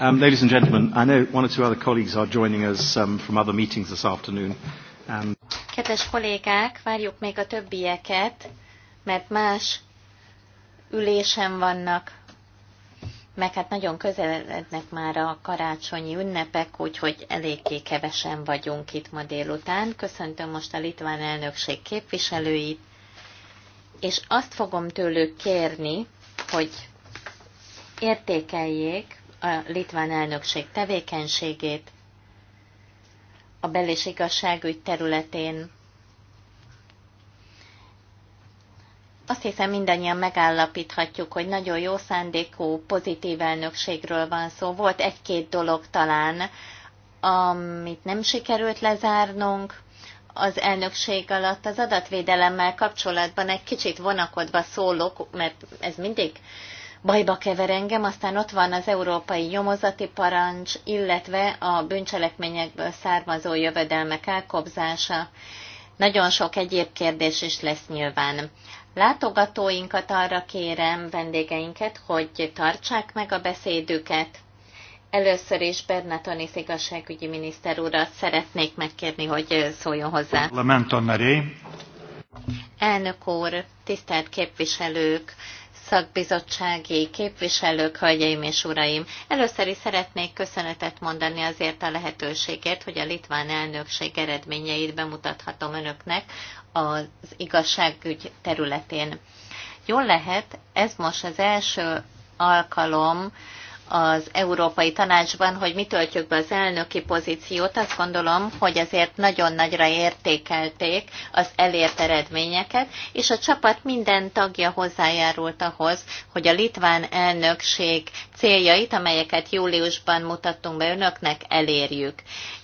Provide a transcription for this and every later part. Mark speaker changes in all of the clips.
Speaker 1: Um, ladies and gentlemen, I know one or two other colleagues are joining us um, from other meetings this afternoon. Um, Kedves kollégák, várjuk még a többieket, mert más ülésen vannak, meg hát nagyon közelednek már a karácsonyi ünnepek, úgyhogy eléggé kevesen vagyunk itt ma délután. Köszöntöm most a litván elnökség képviselőit, és azt fogom tőlük kérni, hogy értékeljék a litván elnökség tevékenységét a bel- és igazságügy területén. Azt hiszem mindannyian megállapíthatjuk, hogy nagyon jó szándékú, pozitív elnökségről van szó. Volt egy-két dolog talán, amit nem sikerült lezárnunk, az elnökség alatt az adatvédelemmel kapcsolatban egy kicsit vonakodva szólok, mert ez mindig bajba kever engem, aztán ott van az európai nyomozati parancs, illetve a bűncselekményekből származó jövedelmek elkobzása. Nagyon sok egyéb kérdés is lesz nyilván. Látogatóinkat arra kérem, vendégeinket, hogy tartsák meg a beszédüket. Először is Bernatonis igazságügyi miniszter urat szeretnék megkérni, hogy szóljon hozzá.
Speaker 2: Lamentanaré.
Speaker 1: Elnök úr, tisztelt képviselők, szakbizottsági képviselők, hölgyeim és uraim! Először is szeretnék köszönetet mondani azért a lehetőséget, hogy a litván elnökség eredményeit bemutathatom önöknek az igazságügy területén. Jól lehet, ez most az első alkalom, az Európai Tanácsban, hogy mi töltjük be az elnöki pozíciót, azt gondolom, hogy ezért nagyon nagyra értékelték az elért eredményeket, és a csapat minden tagja hozzájárult ahhoz, hogy a litván elnökség céljait, amelyeket júliusban mutattunk be önöknek, elérjük.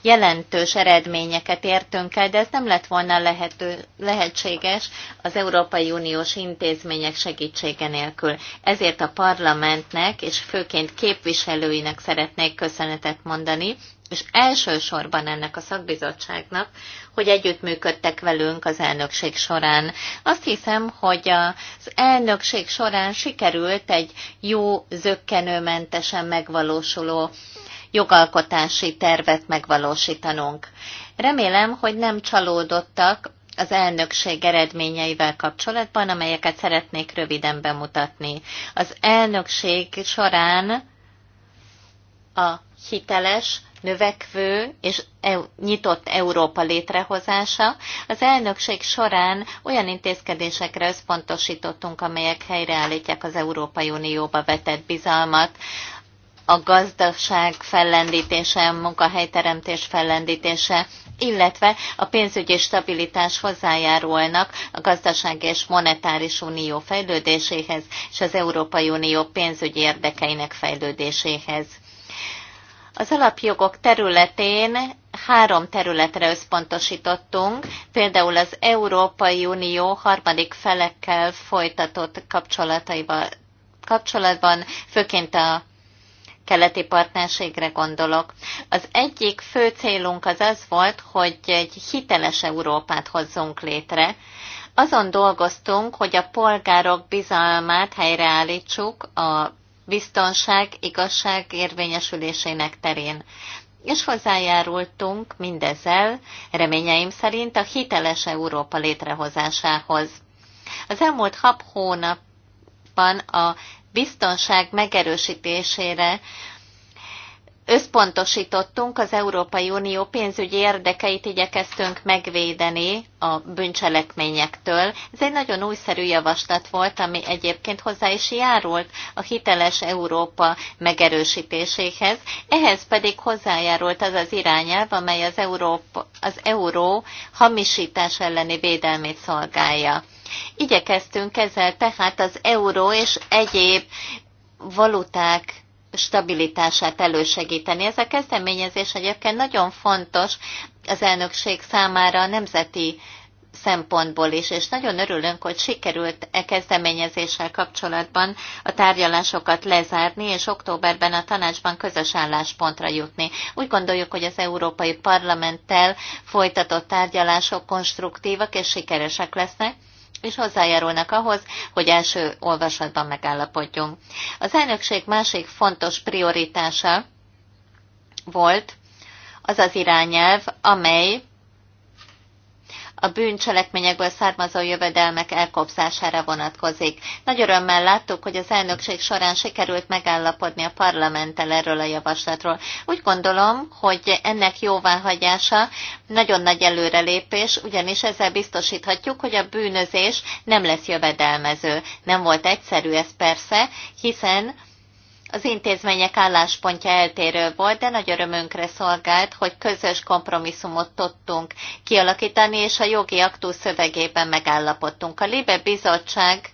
Speaker 1: Jelentős eredményeket értünk el, de ez nem lett volna lehető, lehetséges az Európai Uniós intézmények segítsége nélkül. Ezért a parlamentnek, és főként kép képviselőinek szeretnék köszönetet mondani, és elsősorban ennek a szakbizottságnak, hogy együttműködtek velünk az elnökség során. Azt hiszem, hogy az elnökség során sikerült egy jó, zöggenőmentesen megvalósuló jogalkotási tervet megvalósítanunk. Remélem, hogy nem csalódottak az elnökség eredményeivel kapcsolatban, amelyeket szeretnék röviden bemutatni. Az elnökség során a hiteles, növekvő és nyitott Európa létrehozása. Az elnökség során olyan intézkedésekre összpontosítottunk, amelyek helyreállítják az Európai Unióba vetett bizalmat, a gazdaság fellendítése, a munkahelyteremtés fellendítése, illetve a pénzügyi stabilitás hozzájárulnak a gazdaság és monetáris unió fejlődéséhez és az Európai Unió pénzügyi érdekeinek fejlődéséhez. Az alapjogok területén három területre összpontosítottunk, például az Európai Unió harmadik felekkel folytatott kapcsolataival kapcsolatban, főként a keleti partnerségre gondolok. Az egyik fő célunk az az volt, hogy egy hiteles Európát hozzunk létre. Azon dolgoztunk, hogy a polgárok bizalmát helyreállítsuk a biztonság, igazság érvényesülésének terén. És hozzájárultunk mindezzel, reményeim szerint, a hiteles Európa létrehozásához. Az elmúlt hat hónapban a biztonság megerősítésére összpontosítottunk, az Európai Unió pénzügyi érdekeit igyekeztünk megvédeni a bűncselekményektől. Ez egy nagyon újszerű javaslat volt, ami egyébként hozzá is járult a hiteles Európa megerősítéséhez. Ehhez pedig hozzájárult az az irányelv, amely az, Európa, az euró hamisítás elleni védelmét szolgálja. Igyekeztünk ezzel tehát az euró és egyéb valuták stabilitását elősegíteni. Ez a kezdeményezés egyébként nagyon fontos az elnökség számára a nemzeti szempontból is, és nagyon örülünk, hogy sikerült e kezdeményezéssel kapcsolatban a tárgyalásokat lezárni, és októberben a tanácsban közös álláspontra jutni. Úgy gondoljuk, hogy az Európai Parlamenttel folytatott tárgyalások konstruktívak és sikeresek lesznek, és hozzájárulnak ahhoz, hogy első olvasatban megállapodjunk. Az elnökség másik fontos prioritása volt az az irányelv, amely a bűncselekményekből származó jövedelmek elkobzására vonatkozik. Nagy örömmel láttuk, hogy az elnökség során sikerült megállapodni a parlamenttel erről a javaslatról. Úgy gondolom, hogy ennek jóváhagyása nagyon nagy előrelépés, ugyanis ezzel biztosíthatjuk, hogy a bűnözés nem lesz jövedelmező. Nem volt egyszerű ez persze, hiszen az intézmények álláspontja eltérő volt, de nagy örömünkre szolgált, hogy közös kompromisszumot tudtunk kialakítani, és a jogi aktus szövegében megállapodtunk. A Libe Bizottság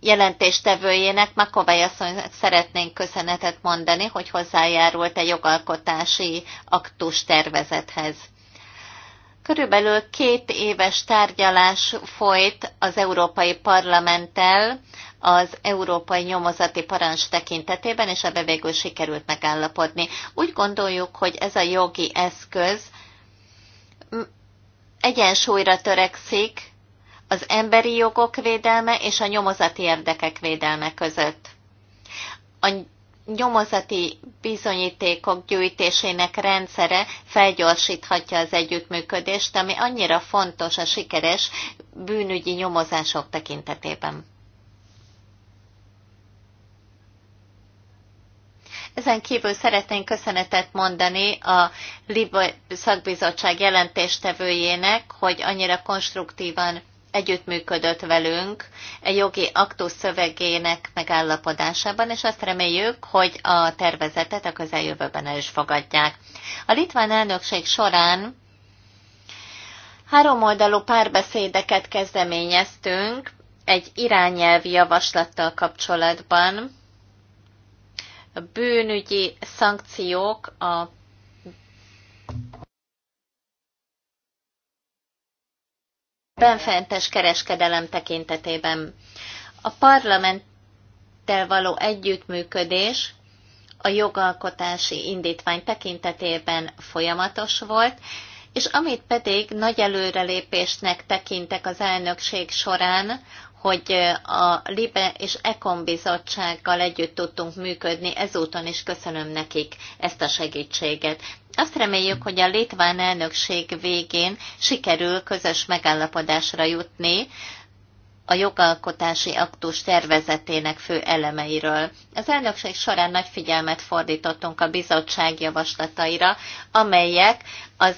Speaker 1: jelentéstevőjének, Makovai asszony szeretnénk köszönetet mondani, hogy hozzájárult a jogalkotási aktus tervezethez. Körülbelül két éves tárgyalás folyt az Európai Parlamenttel az európai nyomozati parancs tekintetében, és ebbe végül sikerült megállapodni. Úgy gondoljuk, hogy ez a jogi eszköz egyensúlyra törekszik az emberi jogok védelme és a nyomozati érdekek védelme között. A nyomozati bizonyítékok gyűjtésének rendszere felgyorsíthatja az együttműködést, ami annyira fontos a sikeres bűnügyi nyomozások tekintetében. Ezen kívül szeretnénk köszönetet mondani a LIBA szakbizottság jelentéstevőjének, hogy annyira konstruktívan együttműködött velünk egy jogi aktus szövegének megállapodásában, és azt reméljük, hogy a tervezetet a közeljövőben el is fogadják. A litván elnökség során háromoldalú párbeszédeket kezdeményeztünk egy irányelvi javaslattal kapcsolatban, bűnügyi szankciók a benfentes kereskedelem tekintetében. A parlamenttel való együttműködés a jogalkotási indítvány tekintetében folyamatos volt, és amit pedig nagy előrelépésnek tekintek az elnökség során, hogy a LIBE és EKON bizottsággal együtt tudtunk működni, ezúton is köszönöm nekik ezt a segítséget. Azt reméljük, hogy a litván elnökség végén sikerül közös megállapodásra jutni, a jogalkotási aktus tervezetének fő elemeiről. Az elnökség során nagy figyelmet fordítottunk a bizottság javaslataira, amelyek az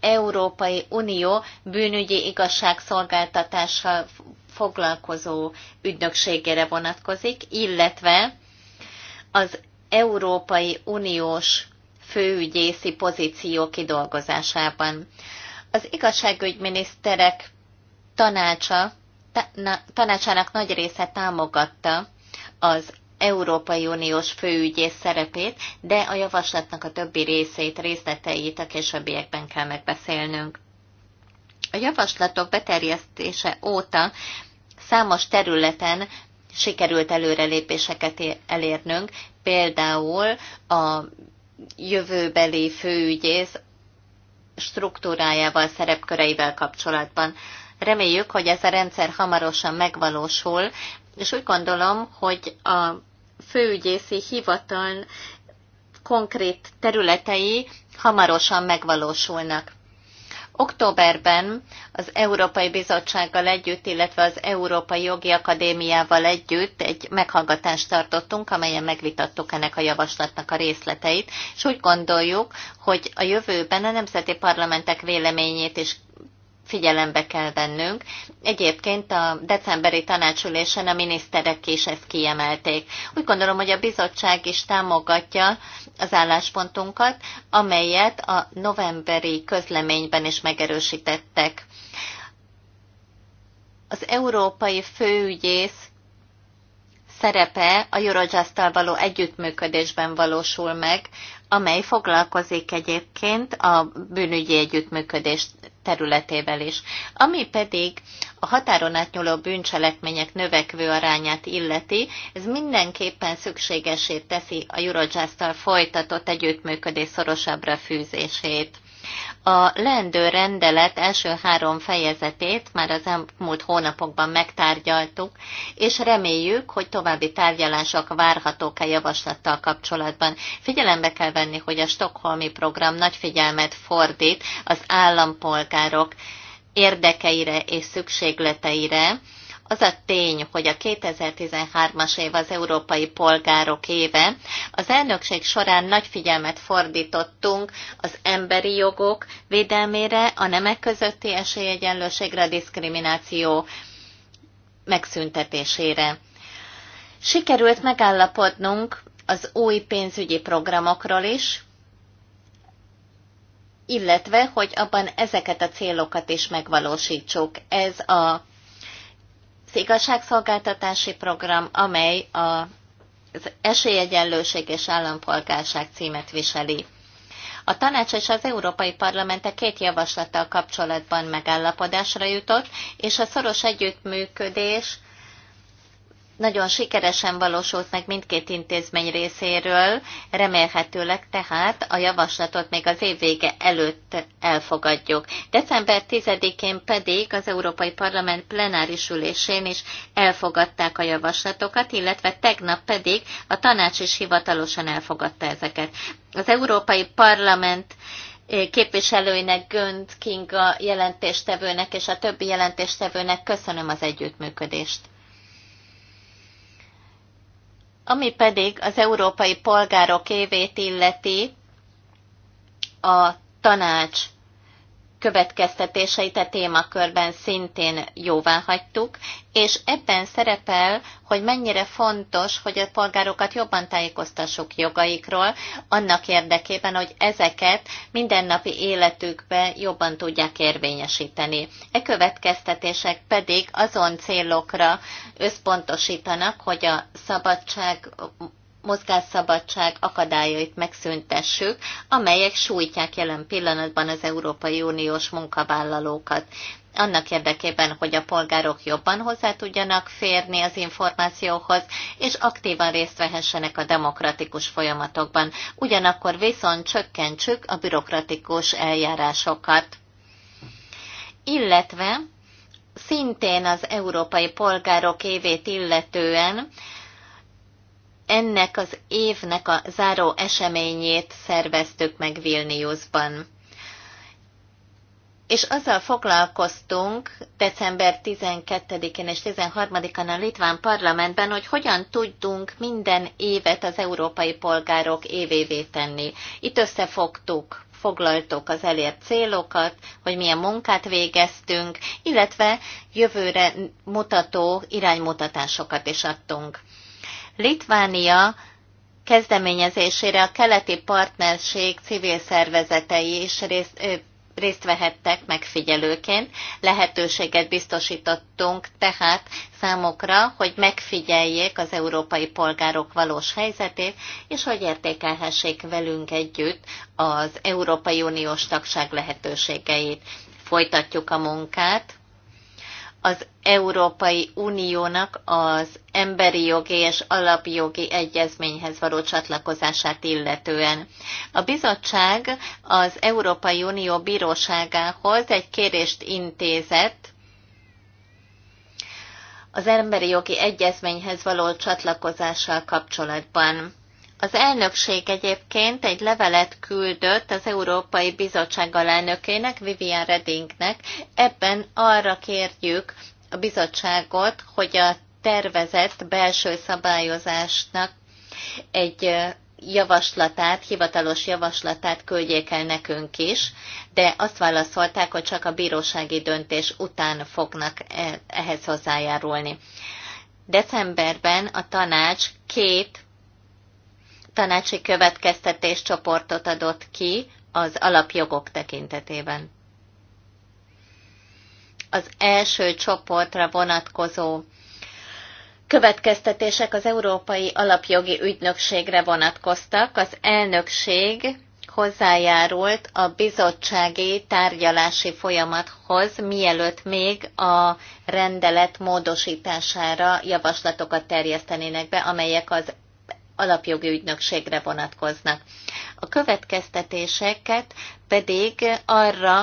Speaker 1: Európai Unió bűnügyi igazságszolgáltatással foglalkozó ügynökségére vonatkozik, illetve az Európai Uniós főügyészi pozíció kidolgozásában. Az igazságügyminiszterek tanácsa, ta, na, tanácsának nagy része támogatta az Európai Uniós főügyész szerepét, de a javaslatnak a többi részét, részleteit a későbbiekben kell megbeszélnünk. A javaslatok beterjesztése óta számos területen sikerült előrelépéseket elérnünk, például a jövőbeli főügyész struktúrájával, szerepköreivel kapcsolatban. Reméljük, hogy ez a rendszer hamarosan megvalósul, és úgy gondolom, hogy a főügyészi hivatal konkrét területei hamarosan megvalósulnak. Októberben az Európai Bizottsággal együtt, illetve az Európai Jogi Akadémiával együtt egy meghallgatást tartottunk, amelyen megvitattuk ennek a javaslatnak a részleteit, és úgy gondoljuk, hogy a jövőben a nemzeti parlamentek véleményét is figyelembe kell vennünk. Egyébként a decemberi tanácsülésen a miniszterek is ezt kiemelték. Úgy gondolom, hogy a bizottság is támogatja az álláspontunkat, amelyet a novemberi közleményben is megerősítettek. Az európai főügyész szerepe a eurojust való együttműködésben valósul meg, amely foglalkozik egyébként a bűnügyi együttműködés területével is. Ami pedig a határon átnyúló bűncselekmények növekvő arányát illeti, ez mindenképpen szükségesé teszi a Eurojust-tal folytatott együttműködés szorosabbra fűzését. A leendő rendelet első három fejezetét már az elmúlt hónapokban megtárgyaltuk, és reméljük, hogy további tárgyalások várhatók a javaslattal kapcsolatban. Figyelembe kell venni, hogy a Stockholmi program nagy figyelmet fordít az állampolgárok érdekeire és szükségleteire, az a tény, hogy a 2013-as év az európai polgárok éve, az elnökség során nagy figyelmet fordítottunk az emberi jogok védelmére, a nemek közötti esélyegyenlőségre, a diszkrimináció megszüntetésére. Sikerült megállapodnunk az új pénzügyi programokról is, illetve hogy abban ezeket a célokat is megvalósítsuk. Ez a az igazságszolgáltatási program, amely a, az esélyegyenlőség és állampolgárság címet viseli. A tanács és az Európai Parlament a két javaslattal kapcsolatban megállapodásra jutott, és a szoros együttműködés nagyon sikeresen valósult meg mindkét intézmény részéről, remélhetőleg tehát a javaslatot még az év vége előtt elfogadjuk. December 10-én pedig az Európai Parlament plenáris ülésén is elfogadták a javaslatokat, illetve tegnap pedig a tanács is hivatalosan elfogadta ezeket. Az Európai Parlament eh, képviselőinek, Gönt Kinga jelentéstevőnek és a többi jelentéstevőnek köszönöm az együttműködést. Ami pedig az európai polgárok évét illeti, a tanács következtetéseit a e témakörben szintén jóvá hagytuk, és ebben szerepel, hogy mennyire fontos, hogy a polgárokat jobban tájékoztassuk jogaikról, annak érdekében, hogy ezeket mindennapi életükbe jobban tudják érvényesíteni. E következtetések pedig azon célokra összpontosítanak, hogy a szabadság mozgásszabadság akadályait megszüntessük, amelyek sújtják jelen pillanatban az Európai Uniós munkavállalókat. Annak érdekében, hogy a polgárok jobban hozzá tudjanak férni az információhoz, és aktívan részt vehessenek a demokratikus folyamatokban. Ugyanakkor viszont csökkentsük a bürokratikus eljárásokat. Illetve szintén az európai polgárok évét illetően ennek az évnek a záró eseményét szerveztük meg Vilniusban. És azzal foglalkoztunk december 12-én és 13-án a Litván parlamentben, hogy hogyan tudtunk minden évet az európai polgárok évévé tenni. Itt összefogtuk foglaltok az elért célokat, hogy milyen munkát végeztünk, illetve jövőre mutató iránymutatásokat is adtunk. Litvánia kezdeményezésére a keleti partnerség civil szervezetei is részt, részt vehettek megfigyelőként. Lehetőséget biztosítottunk tehát számokra, hogy megfigyeljék az európai polgárok valós helyzetét, és hogy értékelhessék velünk együtt az Európai Uniós tagság lehetőségeit. Folytatjuk a munkát az Európai Uniónak az emberi jogi és alapjogi egyezményhez való csatlakozását illetően. A bizottság az Európai Unió bíróságához egy kérést intézett az emberi jogi egyezményhez való csatlakozással kapcsolatban. Az elnökség egyébként egy levelet küldött az Európai Bizottság alelnökének, Vivian Redingnek. Ebben arra kérjük a bizottságot, hogy a tervezett belső szabályozásnak egy javaslatát, hivatalos javaslatát küldjék el nekünk is, de azt válaszolták, hogy csak a bírósági döntés után fognak e-, ehhez hozzájárulni. Decemberben a tanács két tanácsi következtetés csoportot adott ki az alapjogok tekintetében. Az első csoportra vonatkozó következtetések az Európai Alapjogi Ügynökségre vonatkoztak. Az elnökség hozzájárult a bizottsági tárgyalási folyamathoz, mielőtt még a rendelet módosítására javaslatokat terjesztenének be, amelyek az alapjogi ügynökségre vonatkoznak. A következtetéseket pedig arra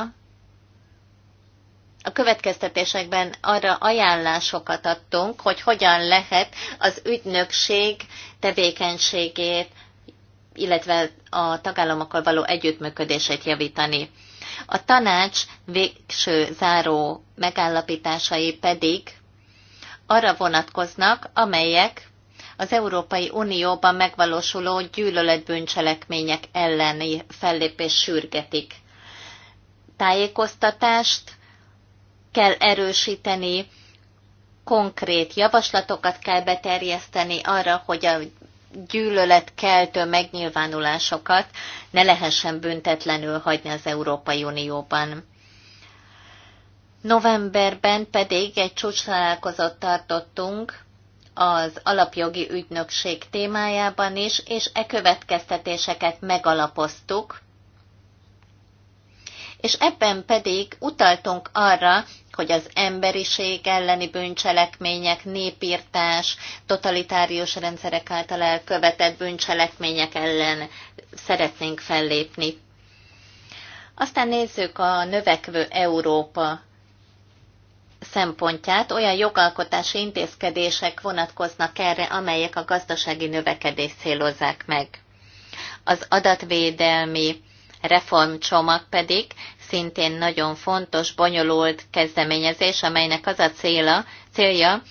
Speaker 1: a következtetésekben arra ajánlásokat adtunk, hogy hogyan lehet az ügynökség tevékenységét, illetve a tagállamokkal való együttműködését javítani. A tanács végső záró megállapításai pedig arra vonatkoznak, amelyek az Európai Unióban megvalósuló gyűlöletbűncselekmények elleni fellépés sürgetik. Tájékoztatást kell erősíteni, konkrét javaslatokat kell beterjeszteni arra, hogy a gyűlöletkeltő megnyilvánulásokat ne lehessen büntetlenül hagyni az Európai Unióban. Novemberben pedig egy csúcs találkozót tartottunk az alapjogi ügynökség témájában is, és e következtetéseket megalapoztuk, és ebben pedig utaltunk arra, hogy az emberiség elleni bűncselekmények, népírtás, totalitárius rendszerek által elkövetett bűncselekmények ellen szeretnénk fellépni. Aztán nézzük a növekvő Európa szempontját, olyan jogalkotási intézkedések vonatkoznak erre, amelyek a gazdasági növekedést célozzák meg. Az adatvédelmi reformcsomag pedig szintén nagyon fontos, bonyolult kezdeményezés, amelynek az a céla, célja,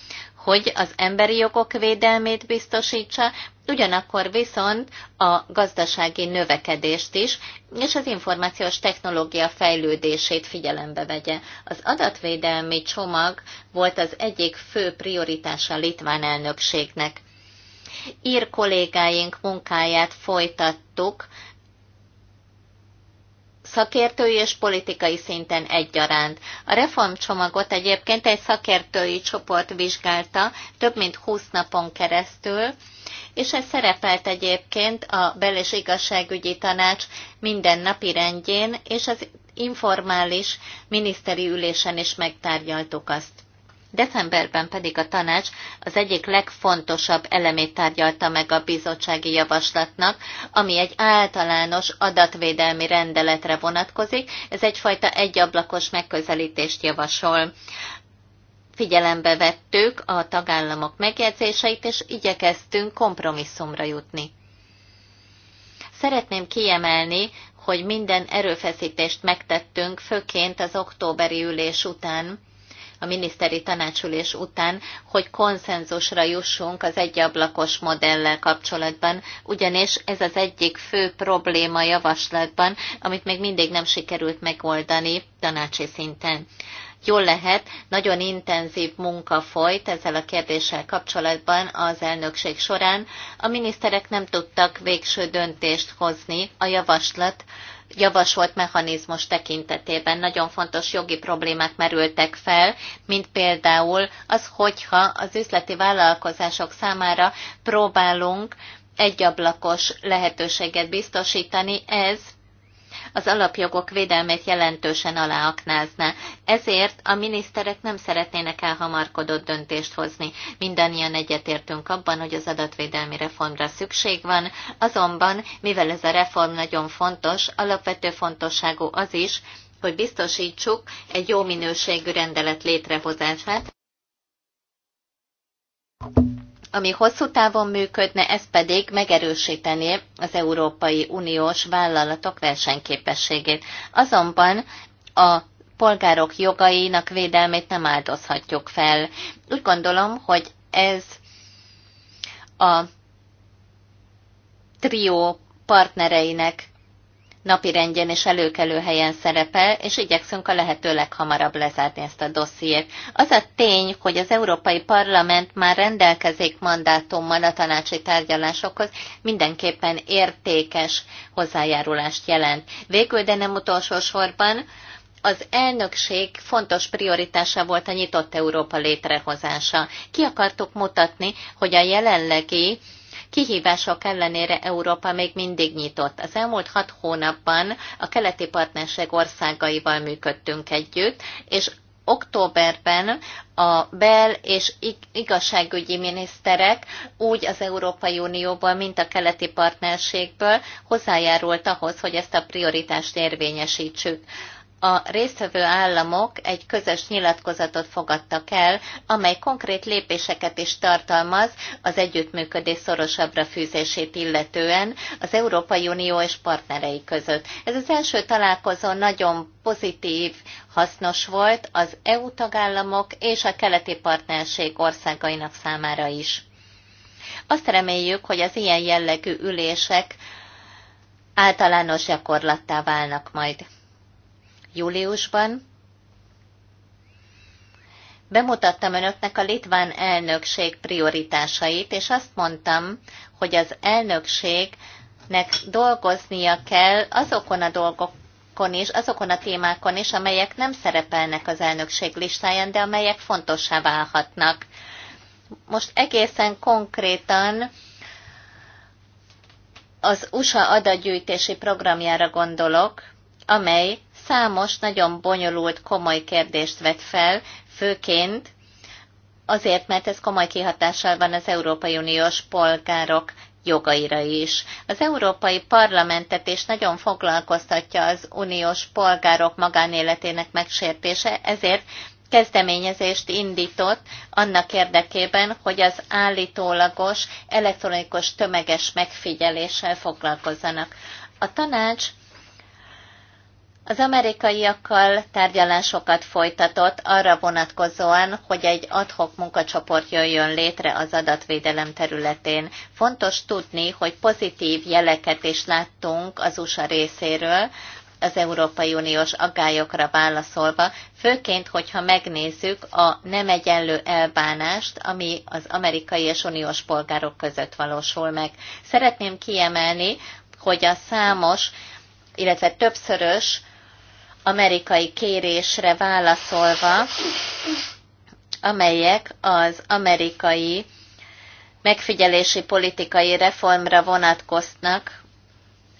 Speaker 1: hogy az emberi jogok védelmét biztosítsa, ugyanakkor viszont a gazdasági növekedést is, és az információs technológia fejlődését figyelembe vegye. Az adatvédelmi csomag volt az egyik fő prioritása a litván elnökségnek. Ír kollégáink munkáját folytattuk, szakértői és politikai szinten egyaránt. A reformcsomagot egyébként egy szakértői csoport vizsgálta több mint 20 napon keresztül, és ez szerepelt egyébként a bel- és igazságügyi tanács minden rendjén, és az informális miniszteri ülésen is megtárgyaltuk azt. Decemberben pedig a tanács az egyik legfontosabb elemét tárgyalta meg a bizottsági javaslatnak, ami egy általános adatvédelmi rendeletre vonatkozik, ez egyfajta egyablakos megközelítést javasol figyelembe vettük a tagállamok megjegyzéseit, és igyekeztünk kompromisszumra jutni. Szeretném kiemelni, hogy minden erőfeszítést megtettünk, főként az októberi ülés után, a miniszteri tanácsülés után, hogy konszenzusra jussunk az egyablakos modellel kapcsolatban, ugyanis ez az egyik fő probléma javaslatban, amit még mindig nem sikerült megoldani tanácsi szinten jól lehet, nagyon intenzív munka folyt ezzel a kérdéssel kapcsolatban az elnökség során. A miniszterek nem tudtak végső döntést hozni a javaslat javasolt mechanizmus tekintetében nagyon fontos jogi problémák merültek fel, mint például az, hogyha az üzleti vállalkozások számára próbálunk egyablakos lehetőséget biztosítani, ez az alapjogok védelmét jelentősen aláaknázná. Ezért a miniszterek nem szeretnének elhamarkodott döntést hozni. Mindannyian egyetértünk abban, hogy az adatvédelmi reformra szükség van, azonban, mivel ez a reform nagyon fontos, alapvető fontosságú az is, hogy biztosítsuk egy jó minőségű rendelet létrehozását ami hosszú távon működne, ez pedig megerősítené az Európai Uniós vállalatok versenyképességét. Azonban a polgárok jogainak védelmét nem áldozhatjuk fel. Úgy gondolom, hogy ez a trió partnereinek rendjén és előkelő helyen szerepel, és igyekszünk a lehető leghamarabb lezárni ezt a dossziét. Az a tény, hogy az Európai Parlament már rendelkezik mandátummal a tanácsi tárgyalásokhoz, mindenképpen értékes hozzájárulást jelent. Végül, de nem utolsó sorban, az elnökség fontos prioritása volt a nyitott Európa létrehozása. Ki akartuk mutatni, hogy a jelenlegi kihívások ellenére Európa még mindig nyitott. Az elmúlt hat hónapban a keleti partnerség országaival működtünk együtt, és októberben a bel- és igazságügyi miniszterek úgy az Európai Unióból, mint a keleti partnerségből hozzájárult ahhoz, hogy ezt a prioritást érvényesítsük a résztvevő államok egy közös nyilatkozatot fogadtak el, amely konkrét lépéseket is tartalmaz az együttműködés szorosabbra fűzését illetően az Európai Unió és partnerei között. Ez az első találkozó nagyon pozitív, hasznos volt az EU tagállamok és a keleti partnerség országainak számára is. Azt reméljük, hogy az ilyen jellegű ülések általános gyakorlattá válnak majd júliusban. Bemutattam önöknek a litván elnökség prioritásait, és azt mondtam, hogy az elnökségnek dolgoznia kell azokon a dolgokon is, azokon a témákon is, amelyek nem szerepelnek az elnökség listáján, de amelyek fontossá válhatnak. Most egészen konkrétan az USA adagyűjtési programjára gondolok, amely számos nagyon bonyolult, komoly kérdést vet fel, főként azért, mert ez komoly kihatással van az Európai Uniós polgárok jogaira is. Az Európai Parlamentet is nagyon foglalkoztatja az uniós polgárok magánéletének megsértése, ezért kezdeményezést indított annak érdekében, hogy az állítólagos elektronikus tömeges megfigyeléssel foglalkozzanak. A tanács az amerikaiakkal tárgyalásokat folytatott arra vonatkozóan, hogy egy adhok munkacsoport jöjjön létre az adatvédelem területén. Fontos tudni, hogy pozitív jeleket is láttunk az USA részéről, az Európai Uniós aggályokra válaszolva, főként, hogyha megnézzük a nem egyenlő elbánást, ami az amerikai és uniós polgárok között valósul meg. Szeretném kiemelni, hogy a számos, illetve többszörös amerikai kérésre válaszolva, amelyek az amerikai megfigyelési politikai reformra vonatkoznak,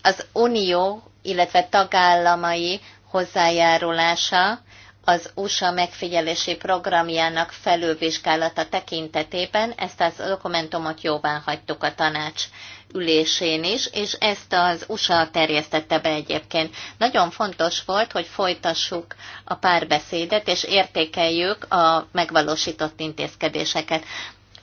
Speaker 1: az unió, illetve tagállamai hozzájárulása az USA megfigyelési programjának felülvizsgálata tekintetében ezt az dokumentumot jóvá hagytuk a tanács ülésén is, és ezt az USA terjesztette be egyébként. Nagyon fontos volt, hogy folytassuk a párbeszédet, és értékeljük a megvalósított intézkedéseket.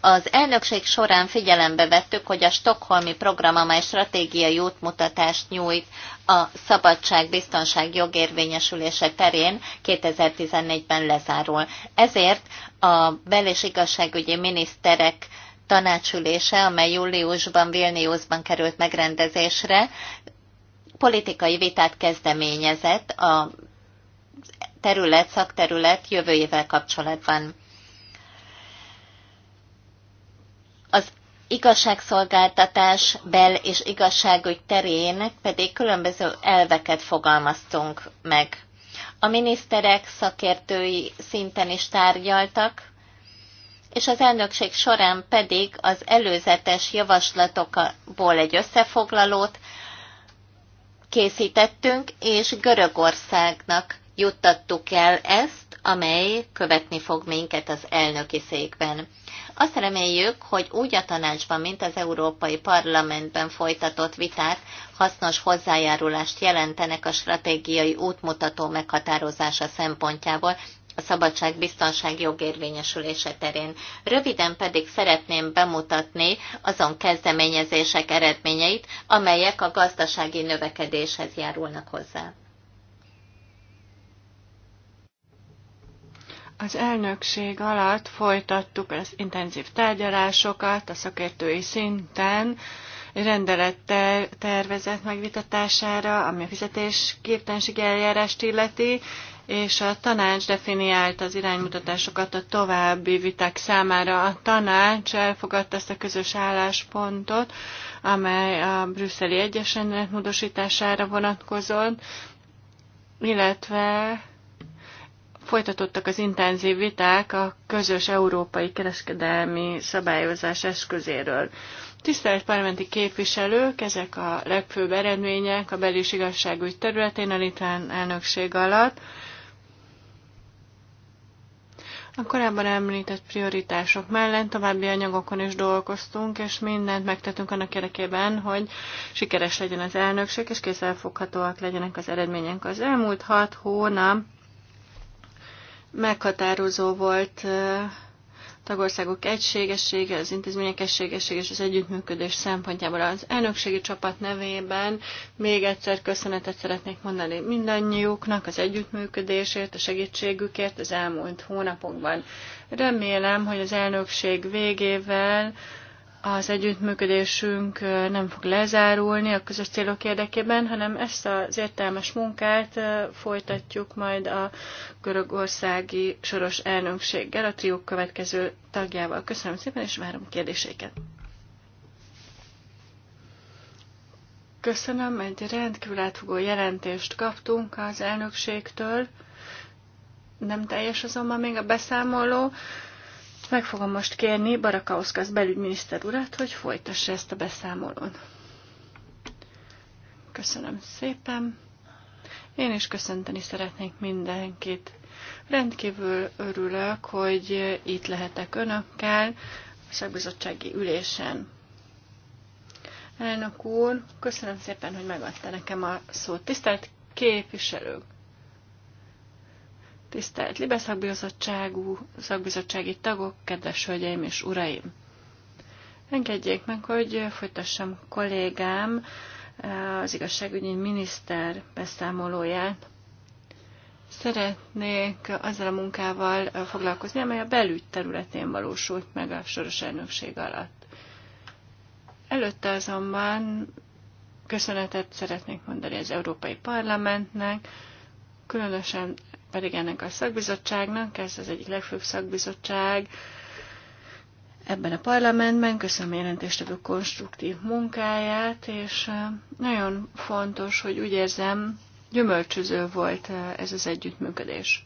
Speaker 1: Az elnökség során figyelembe vettük, hogy a Stockholmi program, amely stratégiai útmutatást nyújt a szabadság, biztonság, jogérvényesülése terén 2014-ben lezárul. Ezért a bel- és igazságügyi miniszterek tanácsülése, amely júliusban Vilniusban került megrendezésre, politikai vitát kezdeményezett a terület, szakterület jövőjével kapcsolatban. Az igazságszolgáltatás bel és igazságügy terén pedig különböző elveket fogalmaztunk meg. A miniszterek szakértői szinten is tárgyaltak, és az elnökség során pedig az előzetes javaslatokból egy összefoglalót készítettünk, és Görögországnak juttattuk el ezt, amely követni fog minket az elnöki székben. Azt reméljük, hogy úgy a tanácsban, mint az Európai Parlamentben folytatott viták hasznos hozzájárulást jelentenek a stratégiai útmutató meghatározása szempontjából, a szabadság biztonság jogérvényesülése terén. Röviden pedig szeretném bemutatni azon kezdeményezések eredményeit, amelyek a gazdasági növekedéshez járulnak hozzá.
Speaker 3: Az elnökség alatt folytattuk az intenzív tárgyalásokat a szakértői szinten, rendelet tervezett megvitatására, ami a fizetésképtelenség eljárást illeti, és a tanács definiált az iránymutatásokat a további viták számára. A tanács elfogadta ezt a közös álláspontot, amely a brüsszeli egyes módosítására vonatkozott, illetve folytatottak az intenzív viták a közös európai kereskedelmi szabályozás eszközéről. Tisztelt parlamenti képviselők, ezek a legfőbb eredmények a belis igazságügy területén a litván elnökség alatt. A korábban említett prioritások mellett további anyagokon is dolgoztunk, és mindent megtettünk annak érdekében, hogy sikeres legyen az elnökség, és kézzelfoghatóak legyenek az eredmények. Az elmúlt hat hónap meghatározó volt tagországok egységessége, az intézmények egységessége és az együttműködés szempontjából az elnökségi csapat nevében még egyszer köszönetet szeretnék mondani mindannyiuknak az együttműködésért, a segítségükért az elmúlt hónapokban. Remélem, hogy az elnökség végével az együttműködésünk nem fog lezárulni a közös célok érdekében, hanem ezt az értelmes munkát folytatjuk majd a görögországi soros elnökséggel, a triók következő tagjával. Köszönöm szépen, és várom a kérdéseiket. Köszönöm, egy rendkívül átfogó jelentést kaptunk az elnökségtől. Nem teljes azonban még a beszámoló. Meg fogom most kérni Barakaoszkasz belügyminiszter urat, hogy folytassa ezt a beszámolón. Köszönöm szépen. Én is köszönteni szeretnék mindenkit. Rendkívül örülök, hogy itt lehetek önökkel a szakbizottsági ülésen. Elnök úr, köszönöm szépen, hogy megadta nekem a szót. Tisztelt képviselők! Tisztelt Libe szakbizottságú, szakbizottsági tagok, kedves hölgyeim és uraim! Engedjék meg, hogy folytassam kollégám, eh, az igazságügyi miniszter beszámolóját. Szeretnék azzal a munkával eh, foglalkozni, amely a belügy területén valósult meg a soros elnökség alatt. Előtte azonban köszönetet szeretnék mondani az Európai Parlamentnek, különösen pedig ennek a szakbizottságnak, ez az egyik legfőbb szakbizottság ebben a parlamentben. Köszönöm a jelentéstevő konstruktív munkáját, és nagyon fontos, hogy úgy érzem, gyümölcsöző volt ez az együttműködés.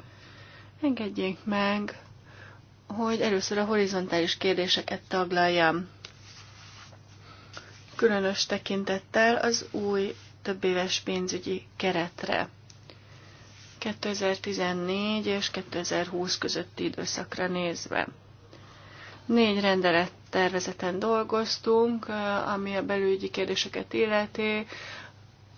Speaker 3: Engedjék meg, hogy először a horizontális kérdéseket taglaljam. Különös tekintettel az új többéves pénzügyi keretre. 2014 és 2020 közötti időszakra nézve. Négy rendelet tervezeten dolgoztunk, ami a belügyi kérdéseket illeti.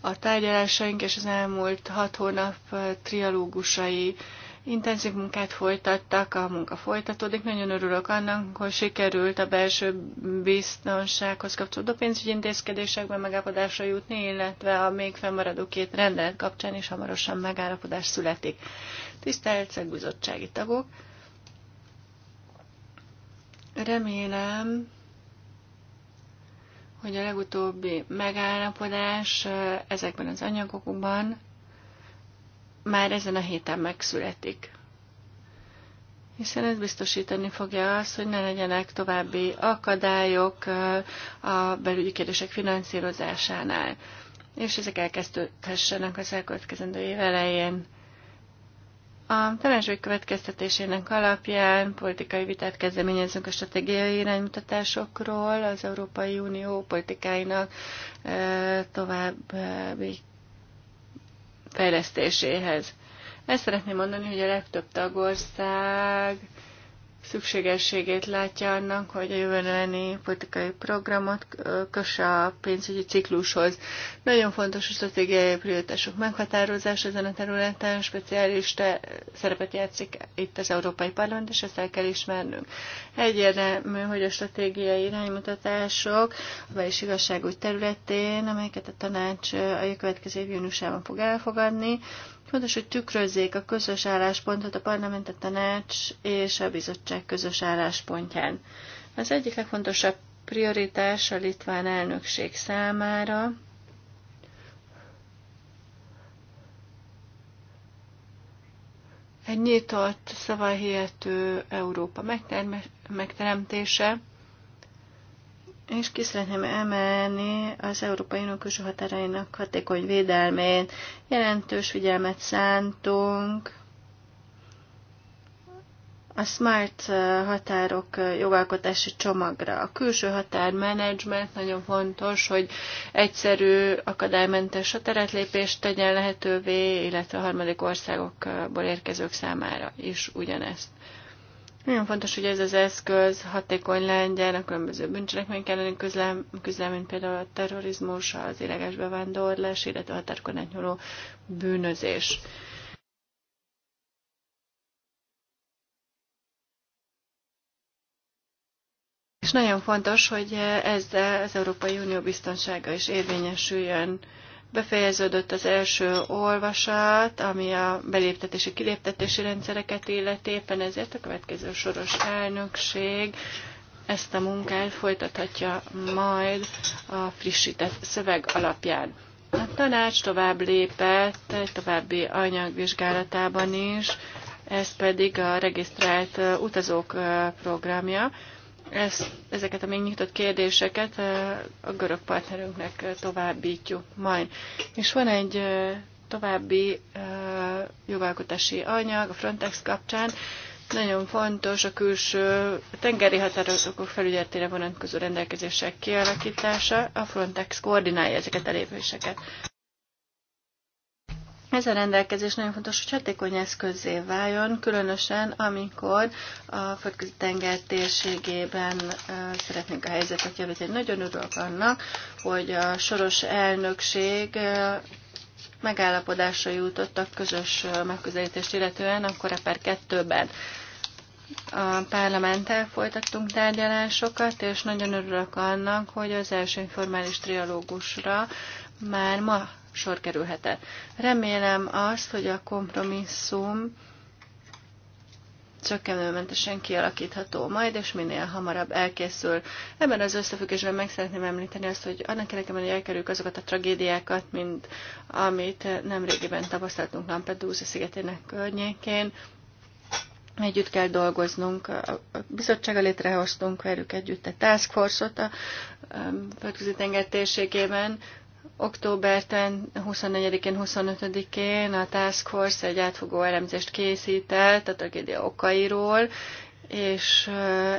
Speaker 3: A tárgyalásaink és az elmúlt hat hónap trialógusai Intenzív munkát folytattak, a munka folytatódik. Nagyon örülök annak, hogy sikerült a belső biztonsághoz kapcsolódó pénzügyi intézkedésekben megállapodásra jutni, illetve a még fennmaradó két rendelet kapcsán is hamarosan megállapodás születik. Tisztelt szegbizottsági tagok! Remélem, hogy a legutóbbi megállapodás eh, ezekben az anyagokban már ezen a héten megszületik. Hiszen ez biztosítani fogja azt, hogy ne legyenek további akadályok a belügyi kérdések finanszírozásánál, és ezek elkezdődhessenek az elkövetkezendő év elején. A tanácsok következtetésének alapján politikai vitát kezdeményezünk a stratégiai iránymutatásokról, az Európai Unió politikáinak további fejlesztéséhez. Ezt szeretném mondani, hogy a legtöbb tagország szükségességét látja annak, hogy a jövőbeni politikai programot kösse a pénzügyi ciklushoz. Nagyon fontos a stratégiai prioritások meghatározása ezen a területen, speciális te szerepet játszik itt az Európai Parlament, és ezt el kell ismernünk. Egyértelmű, hogy a stratégiai iránymutatások a belis igazságügy területén, amelyeket a tanács a következő júniusában fog elfogadni, Fontos, hogy tükrözzék a közös álláspontot a parlament, a tanács és a bizottság közös álláspontján. Az egyik legfontosabb prioritás a litván elnökség számára egy nyitott, szavahihető Európa megteremtése, és ki szeretném emelni az Európai Unió külső határainak hatékony védelmét. Jelentős figyelmet szántunk a smart uh, határok uh, jogalkotási csomagra. A külső határ menedzsment nagyon fontos, hogy egyszerű, akadálymentes határátlépést tegyen lehetővé, illetve a harmadik országokból érkezők számára is ugyanezt. Nagyon fontos, hogy ez az eszköz hatékony legyen a különböző bűncselekmények elleni küzdelem, mint például a terrorizmus, az illegális bevándorlás, illetve a határkon átnyúló bűnözés. És nagyon fontos, hogy ezzel az Európai Unió biztonsága is érvényesüljön. Befejeződött az első olvasat, ami a beléptetési kiléptetési rendszereket illeti, éppen ezért a következő soros elnökség ezt a munkát folytathatja majd a frissített szöveg alapján. A tanács tovább lépett egy további anyagvizsgálatában is, ez pedig a regisztrált utazók programja, ezt, ezeket a még nyitott kérdéseket eh, a görög partnerünknek eh, továbbítjuk majd. És van egy eh, további jogalkotási anyag a Frontex kapcsán, nagyon fontos a külső tengeri határozókok felügyeltére vonatkozó rendelkezések kialakítása, a Frontex koordinálja ezeket a lépéseket. Ez a rendelkezés nagyon fontos, hogy hatékony eszközé váljon, különösen amikor a földközi tenger térségében szeretnénk a helyzetet javítani. Nagyon örülök annak, hogy a soros elnökség megállapodásra jutottak közös megközelítést illetően a per kettőben A parlamenttel folytattunk tárgyalásokat, és nagyon örülök annak, hogy az első informális trialógusra már ma sor kerülhet el. Remélem azt, hogy a kompromisszum csökkenőmentesen kialakítható majd, és minél hamarabb elkészül. Ebben az összefüggésben meg szeretném említeni azt, hogy annak érdekében, hogy elkerüljük azokat a tragédiákat, mint amit nemrégiben tapasztaltunk Lampedusa szigetének környékén, Együtt kell dolgoznunk, a bizottsága létrehoztunk velük együtt a Task Force-ot a um, földközi tenger Október 24-én, 25-én a Task Force egy átfogó elemzést készített a tragédia okairól, és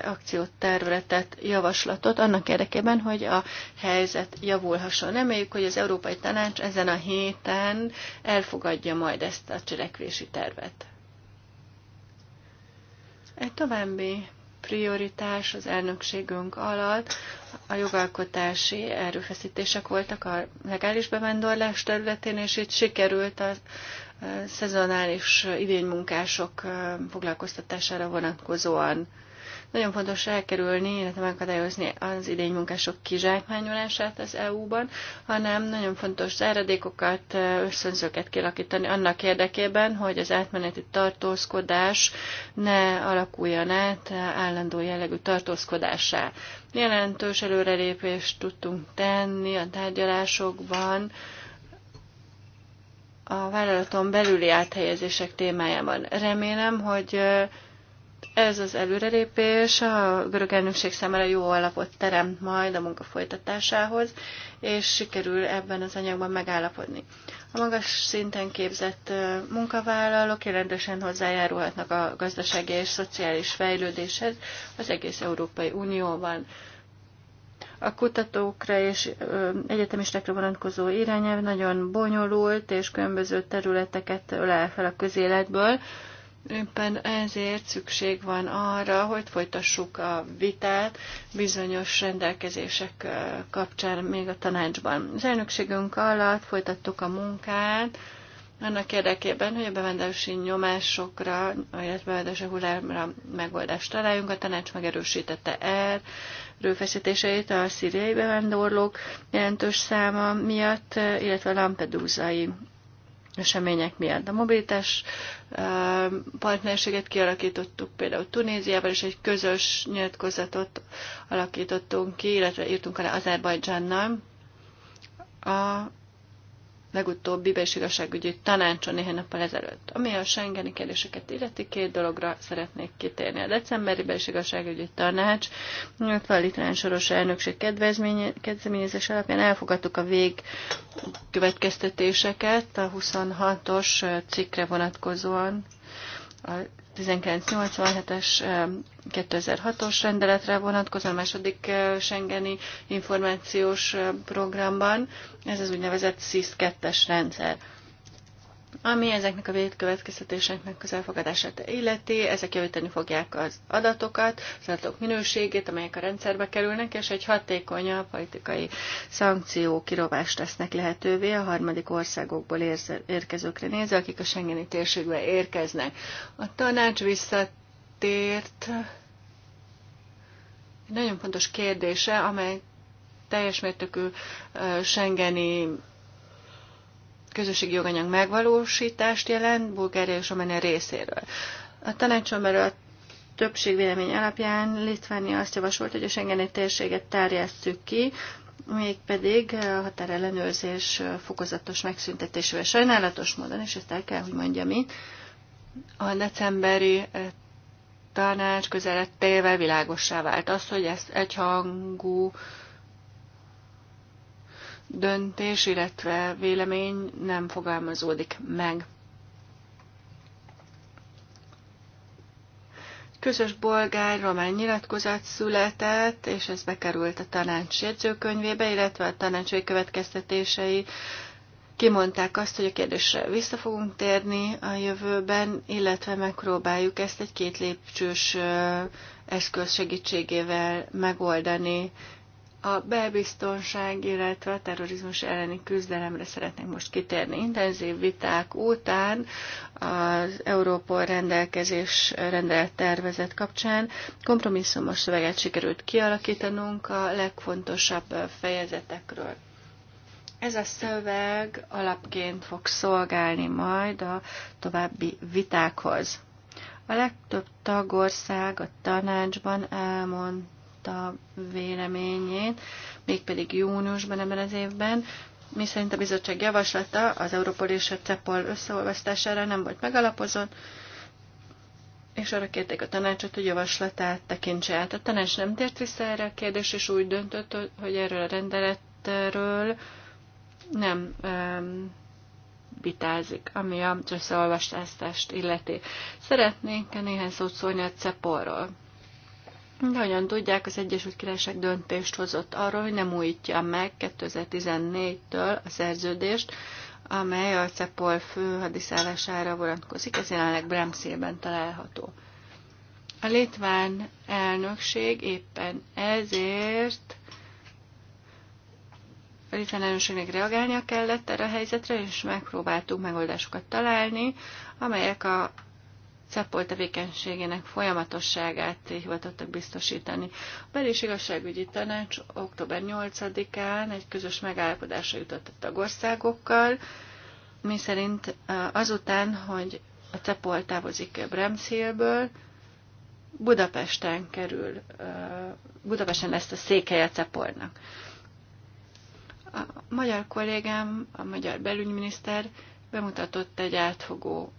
Speaker 3: akcióterületet, javaslatot annak érdekében, hogy a helyzet javulhasson. Reméljük, hogy az Európai Tanács ezen a héten elfogadja majd ezt a cselekvési tervet. Egy további prioritás az elnökségünk alatt a jogalkotási erőfeszítések voltak a legális bevándorlás területén, és itt sikerült a szezonális idénymunkások foglalkoztatására vonatkozóan. Nagyon fontos elkerülni, illetve megakadályozni az idénymunkások kizsákmányolását az EU-ban, hanem nagyon fontos záradékokat, összönzőket kialakítani annak érdekében, hogy az átmeneti tartózkodás ne alakuljon át állandó jellegű tartózkodásá. Jelentős előrelépést tudtunk tenni a tárgyalásokban, a vállalaton belüli áthelyezések témájában. Remélem, hogy ez az előrelépés a görög elnökség számára jó alapot teremt majd a munka folytatásához, és sikerül ebben az anyagban megállapodni. A magas szinten képzett munkavállalók jelentősen hozzájárulhatnak a gazdasági és szociális fejlődéshez az egész Európai Unióban. A kutatókra és egyetemistekre vonatkozó irányelv nagyon bonyolult, és különböző területeket ölel fel a közéletből, Éppen ezért szükség van arra, hogy folytassuk a vitát bizonyos rendelkezések kapcsán még a tanácsban. Az elnökségünk alatt folytattuk a munkát, annak érdekében, hogy a bevendelési nyomásokra, illetve bevendelési hullámra megoldást találjunk, a tanács megerősítette el rőfeszítéseit a szíriai bevándorlók jelentős száma miatt, illetve a lampedúzai események miatt. A mobilitás partnerséget kialakítottuk például Tunéziával, és egy közös nyilatkozatot alakítottunk ki, illetve írtunk alá Azerbajdzsánnal a legutóbbi igazságügyi tanácson néhány nappal ezelőtt. Ami a Schengeni kérdéseket illeti, két dologra szeretnék kitérni. A decemberi igazságügyi tanács, illetve a litrán soros elnökség kedvezményezés alapján elfogadtuk a vég következtetéseket a 26-os cikkre vonatkozóan a 1987-es 2006-os rendeletre vonatkozó a második Schengeni információs programban. Ez az úgynevezett SIS-2-es rendszer. Ami ezeknek a végkövetkeztetéseknek az elfogadását illeti, ezek javítani fogják az adatokat, az adatok minőségét, amelyek a rendszerbe kerülnek, és egy hatékonyabb politikai szankció kirovást tesznek lehetővé a harmadik országokból érkezőkre nézve, akik a Schengeni térségbe érkeznek. A tanács visszatért egy nagyon fontos kérdése, amely teljes mértékű Schengeni közösségi joganyag megvalósítást jelent Bulgária és Románia részéről. A tanácson belül a többség vélemény alapján Litvánia azt javasolt, hogy a Schengeni térséget terjesszük ki, mégpedig a határellenőrzés fokozatos megszüntetésével sajnálatos módon, és ezt el kell, hogy mondjam itt, a decemberi eh, tanács közelettével világossá vált az, hogy ezt egyhangú döntés, illetve vélemény nem fogalmazódik meg. Közös bolgár-román nyilatkozat született, és ez bekerült a tanács jegyzőkönyvébe, illetve a tanácsai következtetései kimondták azt, hogy a kérdésre vissza fogunk térni a jövőben, illetve megpróbáljuk ezt egy két lépcsős eszköz segítségével megoldani, a belbiztonság, illetve a terrorizmus elleni küzdelemre szeretnék most kitérni. Intenzív viták után az Európol rendelkezés rendelt tervezet kapcsán kompromisszumos szöveget sikerült kialakítanunk a legfontosabb fejezetekről. Ez a szöveg alapként fog szolgálni majd a további vitákhoz. A legtöbb tagország a tanácsban elmondta, elmondta véleményét, mégpedig júniusban ebben az évben, mi szerint a bizottság javaslata az Európol és a CEPOL összeolvasztására nem volt megalapozott, és arra kérték a tanácsot, hogy javaslatát tekintse át. A tanács nem tért vissza erre a kérdés, és úgy döntött, hogy erről a rendeletről nem um, vitázik, ami a összeolvasztást illeti. Szeretnénk néhány szót szólni a CEPOL-ról. De hogyan tudják, az Egyesült Királyság döntést hozott arról, hogy nem újítja meg 2014-től a szerződést, amely a CEPOL hadiszállására vonatkozik, ez jelenleg Bremszélben található. A litván elnökség éppen ezért a litván elnökségnek reagálnia kellett erre a helyzetre, és megpróbáltuk megoldásokat találni, amelyek a CEPOL tevékenységének folyamatosságát hivatottak biztosítani. A belés Igazságügyi Tanács október 8-án egy közös megállapodásra jutott a tagországokkal, mi szerint azután, hogy a CEPOL távozik Bremszélből, Budapesten kerül, Budapesten lesz a székhelye Cepolnak. A magyar kollégám, a magyar belügyminiszter bemutatott egy átfogó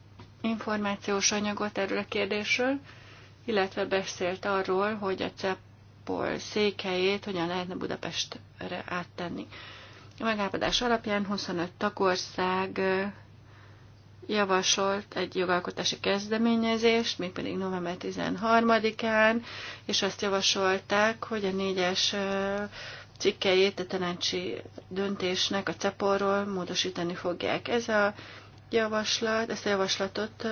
Speaker 3: információs anyagot erről a kérdésről, illetve beszélt arról, hogy a Cseppol székhelyét hogyan lehetne Budapestre áttenni. A megállapodás alapján 25 tagország javasolt egy jogalkotási kezdeményezést, mégpedig november 13-án, és azt javasolták, hogy a négyes cikkejét a tanácsi döntésnek a cepor módosítani fogják. Ez a javaslat, ezt a javaslatot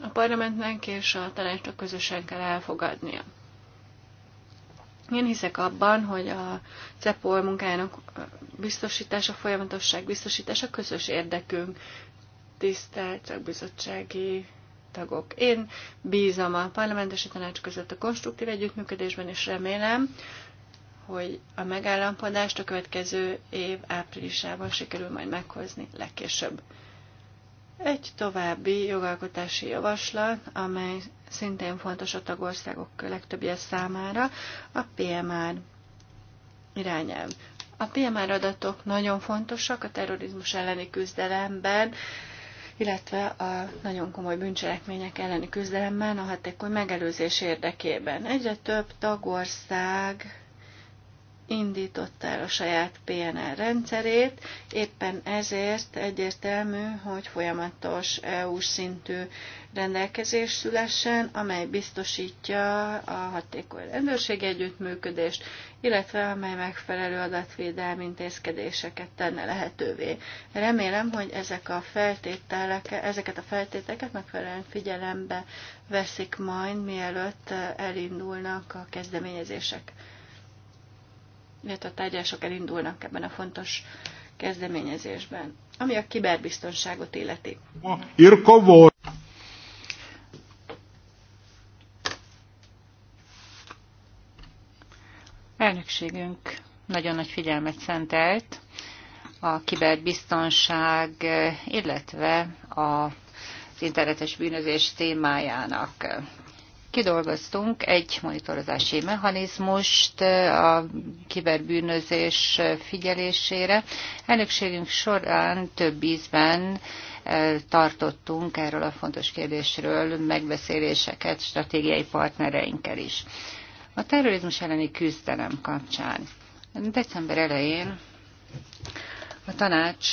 Speaker 3: a parlamentnek és a tanácsnak közösen kell elfogadnia. Én hiszek abban, hogy a CEPOL munkájának biztosítása, folyamatosság biztosítása közös érdekünk, tisztelt bizottsági tagok. Én bízom a parlament és a tanács között a konstruktív együttműködésben, és remélem, hogy a megállapodást a következő év áprilisában sikerül majd meghozni legkésőbb. Egy további jogalkotási javaslat, amely szintén fontos a tagországok legtöbbje számára, a PMR irányelv. A PMR adatok nagyon fontosak a terrorizmus elleni küzdelemben, illetve a nagyon komoly bűncselekmények elleni küzdelemben a hatékony megelőzés érdekében. Egyre több tagország indította el a saját PNR rendszerét, éppen ezért egyértelmű, hogy folyamatos EU-s szintű rendelkezés szülessen, amely biztosítja a hatékony rendőrség együttműködést, illetve amely megfelelő adatvédelmi intézkedéseket tenne lehetővé. Remélem, hogy ezek a feltételek, ezeket a feltételeket megfelelően figyelembe veszik majd, mielőtt elindulnak a kezdeményezések illetve a tárgyalások elindulnak ebben a fontos kezdeményezésben, ami a kiberbiztonságot illeti.
Speaker 2: Elnökségünk nagyon nagy figyelmet szentelt a kiberbiztonság, illetve a internetes bűnözés témájának kidolgoztunk egy monitorozási mechanizmust a kiberbűnözés figyelésére. Elnökségünk során több ízben tartottunk erről a fontos kérdésről megbeszéléseket stratégiai partnereinkkel is. A terrorizmus elleni küzdelem kapcsán december elején a tanács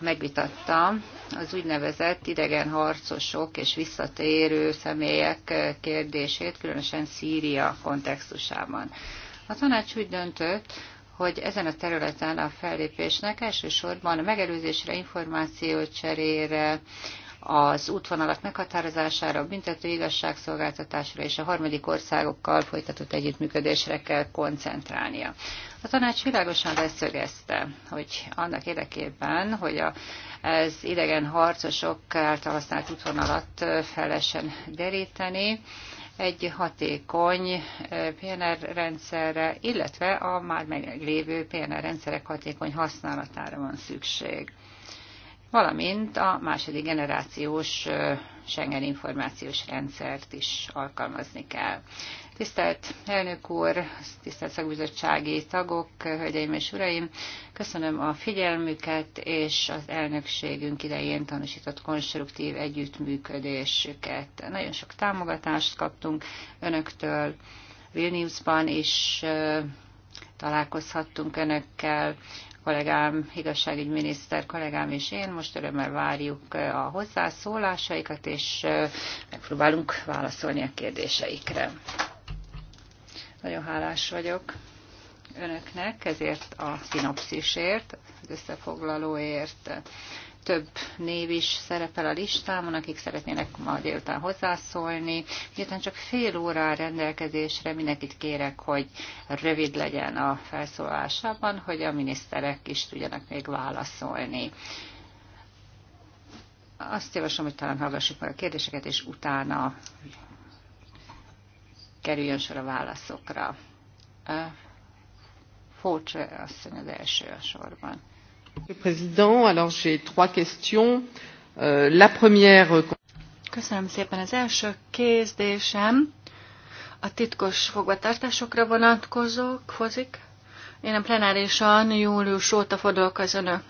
Speaker 2: megvitatta az úgynevezett idegen harcosok és visszatérő személyek kérdését, különösen Szíria kontextusában. A tanács úgy döntött, hogy ezen a területen a fellépésnek elsősorban a megelőzésre, információ cserére, az útvonalak meghatározására, a büntető igazságszolgáltatásra és a harmadik országokkal folytatott együttműködésre kell koncentrálnia. A tanács világosan leszögezte, hogy annak érdekében, hogy az idegen harcosok által használt útvonalat felesen deríteni, egy hatékony eh, PNR rendszerre, illetve a már meglévő PNR rendszerek hatékony használatára van szükség valamint a második generációs Schengen információs rendszert is alkalmazni kell. Tisztelt elnök úr, tisztelt szakbizottsági tagok, hölgyeim és uraim, köszönöm a figyelmüket és az elnökségünk idején tanúsított konstruktív együttműködésüket. Nagyon sok támogatást kaptunk önöktől, Vilniusban is találkozhattunk önökkel, kollégám, miniszter kollégám és én most örömmel várjuk eh, a hozzászólásaikat, és eh, megpróbálunk válaszolni a kérdéseikre. Nagyon hálás vagyok önöknek ezért a szinopszisért, az összefoglalóért több név is szerepel a listámon, akik szeretnének ma délután hozzászólni. Miután csak fél óra rendelkezésre mindenkit kérek, hogy rövid legyen a felszólásában, hogy a miniszterek is tudjanak még válaszolni. Azt javaslom, hogy talán hallgassuk meg a kérdéseket, és utána kerüljön sor a válaszokra. Fócs asszony az első a
Speaker 3: sorban. Köszönöm szépen az első kérdésem. A titkos fogvatartásokra vonatkozók hozik. Én a plenárisan július óta fordulok az önök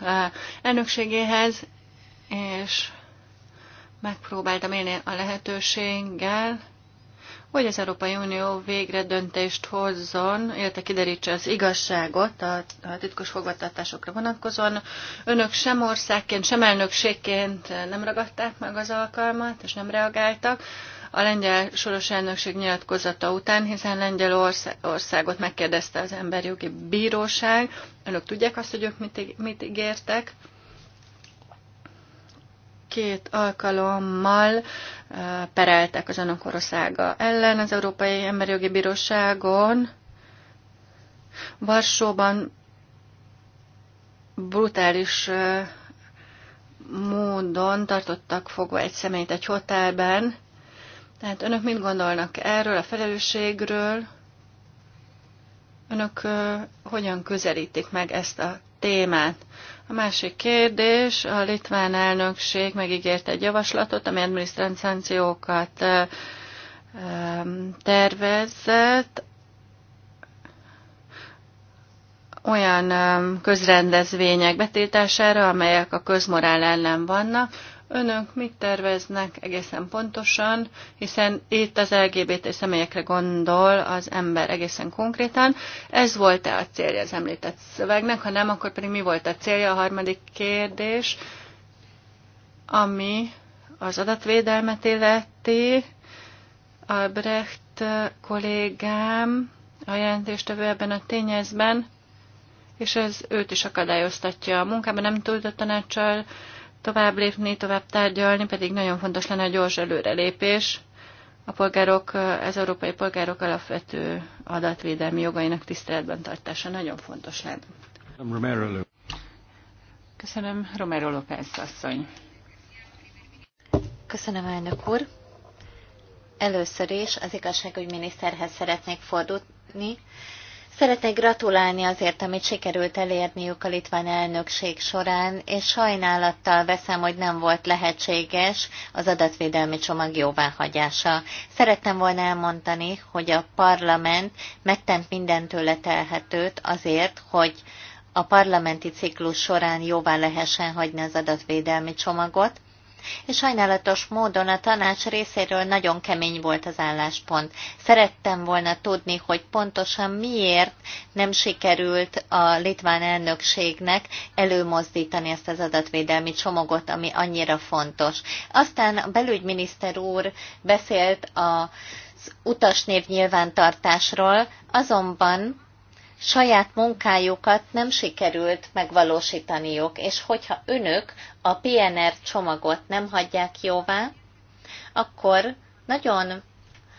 Speaker 3: elnökségéhez, és megpróbáltam élni a lehetőséggel, hogy az Európai Unió végre döntést hozzon, illetve kiderítse az igazságot a, a titkos fogvatartásokra vonatkozóan. Önök sem országként, sem elnökségként nem ragadták meg az alkalmat, és nem reagáltak a lengyel soros elnökség nyilatkozata után, hiszen Lengyelországot megkérdezte az emberjogi bíróság. Önök tudják azt, hogy ők mit, mit ígértek? két alkalommal uh, pereltek az önök ellen az Európai Emberi Jogi Bíróságon. Varsóban brutális uh, módon tartottak fogva egy személyt egy hotelben. Tehát önök mit gondolnak erről, a felelősségről? Önök uh, hogyan közelítik meg ezt a témát? A másik kérdés, a litván elnökség megígért egy javaslatot, ami adminisztrált szankciókat tervezett, olyan közrendezvények betiltására, amelyek a közmorál ellen vannak. Önök mit terveznek egészen pontosan, hiszen itt az LGBT személyekre gondol az ember egészen konkrétan. Ez volt-e a célja az említett szövegnek, ha nem, akkor pedig mi volt a célja? A harmadik kérdés, ami az adatvédelmet illeti, Albrecht kollégám, a jelentéstevő ebben a tényezben, és ez őt is akadályoztatja a munkában, nem tudott a tanácssal tovább lépni, tovább tárgyalni, pedig nagyon fontos lenne a gyors előrelépés. A polgárok, az európai polgárok alapvető adatvédelmi jogainak tiszteletben tartása nagyon fontos
Speaker 1: lenne. Köszönöm, Romero López asszony. Köszönöm, elnök úr. Először is az igazságügyminiszterhez szeretnék fordulni. Szeretnék gratulálni azért, amit sikerült elérniük a litván elnökség során, és sajnálattal veszem, hogy nem volt lehetséges az adatvédelmi csomag jóváhagyása. Szerettem volna elmondani, hogy a parlament megtent mindentől telhetőt azért, hogy a parlamenti ciklus során jóvá lehessen hagyni az adatvédelmi csomagot, és sajnálatos módon a tanács részéről nagyon kemény volt az álláspont. Szerettem volna tudni, hogy pontosan miért nem sikerült a litván elnökségnek előmozdítani ezt az adatvédelmi csomagot, ami annyira fontos. Aztán a belügyminiszter úr beszélt a utasnév nyilvántartásról, azonban saját munkájukat nem sikerült megvalósítaniuk, és hogyha önök a PNR csomagot nem hagyják jóvá, akkor nagyon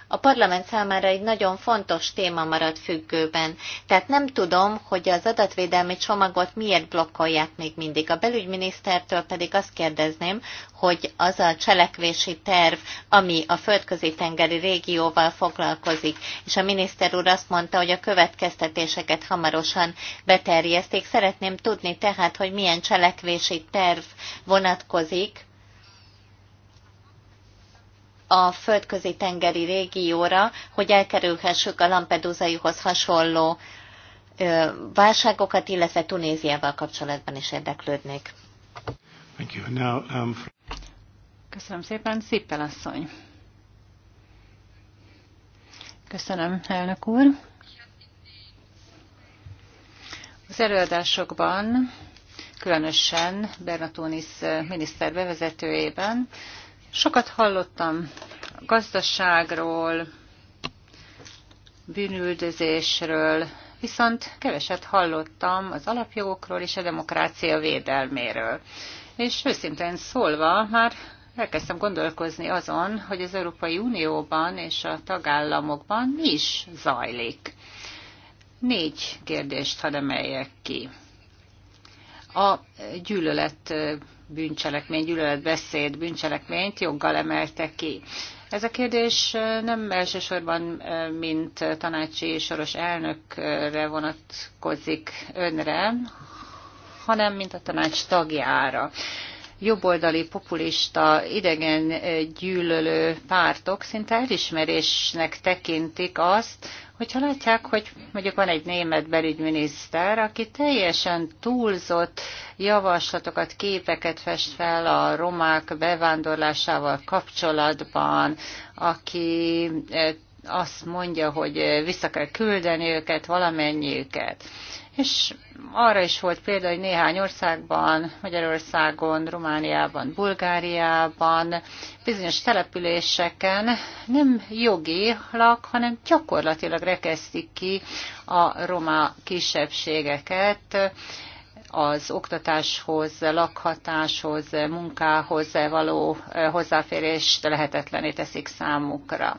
Speaker 1: a parlament számára egy nagyon fontos téma maradt függőben. Tehát nem tudom, hogy az adatvédelmi csomagot miért blokkolják még mindig. A belügyminisztertől pedig azt kérdezném, hogy az a cselekvési terv, ami a földközi-tengeri régióval foglalkozik, és a miniszter úr azt mondta, hogy a következtetéseket hamarosan beterjeszték. Szeretném tudni tehát, hogy milyen cselekvési terv vonatkozik a földközi tengeri régióra, hogy elkerülhessük a Lampedusaihoz hasonló válságokat, illetve Tunéziával kapcsolatban is érdeklődnék. Thank you. Now, um... Köszönöm
Speaker 2: szépen, Szippel asszony. Köszönöm, elnök úr. Az előadásokban, különösen Bernatonis miniszter bevezetőjében Sokat hallottam a gazdaságról, bűnüldözésről, viszont keveset hallottam az alapjogokról és a demokrácia védelméről. És őszintén szólva már elkezdtem gondolkozni azon, hogy az Európai Unióban és a tagállamokban mi is zajlik. Négy kérdést hadd emeljek ki. A gyűlölet bűncselekmény, gyűlöletbeszéd bűncselekményt joggal emelte ki. Ez a kérdés nem elsősorban, mint tanácsi soros elnökre vonatkozik önre, hanem mint a tanács tagjára. Jobboldali, populista, idegen gyűlölő pártok szinte elismerésnek tekintik azt, Hogyha látják, hogy mondjuk van egy német belügyminiszter, aki teljesen túlzott javaslatokat, képeket fest fel a romák bevándorlásával kapcsolatban, aki eh, azt mondja, hogy vissza kell küldeni őket, őket. És arra is volt példa, hogy néhány országban, Magyarországon, Romániában, Bulgáriában, bizonyos településeken nem jogilag, hanem gyakorlatilag rekesztik ki a roma kisebbségeket az oktatáshoz, lakhatáshoz, munkához való eh, hozzáférést lehetetlené teszik számukra.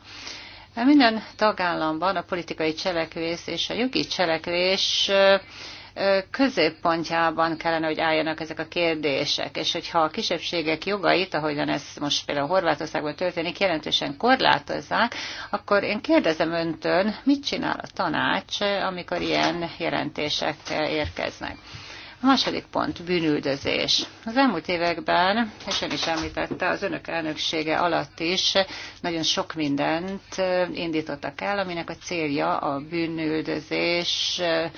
Speaker 2: Hát minden tagállamban a politikai cselekvés és a jogi cselekvés középpontjában kellene, hogy álljanak ezek a kérdések, és hogyha a kisebbségek jogait, ahogyan ez most például Horvátországban történik, jelentősen korlátozzák, akkor én kérdezem öntön, mit csinál a tanács, amikor ilyen jelentések érkeznek. A második pont, bűnüldözés. Az elmúlt években, és ön is említette, az önök elnöksége alatt is nagyon sok mindent eh, indítottak el, aminek a célja a bűnüldözés eh,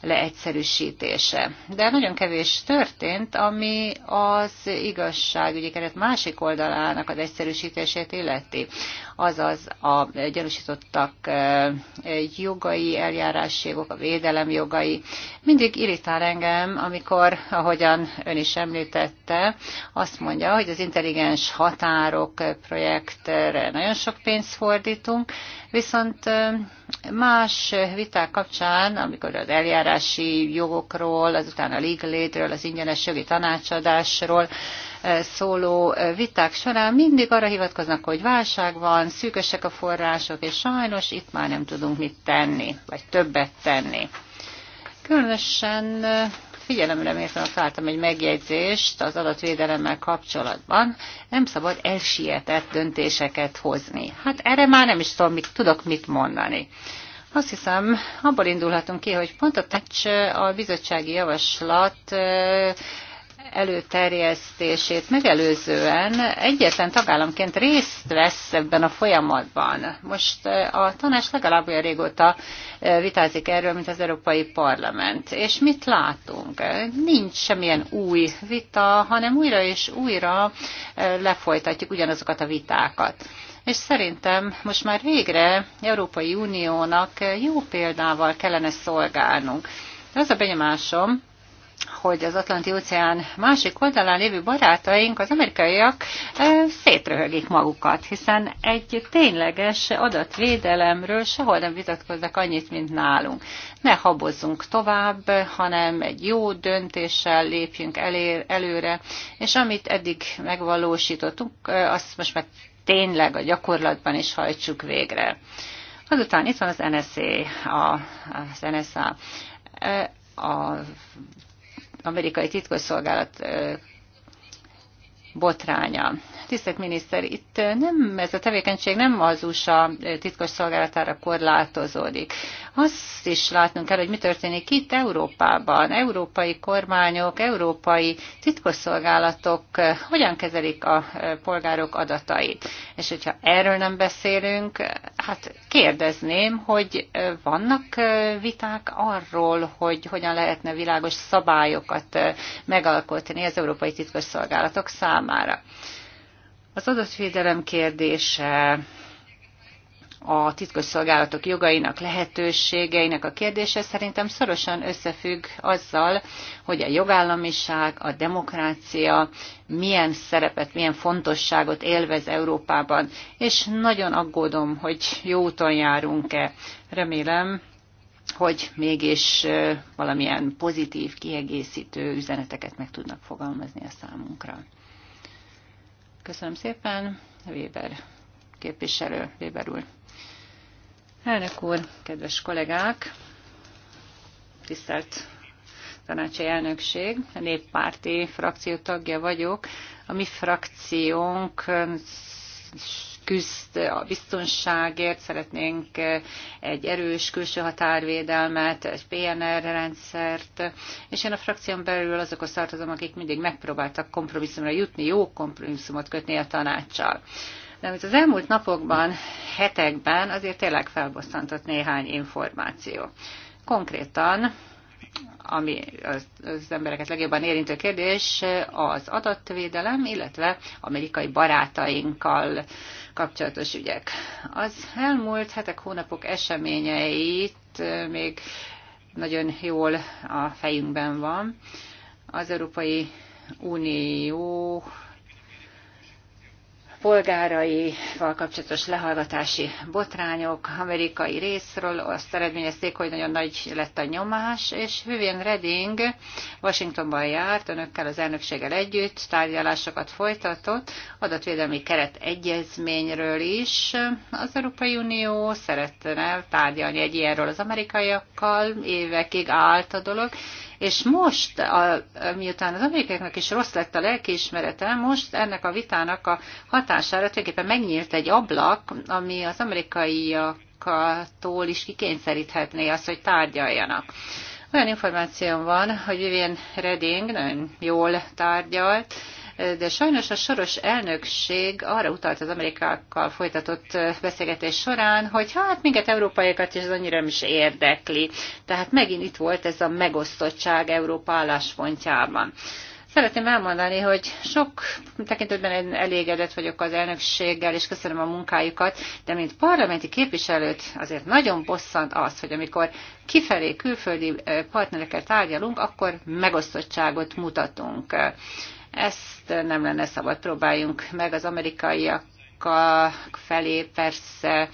Speaker 2: leegyszerűsítése. De nagyon kevés történt, ami az igazságügyi keret másik oldalának az egyszerűsítését illeti azaz a gyanúsítottak jogai, eljárásjogok, a védelem jogai. Mindig irritál engem, amikor, ahogyan ön is említette, azt mondja, hogy az intelligens határok projektre nagyon sok pénzt fordítunk, viszont más viták kapcsán, amikor az eljárási jogokról, azután a legal aidről, az ingyenes jogi tanácsadásról, szóló viták során mindig arra hivatkoznak, hogy válság van, szűkösek a források, és sajnos itt már nem tudunk mit tenni, vagy többet tenni. Különösen figyelemre mértem találtam egy megjegyzést az adatvédelemmel kapcsolatban, nem szabad elsietett döntéseket hozni. Hát erre már nem is tudom, mit, tudok mit mondani. Azt hiszem, abból indulhatunk ki, hogy pont a tanács a bizottsági javaslat előterjesztését megelőzően egyetlen tagállamként részt vesz ebben a folyamatban. Most eh, a tanács legalább olyan régóta eh, vitázik erről, mint az Európai Parlament. És mit látunk? Nincs semmilyen új vita, hanem újra és újra eh, lefolytatjuk ugyanazokat a vitákat. És szerintem most már végre Európai Uniónak jó példával kellene szolgálnunk. De az a benyomásom, hogy az Atlanti-óceán másik oldalán lévő barátaink, az amerikaiak szétröhögik magukat, hiszen egy tényleges adatvédelemről sehol nem vitatkoznak annyit, mint nálunk. Ne habozzunk tovább, hanem egy jó döntéssel lépjünk elér, előre, és amit eddig megvalósítottunk, azt most meg tényleg a gyakorlatban is hajtsuk végre. Azután itt van az NSA, a, az NSA a amerikai titkosszolgálat botránya. Tisztelt miniszter, itt nem, ez a tevékenység nem az USA titkos szolgálatára korlátozódik. Azt is látnunk kell, hogy mi történik itt Európában. Európai kormányok, európai titkos szolgálatok hogyan kezelik a polgárok adatait. És hogyha erről nem beszélünk, hát kérdezném, hogy vannak viták arról, hogy hogyan lehetne világos szabályokat megalkotni az európai titkos szolgálatok számára. Az adatvédelem kérdése, a titkosszolgálatok jogainak, lehetőségeinek a kérdése szerintem szorosan összefügg azzal, hogy a jogállamiság, a demokrácia milyen szerepet, milyen fontosságot élvez Európában, és nagyon aggódom, hogy jó úton járunk-e. Remélem, hogy mégis valamilyen pozitív, kiegészítő üzeneteket meg tudnak fogalmazni a számunkra. Köszönöm szépen. Weber képviselő, Weber úr. Elnök úr, kedves kollégák, tisztelt tanácsi elnökség, a néppárti frakció tagja vagyok. A mi frakciónk küzd a biztonságért, szeretnénk egy erős külső határvédelmet, egy PNR rendszert, és én a frakción belül azokhoz tartozom, akik mindig megpróbáltak kompromisszumra jutni, jó kompromisszumot kötni a tanácssal. De amit az elmúlt napokban, hetekben azért tényleg felbosszantott néhány információ. Konkrétan ami az, az embereket legjobban érintő kérdés, az adatvédelem, illetve amerikai barátainkkal kapcsolatos ügyek. Az elmúlt hetek, hónapok eseményeit még nagyon jól a fejünkben van. Az Európai Unió polgáraival kapcsolatos lehallgatási botrányok amerikai részről azt eredményezték, hogy nagyon nagy lett a nyomás, és Vivian Redding Washingtonban járt, önökkel az elnökséggel együtt tárgyalásokat folytatott, adatvédelmi keret egyezményről is. Az Európai Unió szeretne tárgyalni egy ilyenről az amerikaiakkal, évekig állt a dolog, és most, a, miután az amerikaiaknak is rossz lett a lelkiismerete, most ennek a vitának a hatására tulajdonképpen megnyílt egy ablak, ami az amerikaiaktól is kikényszeríthetné azt, hogy tárgyaljanak. Olyan információm van, hogy Vivian Redding nagyon jól tárgyalt, de sajnos a soros elnökség arra utalt az amerikákkal folytatott beszélgetés során, hogy hát minket európaiakat is annyira is érdekli. Tehát megint itt volt ez a megosztottság Európa álláspontjában. Szeretném elmondani, hogy sok tekintetben elégedett vagyok az elnökséggel, és köszönöm a munkájukat, de mint parlamenti képviselőt azért nagyon bosszant az, hogy amikor kifelé külföldi partnerekkel tárgyalunk, akkor megosztottságot mutatunk. Ezt nem lenne szabad. Próbáljunk meg az amerikaiak felé persze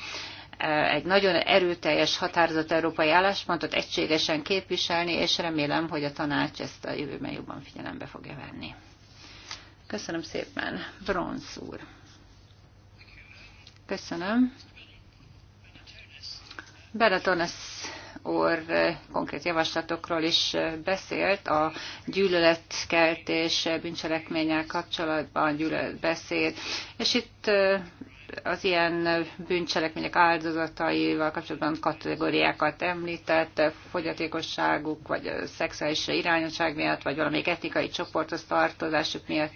Speaker 2: e, egy nagyon erőteljes, határozott európai álláspontot egységesen képviselni, és remélem, hogy a tanács ezt a jövőben jobban figyelembe fogja venni. Köszönöm szépen. Bronz úr. Köszönöm. Beletonesz úr konkrét javaslatokról is beszélt a gyűlöletkeltés bűncselekménnyel kapcsolatban, gyűlöletbeszéd, és itt az ilyen bűncselekmények áldozataival kapcsolatban kategóriákat említett, fogyatékosságuk, vagy szexuális irányosság miatt, vagy valamelyik etnikai csoporthoz tartozásuk miatt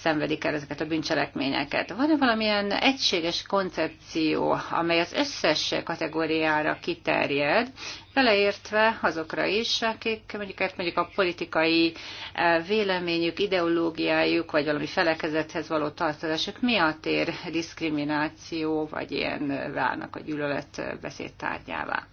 Speaker 2: szenvedik el ezeket a bűncselekményeket. Van-e valamilyen egységes koncepció, amely az összes kategóriára kiterjed, beleértve azokra is, akik mondjuk, hát mondjuk a politikai véleményük, ideológiájuk, vagy valami felekezethez való tartozásuk miatt ér diszkrimináció, vagy ilyen válnak a gyűlölet tárgyává?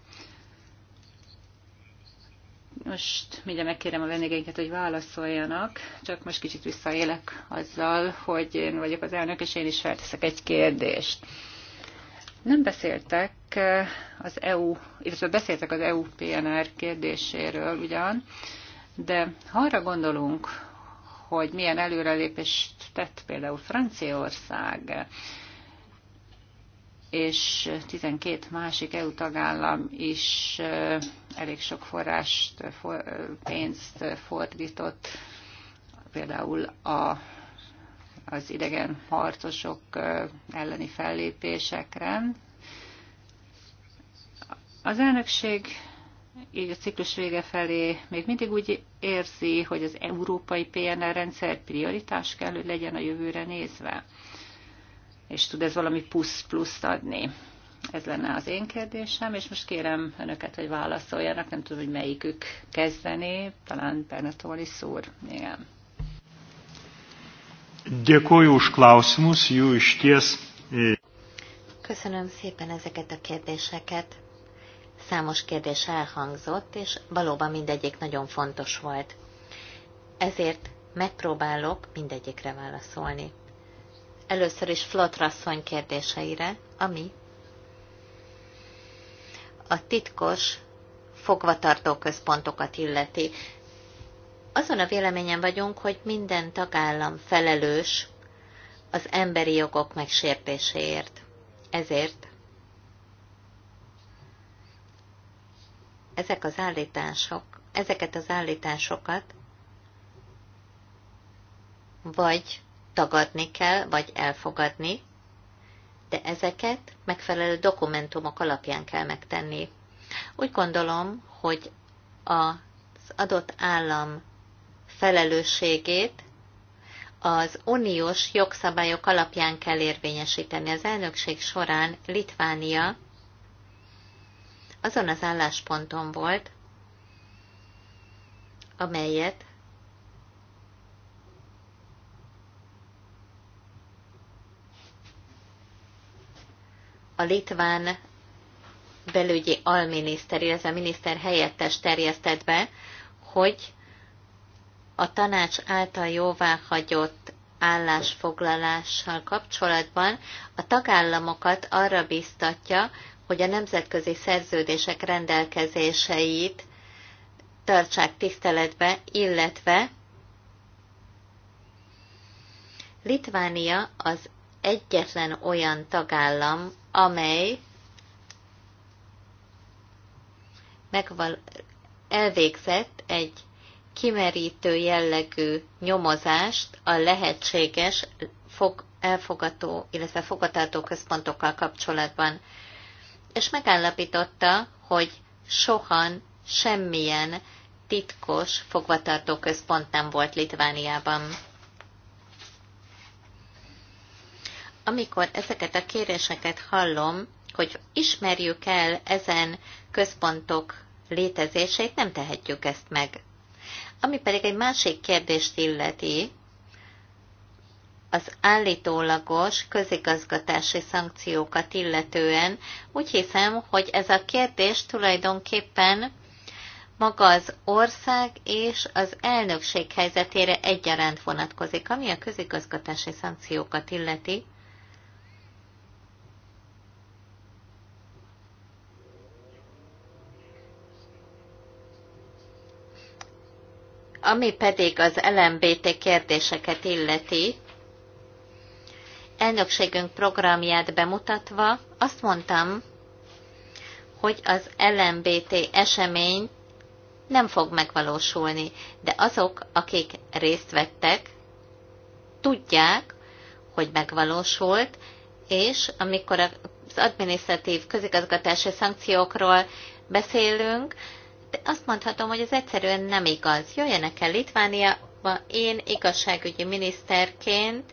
Speaker 2: Most mindjárt megkérem a vendégeinket, hogy válaszoljanak, csak most kicsit visszaélek azzal, hogy én vagyok az elnök, és én is felteszek egy kérdést. Nem beszéltek az EU, illetve beszéltek az EU PNR kérdéséről ugyan, de ha arra gondolunk, hogy milyen előrelépést tett például Franciaország, és 12 másik EU tagállam is elég sok forrást, pénzt fordított, például a, az idegen harcosok elleni fellépésekre. Az elnökség így a ciklus vége felé még mindig úgy érzi, hogy az európai PNR rendszer prioritás kell, hogy legyen a jövőre nézve és tud ez valami plusz pluszt adni? Ez lenne az én kérdésem, és most kérem önöket, hogy válaszoljanak, nem tudom, hogy melyikük kezdené, talán
Speaker 1: Bernatóli szúr. Igen.
Speaker 2: Dėkoju klausimus, jó išties. E,
Speaker 1: Köszönöm szépen ezeket a kérdéseket. Számos kérdés elhangzott, és valóban mindegyik nagyon fontos volt. Ezért megpróbálok mindegyikre válaszolni. Először is Flotrasszony kérdéseire, ami a titkos fogvatartó központokat illeti. Azon a véleményen vagyunk, hogy minden tagállam felelős az emberi jogok megsértéséért. Ezért ezek az állítások, ezeket az állításokat vagy tagadni kell, vagy elfogadni, de ezeket megfelelő dokumentumok alapján kell megtenni. Úgy gondolom, hogy az adott állam felelősségét az uniós jogszabályok alapján kell érvényesíteni. Az elnökség során Litvánia azon az állásponton volt, amelyet a litván belügyi alminiszter, illetve a miniszter helyettes terjesztett be, hogy a tanács által jóváhagyott állásfoglalással kapcsolatban a tagállamokat arra biztatja, hogy a nemzetközi szerződések rendelkezéseit tartsák tiszteletbe, illetve Litvánia az egyetlen olyan tagállam amely megval- elvégzett egy kimerítő jellegű nyomozást a lehetséges fog, elfogató, illetve fogadható központokkal kapcsolatban, és megállapította, hogy sohan semmilyen titkos fogvatartó központ nem volt Litvániában. amikor ezeket a kéréseket hallom, hogy ismerjük el ezen központok létezését, nem tehetjük ezt meg. Ami pedig egy másik kérdést illeti, az állítólagos közigazgatási szankciókat illetően, úgy hiszem, hogy ez a kérdés tulajdonképpen maga az ország és az elnökség helyzetére egyaránt vonatkozik, ami a közigazgatási szankciókat illeti. Ami pedig az LMBT kérdéseket illeti, elnökségünk programját bemutatva azt mondtam, hogy az LMBT esemény nem fog megvalósulni, de azok, akik részt vettek, tudják, hogy megvalósult, és amikor az adminisztratív közigazgatási szankciókról beszélünk, azt mondhatom, hogy ez egyszerűen nem igaz. Jöjjenek el Litvániába, én igazságügyi miniszterként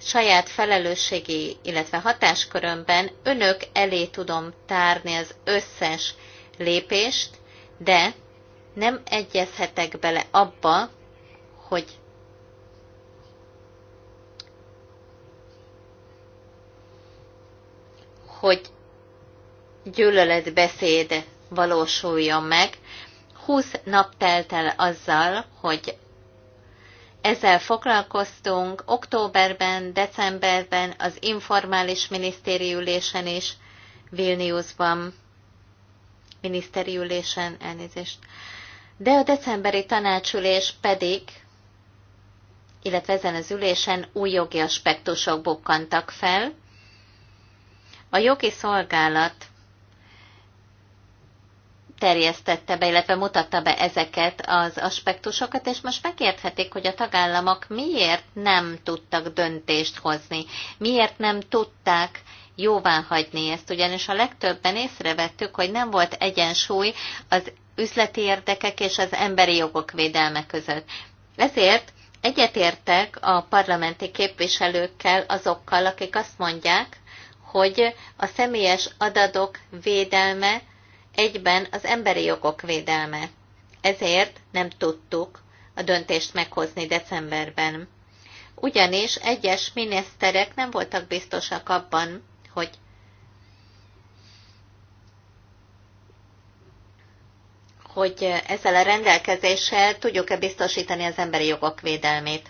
Speaker 1: saját felelősségi, illetve hatáskörömben önök elé tudom tárni az összes lépést, de nem egyezhetek bele abba, hogy hogy gyűlöletbeszéd valósuljon meg. 20 nap telt el azzal, hogy ezzel foglalkoztunk októberben, decemberben, az informális minisztériülésen is, Vilniusban, minisztériülésen, elnézést. De a decemberi tanácsülés pedig, illetve ezen az ülésen új jogi aspektusok bukkantak fel. A jogi szolgálat terjesztette be, illetve mutatta be ezeket az aspektusokat, és most megérthetik, hogy a tagállamok miért nem tudtak döntést hozni, miért nem tudták jóvá hagyni ezt, ugyanis a legtöbben észrevettük, hogy nem volt egyensúly az üzleti érdekek és az emberi jogok védelme között. Ezért egyetértek a parlamenti képviselőkkel azokkal, akik azt mondják, hogy a személyes adatok védelme egyben az emberi jogok védelme. Ezért nem tudtuk a döntést meghozni decemberben. Ugyanis egyes miniszterek nem voltak biztosak abban, hogy hogy ezzel a rendelkezéssel tudjuk-e biztosítani az emberi jogok védelmét.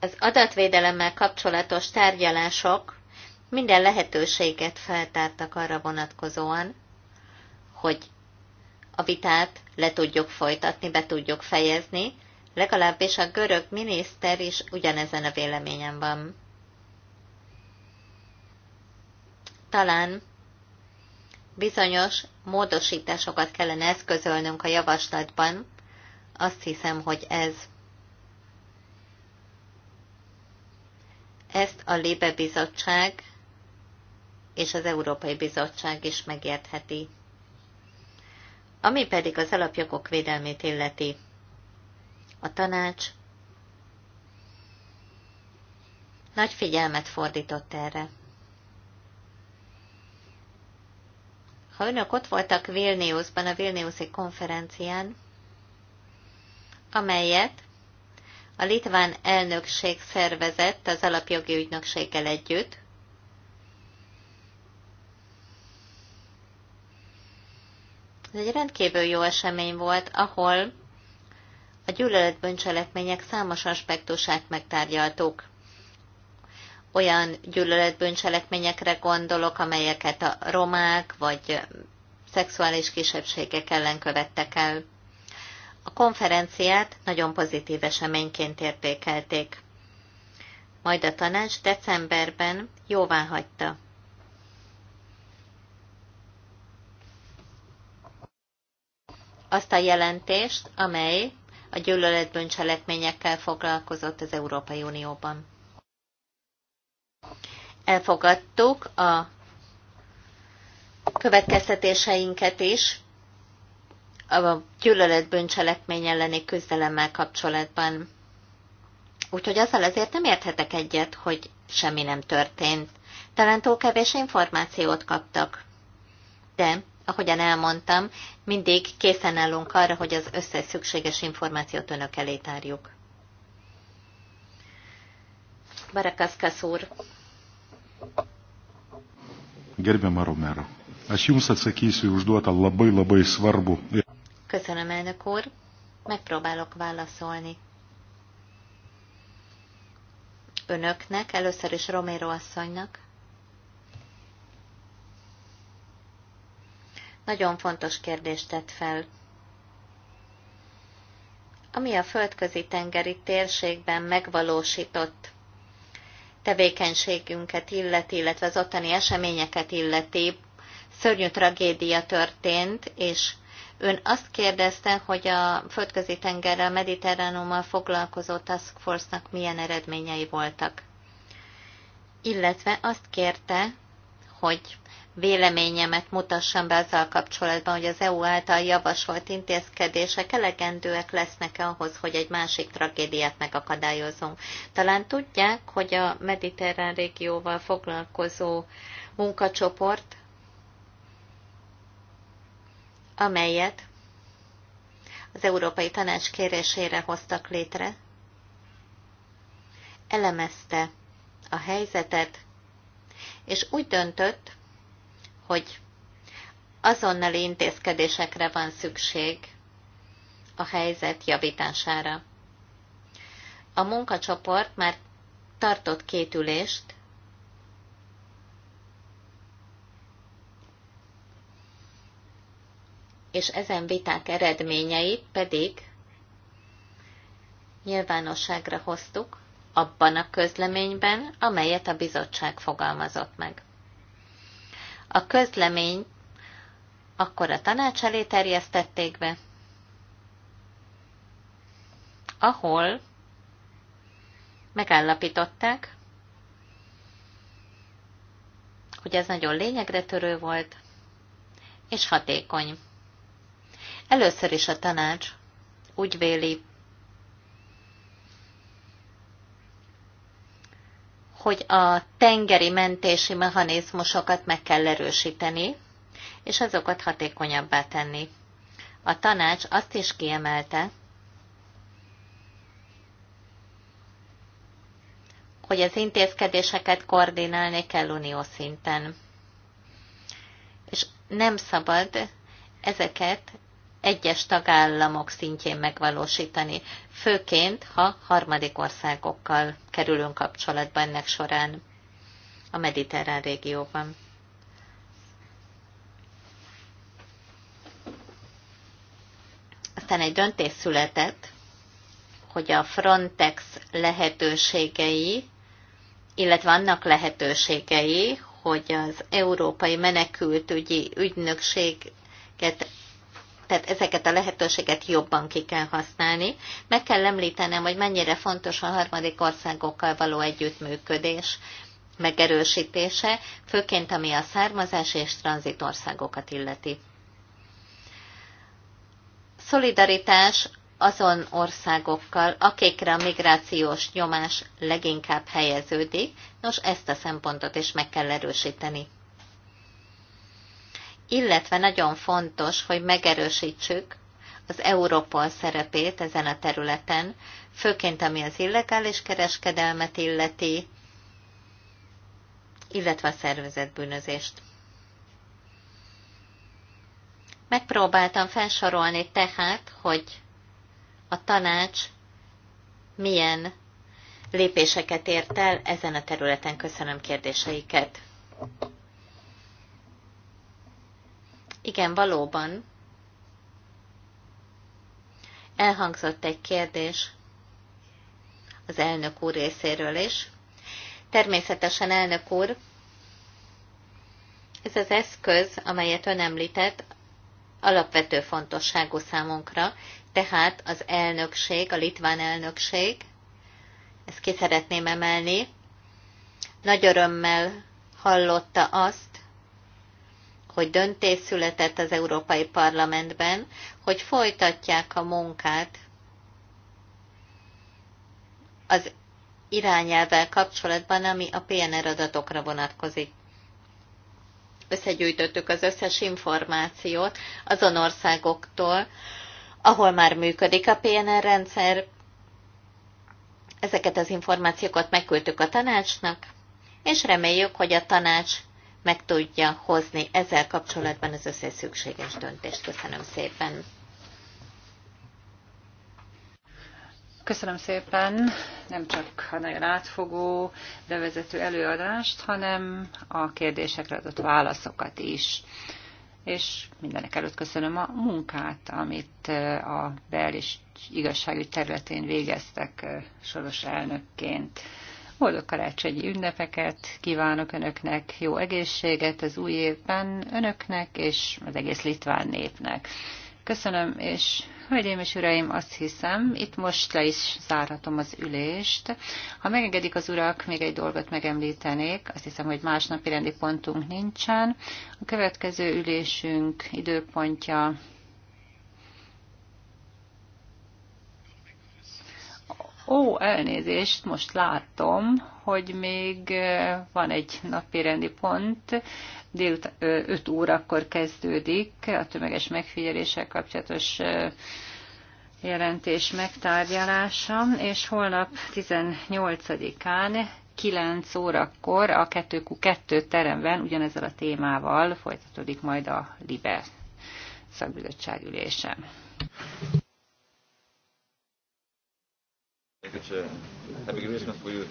Speaker 1: Az adatvédelemmel kapcsolatos tárgyalások minden lehetőséget feltártak arra vonatkozóan, hogy a vitát le tudjuk folytatni, be tudjuk fejezni, legalábbis a görög miniszter is ugyanezen a véleményen van. Talán bizonyos módosításokat kellene eszközölnünk a javaslatban, azt hiszem, hogy ez ezt a Lébe Bizottság és az Európai Bizottság is megértheti. Ami pedig az alapjogok védelmét illeti. A tanács nagy figyelmet fordított erre. Ha önök ott voltak Vilniusban, a Vilniuszi konferencián, amelyet a litván elnökség szervezett az alapjogi ügynökséggel együtt, Ez egy rendkívül jó esemény volt, ahol a gyűlöletbűncselekmények számos aspektusát megtárgyaltuk. Olyan gyűlöletbűncselekményekre gondolok, amelyeket a romák vagy szexuális kisebbségek ellen követtek el. A konferenciát nagyon pozitív eseményként értékelték. Majd a tanács decemberben jóvá hagyta azt a jelentést, amely a gyűlöletbűncselekményekkel foglalkozott az Európai Unióban. Elfogadtuk a következtetéseinket is a gyűlöletbűncselekmény elleni küzdelemmel kapcsolatban. Úgyhogy azzal azért nem érthetek egyet, hogy semmi nem történt. Talán túl kevés információt kaptak. De ahogyan elmondtam, mindig készen állunk arra, hogy az összes szükséges információt önök elé tárjuk. Barakaszkasz úr.
Speaker 2: Gerbiama Romero, aš jums atsakysiu užduotą labai labai svarbu.
Speaker 1: Köszönöm, elnök úr. Megpróbálok válaszolni. Önöknek, először is Romero asszonynak. nagyon fontos kérdést tett fel. Ami a földközi tengeri térségben megvalósított tevékenységünket illeti, illetve az ottani eseményeket illeti, szörnyű tragédia történt, és Ön azt kérdezte, hogy a földközi tengerrel, mediterránummal foglalkozó task force-nak milyen eredményei voltak. Illetve azt kérte, hogy véleményemet mutassam be azzal kapcsolatban, hogy az EU által javasolt intézkedések elegendőek lesznek-e ahhoz, hogy egy másik tragédiát megakadályozunk. Talán tudják, hogy a mediterrán régióval foglalkozó munkacsoport, amelyet az Európai Tanács kérésére hoztak létre, elemezte a helyzetet, és úgy döntött, hogy azonnali intézkedésekre van szükség a helyzet javítására. A munkacsoport már tartott két ülést, és ezen viták eredményeit pedig nyilvánosságra hoztuk, abban a közleményben, amelyet a bizottság fogalmazott meg. A közlemény akkor a tanács elé terjesztették be, ahol megállapították, hogy ez nagyon lényegre törő volt, és hatékony. Először is a tanács úgy véli, hogy a tengeri mentési mechanizmusokat meg kell erősíteni, és azokat hatékonyabbá tenni. A tanács azt is kiemelte, hogy az intézkedéseket koordinálni kell unió szinten. És nem szabad ezeket egyes tagállamok szintjén megvalósítani, főként, ha harmadik országokkal kerülünk kapcsolatba ennek során a mediterrán régióban. Aztán egy döntés született, hogy a Frontex lehetőségei, illetve annak lehetőségei, hogy az Európai Menekültügyi Ügynökséget tehát ezeket a lehetőséget jobban ki kell használni. Meg kell említenem, hogy mennyire fontos a harmadik országokkal való együttműködés megerősítése, főként ami a származás és országokat illeti. Szolidaritás azon országokkal, akikre a migrációs nyomás leginkább helyeződik, nos ezt a szempontot is meg kell erősíteni illetve nagyon fontos, hogy megerősítsük az Európol szerepét ezen a területen, főként ami az illegális kereskedelmet illeti, illetve a szervezett bűnözést. Megpróbáltam felsorolni tehát, hogy a tanács milyen lépéseket ért el ezen a területen. Köszönöm kérdéseiket. Igen, valóban. Elhangzott egy kérdés az elnök úr részéről is. Természetesen, elnök úr, ez az eszköz, amelyet ön említett, alapvető fontosságú számunkra, tehát az elnökség, a litván elnökség, ezt ki szeretném emelni, nagy örömmel hallotta azt, hogy döntés született az Európai Parlamentben, hogy folytatják a munkát az irányelvvel kapcsolatban, ami a PNR adatokra vonatkozik. Összegyűjtöttük az összes információt azon országoktól, ahol már működik a PNR rendszer. Ezeket az információkat megküldtük a tanácsnak, és reméljük, hogy a tanács meg tudja hozni ezzel kapcsolatban az összes szükséges döntést. Köszönöm szépen! Köszönöm szépen nem csak a
Speaker 2: nagyon átfogó, bevezető előadást, hanem a kérdésekre adott válaszokat is. És mindenek előtt köszönöm a munkát, amit a bel- és igazságügy területén végeztek soros elnökként. Boldog karácsonyi ünnepeket kívánok önöknek, jó egészséget az új évben önöknek és az egész litván népnek. Köszönöm, és hölgyeim és uraim, azt hiszem, itt most le is zárhatom az ülést. Ha megengedik az urak, még egy dolgot megemlítenék, azt hiszem, hogy másnapi rendi pontunk nincsen. A következő ülésünk időpontja Ó, elnézést, most látom, hogy még van egy napi rendi pont, délután 5 órakor kezdődik a tömeges megfigyeléssel kapcsolatos jelentés megtárgyalása, és holnap 18-án 9 órakor a 2Q2 teremben ugyanezzel a témával folytatódik majd a LIBE szakbizottságülésen.
Speaker 3: package. Uh, Christmas for you.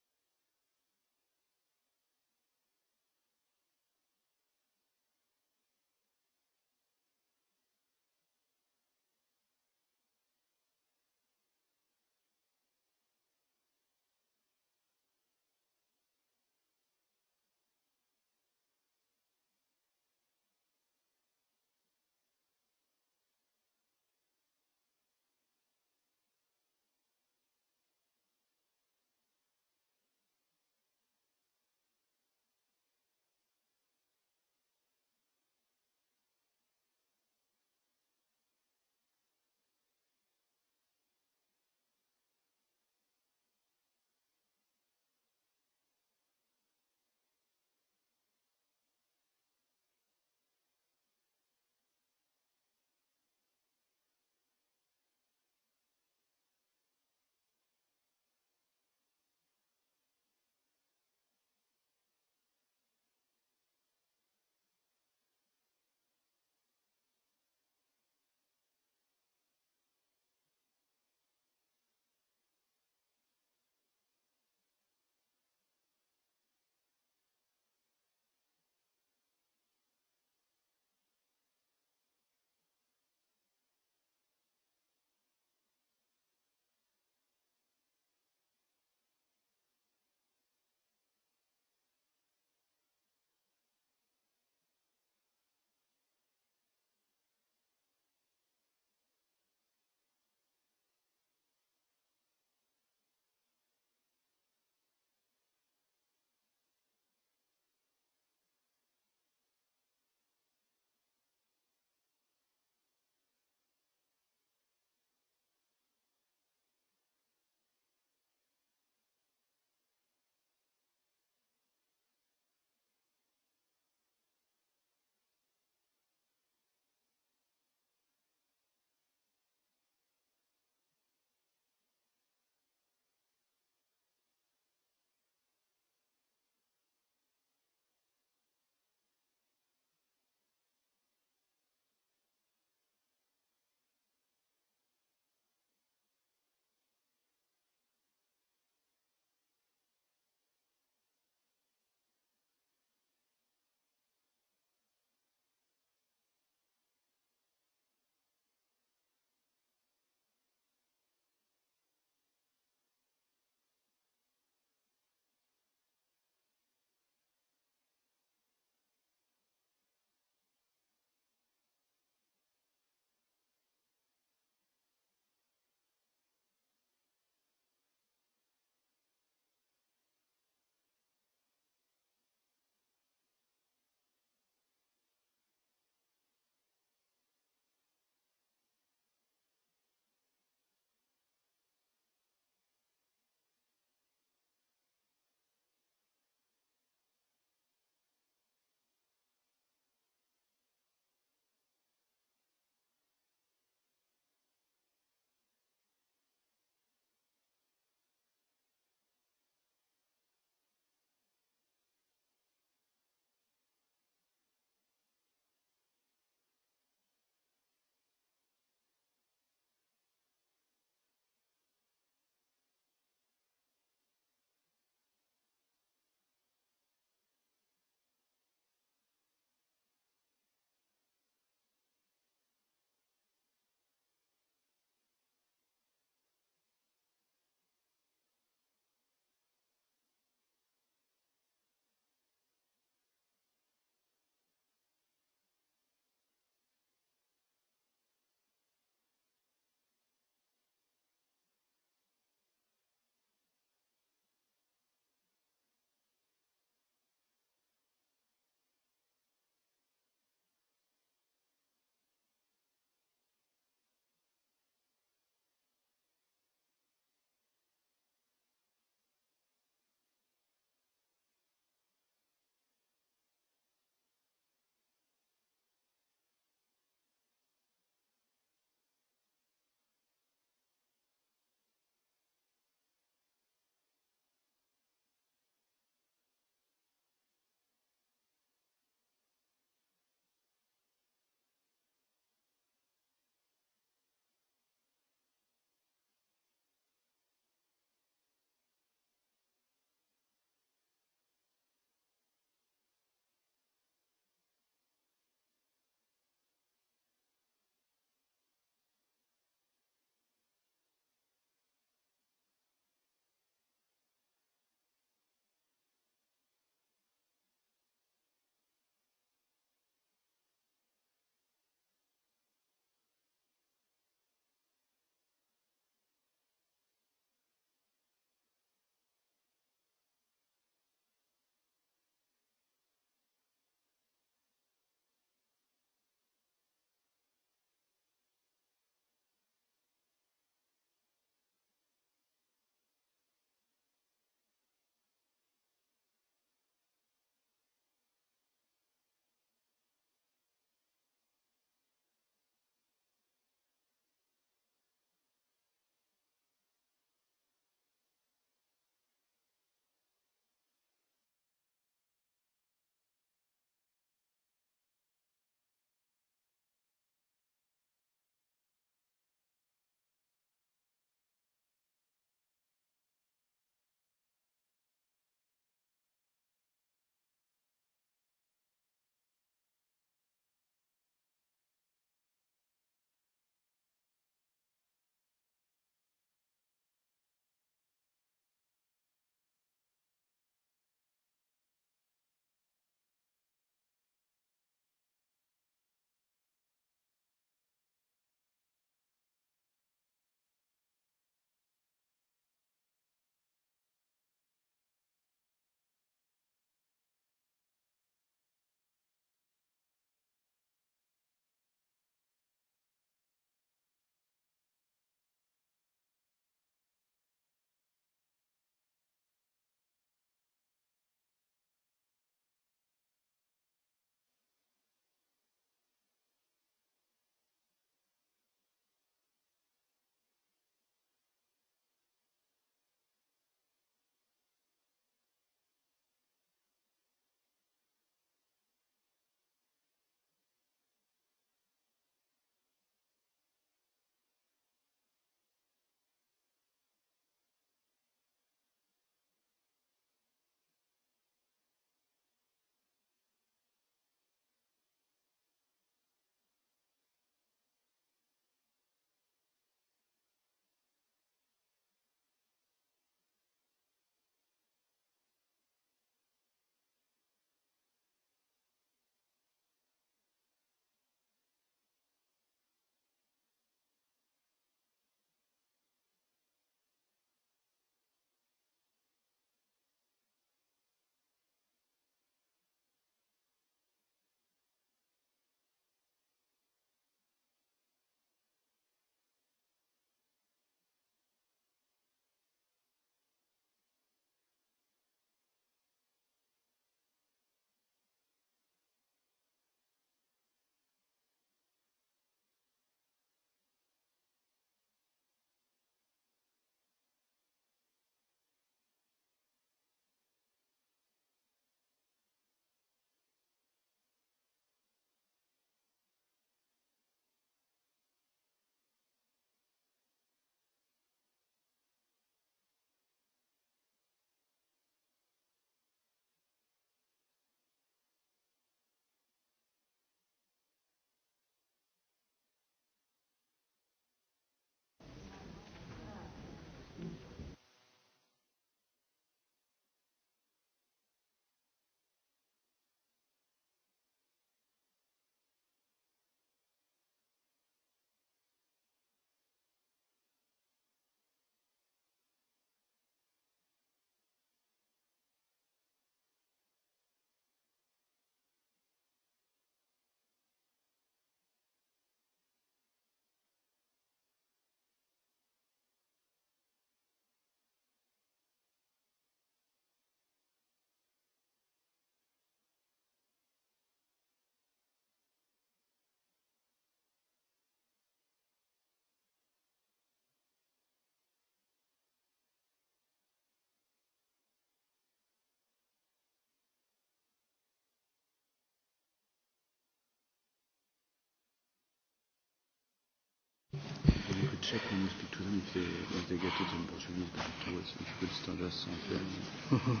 Speaker 3: check on you speak to them if they, if they get it in Portuguese, but afterwards, if you could start us on film.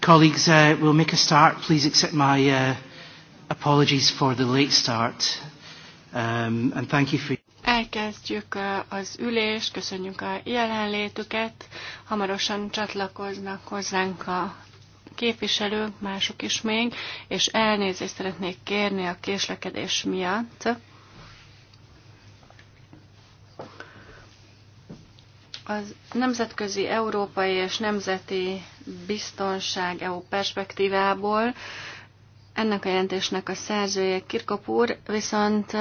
Speaker 2: Colleagues, uh, we'll make a start. Please accept my uh, apologies for the late start. Um, and thank you for...
Speaker 3: Elkezdjük uh, az ülést, köszönjük a jelenlétüket. Hamarosan csatlakoznak hozzánk a képviselők, mások is még, és elnézést szeretnék kérni a késlekedés miatt. Az nemzetközi, európai és nemzeti biztonság EU perspektívából ennek a jelentésnek a szerzője Kirkopúr, viszont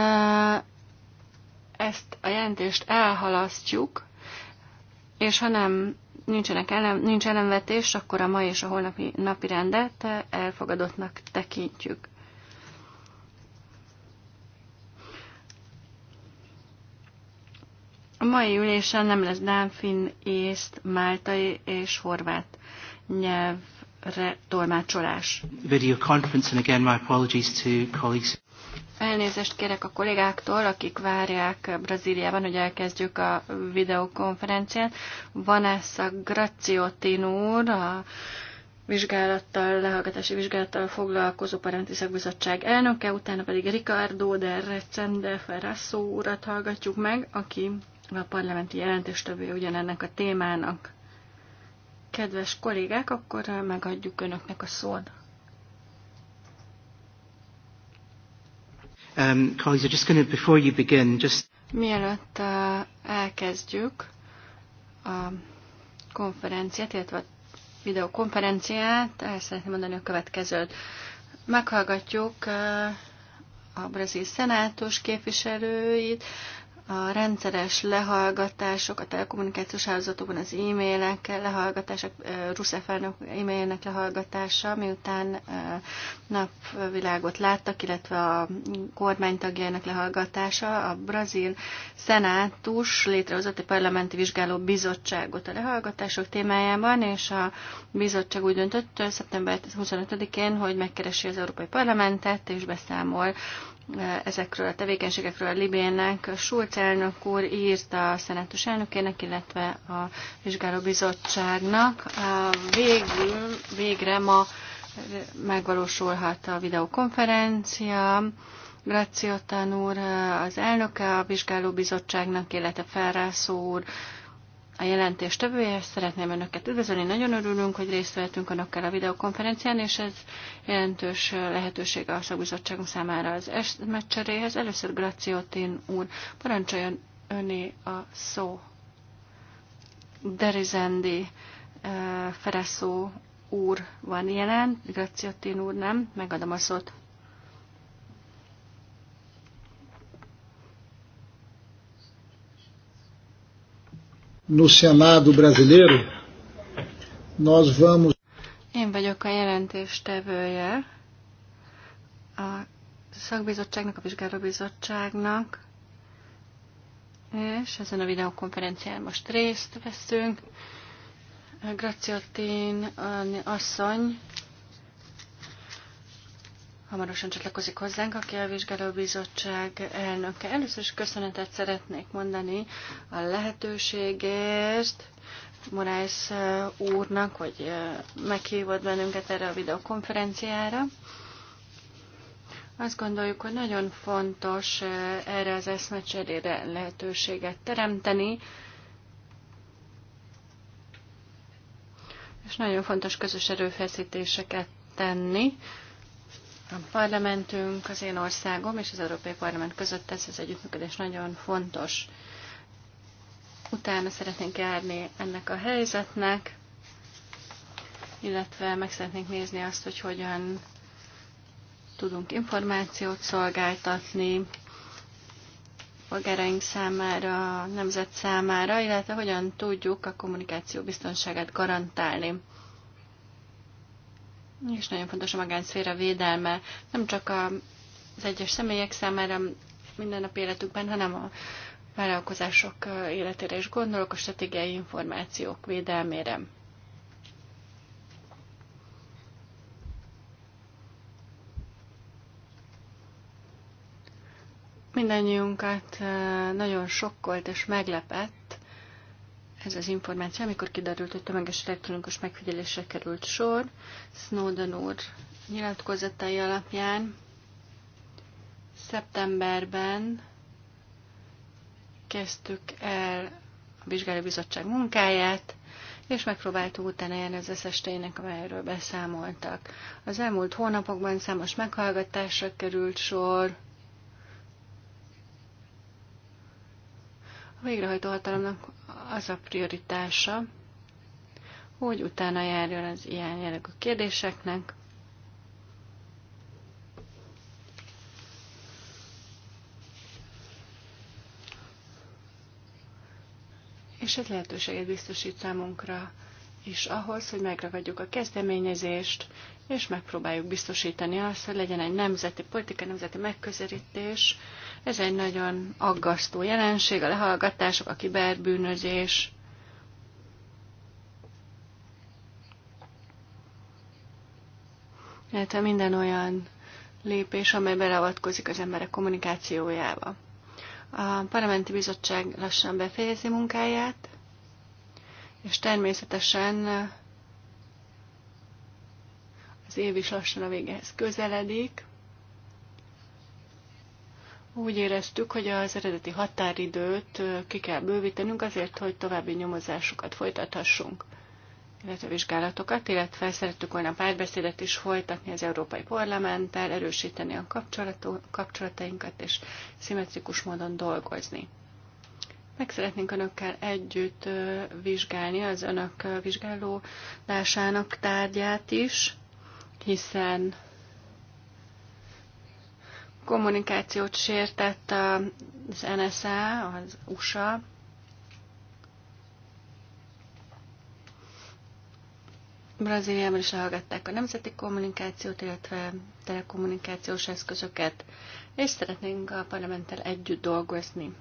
Speaker 3: ezt a jelentést elhalasztjuk, és ha nem nincsenek ellen, nincs ellenvetés, akkor a mai és a holnapi napi rendet elfogadottnak tekintjük. A mai ülésen nem lesz dánfin, észt, máltai és horvát nyelvre tolmácsolás.
Speaker 1: Video conference, and again my apologies to colleagues.
Speaker 3: Elnézést kérek a kollégáktól, akik várják Brazíliában, hogy elkezdjük a videokonferenciát. Vanessa Graciotin úr, a vizsgálattal, lehallgatási vizsgálattal foglalkozó Parenti Szakbizottság elnöke, utána pedig Ricardo de Recende Ferrasso urat hallgatjuk meg, aki a parlamenti jelentéstevő ugyanennek a témának. Kedves kollégák, akkor eh, megadjuk önöknek a szót.
Speaker 2: Um, colleagues, just gonna, before you begin, just...
Speaker 3: Mielőtt uh, elkezdjük a konferenciát, illetve a videokonferenciát, el eh, szeretném mondani a következőt. Meghallgatjuk uh, a brazil szenátus képviselőit, a rendszeres lehallgatások a telekommunikációs hálózatokban, az e-mailek lehallgatások, Rusev elnök e-mailnek lehallgatása, miután napvilágot láttak, illetve a kormánytagjának lehallgatása, a brazil szenátus létrehozott egy parlamenti vizsgáló bizottságot a lehallgatások témájában, és a bizottság úgy döntött szeptember 25-én, hogy megkeresi az Európai Parlamentet, és beszámol ezekről a tevékenységekről a Libénnek. Schulz elnök úr írta a szenátus elnökének, illetve a vizsgálóbizottságnak. Végül, végre ma megvalósulhat a videokonferencia. Graciotán úr, az elnöke a vizsgálóbizottságnak, illetve Ferrászó úr a jelentés tevője, szeretném Önöket üdvözölni. Nagyon örülünk, hogy részt vettünk Önökkel a videokonferencián, és ez jelentős lehetőség a szakbizottságunk számára az est meccseréhez. Először Graciotin úr, parancsoljon Öné a szó. Derizendi Fereszó úr van jelen, Graciotin úr nem, megadom a szót. no Senado brasileiro, nós vamos. Én vagyok a jelentéstevője a szakbizottságnak, a vizsgálóbizottságnak, és ezen a videokonferencián most részt veszünk. Graciotin asszony hamarosan csatlakozik hozzánk, aki a vizsgálóbizottság elnöke. Először is köszönetet szeretnék mondani a lehetőségért, Morász eh, úrnak, hogy eh, meghívott bennünket erre a videokonferenciára. Azt gondoljuk, hogy nagyon fontos eh, erre az eszmecserére lehetőséget teremteni, és nagyon fontos közös erőfeszítéseket tenni a parlamentünk, az én országom és az Európai Parlament között ez az együttműködés nagyon fontos. Utána szeretnénk járni ennek a helyzetnek, illetve meg szeretnénk nézni azt, hogy hogyan tudunk információt szolgáltatni polgáraink számára, nemzet számára, illetve hogyan tudjuk a kommunikáció biztonságát garantálni és nagyon fontos a magánszféra védelme, nem csak az egyes személyek számára minden nap életükben, hanem a vállalkozások életére is gondolok, a stratégiai információk védelmére. Mindennyiunkat nagyon sokkolt és meglepett ez az információ, amikor kiderült, hogy tömeges elektronikus megfigyelésre került sor, Snowden úr nyilatkozatai alapján szeptemberben kezdtük el a vizsgálóbizottság munkáját, és megpróbáltuk utána jelni az SST-nek, amelyről beszámoltak. Az elmúlt hónapokban számos meghallgatásra került sor, A végrehajtó hatalomnak az a prioritása, hogy utána járjon az ilyen jellegű kérdéseknek, és ez lehetőséget biztosít számunkra és ahhoz, hogy megragadjuk a kezdeményezést, és megpróbáljuk biztosítani azt, hogy legyen egy nemzeti politika, nemzeti megközelítés. Ez egy nagyon aggasztó jelenség, a lehallgatások, a kiberbűnözés. illetve minden olyan lépés, amely beleavatkozik az emberek kommunikációjába. A parlamenti bizottság lassan befejezi munkáját, és természetesen az év is lassan a végéhez közeledik. Úgy éreztük, hogy az eredeti határidőt ki kell bővítenünk azért, hogy további nyomozásokat folytathassunk, illetve vizsgálatokat, illetve szerettük volna párbeszédet is folytatni az Európai Parlamenttel, erősíteni a kapcsolatainkat és szimmetrikus módon dolgozni. Meg szeretnénk önökkel együtt vizsgálni az önök vizsgálódásának tárgyát is, hiszen kommunikációt sértett az NSA, az USA, Brazíliában is lehallgatták a nemzeti kommunikációt, illetve telekommunikációs eszközöket, és szeretnénk a parlamenttel együtt dolgozni.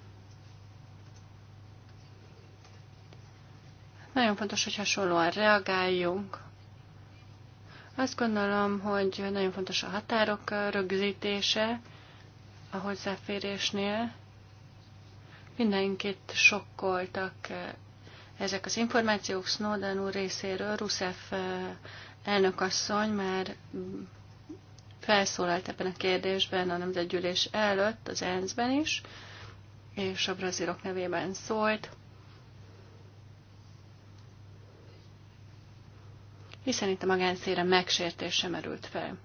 Speaker 3: Nagyon fontos, hogy hasonlóan reagáljunk. Azt gondolom, hogy nagyon fontos a határok rögzítése a hozzáférésnél. Mindenkit sokkoltak eh, ezek az információk Snowden úr részéről. Rusev eh, elnökasszony már felszólalt ebben a kérdésben a nemzetgyűlés előtt, az ENSZ-ben is, és a brazilok nevében szólt. hiszen itt a magánszére megsértés sem merült fel.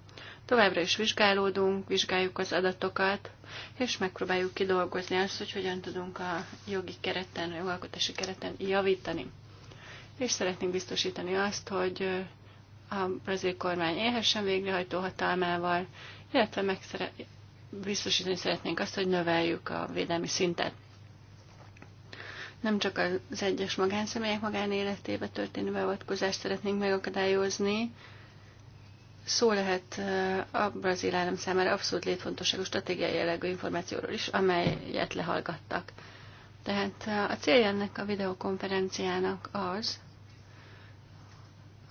Speaker 3: Továbbra is vizsgálódunk, vizsgáljuk az adatokat, és megpróbáljuk kidolgozni azt, hogy hogyan tudunk a jogi kereten, a jogalkotási kereten javítani. És szeretnénk biztosítani azt, hogy a brazil kormány élhessen végrehajtó hatalmával, illetve biztosítani szeretnénk azt, hogy növeljük a védelmi szintet. Nem csak az egyes magánszemélyek magánéletébe történő beavatkozást szeretnénk megakadályozni, szó lehet eh, a brazil állam számára abszolút létfontosságú stratégiai jellegű információról is, amelyet lehallgattak. Tehát eh, a célja ennek a videokonferenciának az,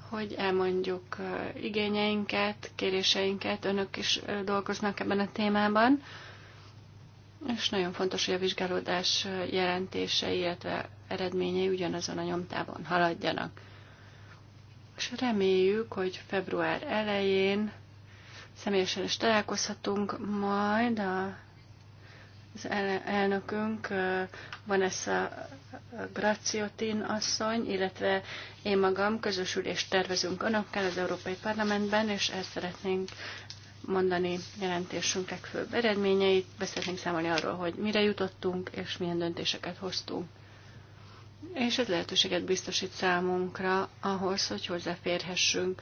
Speaker 3: hogy elmondjuk eh, igényeinket, kéréseinket, önök is dolgoznak ebben a témában, és nagyon fontos, hogy a vizsgálódás jelentése, illetve eredményei ugyanazon a nyomtában haladjanak. És reméljük, hogy február elején személyesen is találkozhatunk, majd a, az elnökünk Vanessa Graciotin asszony, illetve én magam közös tervezünk önökkel az Európai Parlamentben, és el szeretnénk mondani jelentésünk legfőbb eredményeit, beszélnénk számolni arról, hogy mire jutottunk, és milyen döntéseket hoztunk. És ez lehetőséget biztosít számunkra ahhoz, hogy hozzáférhessünk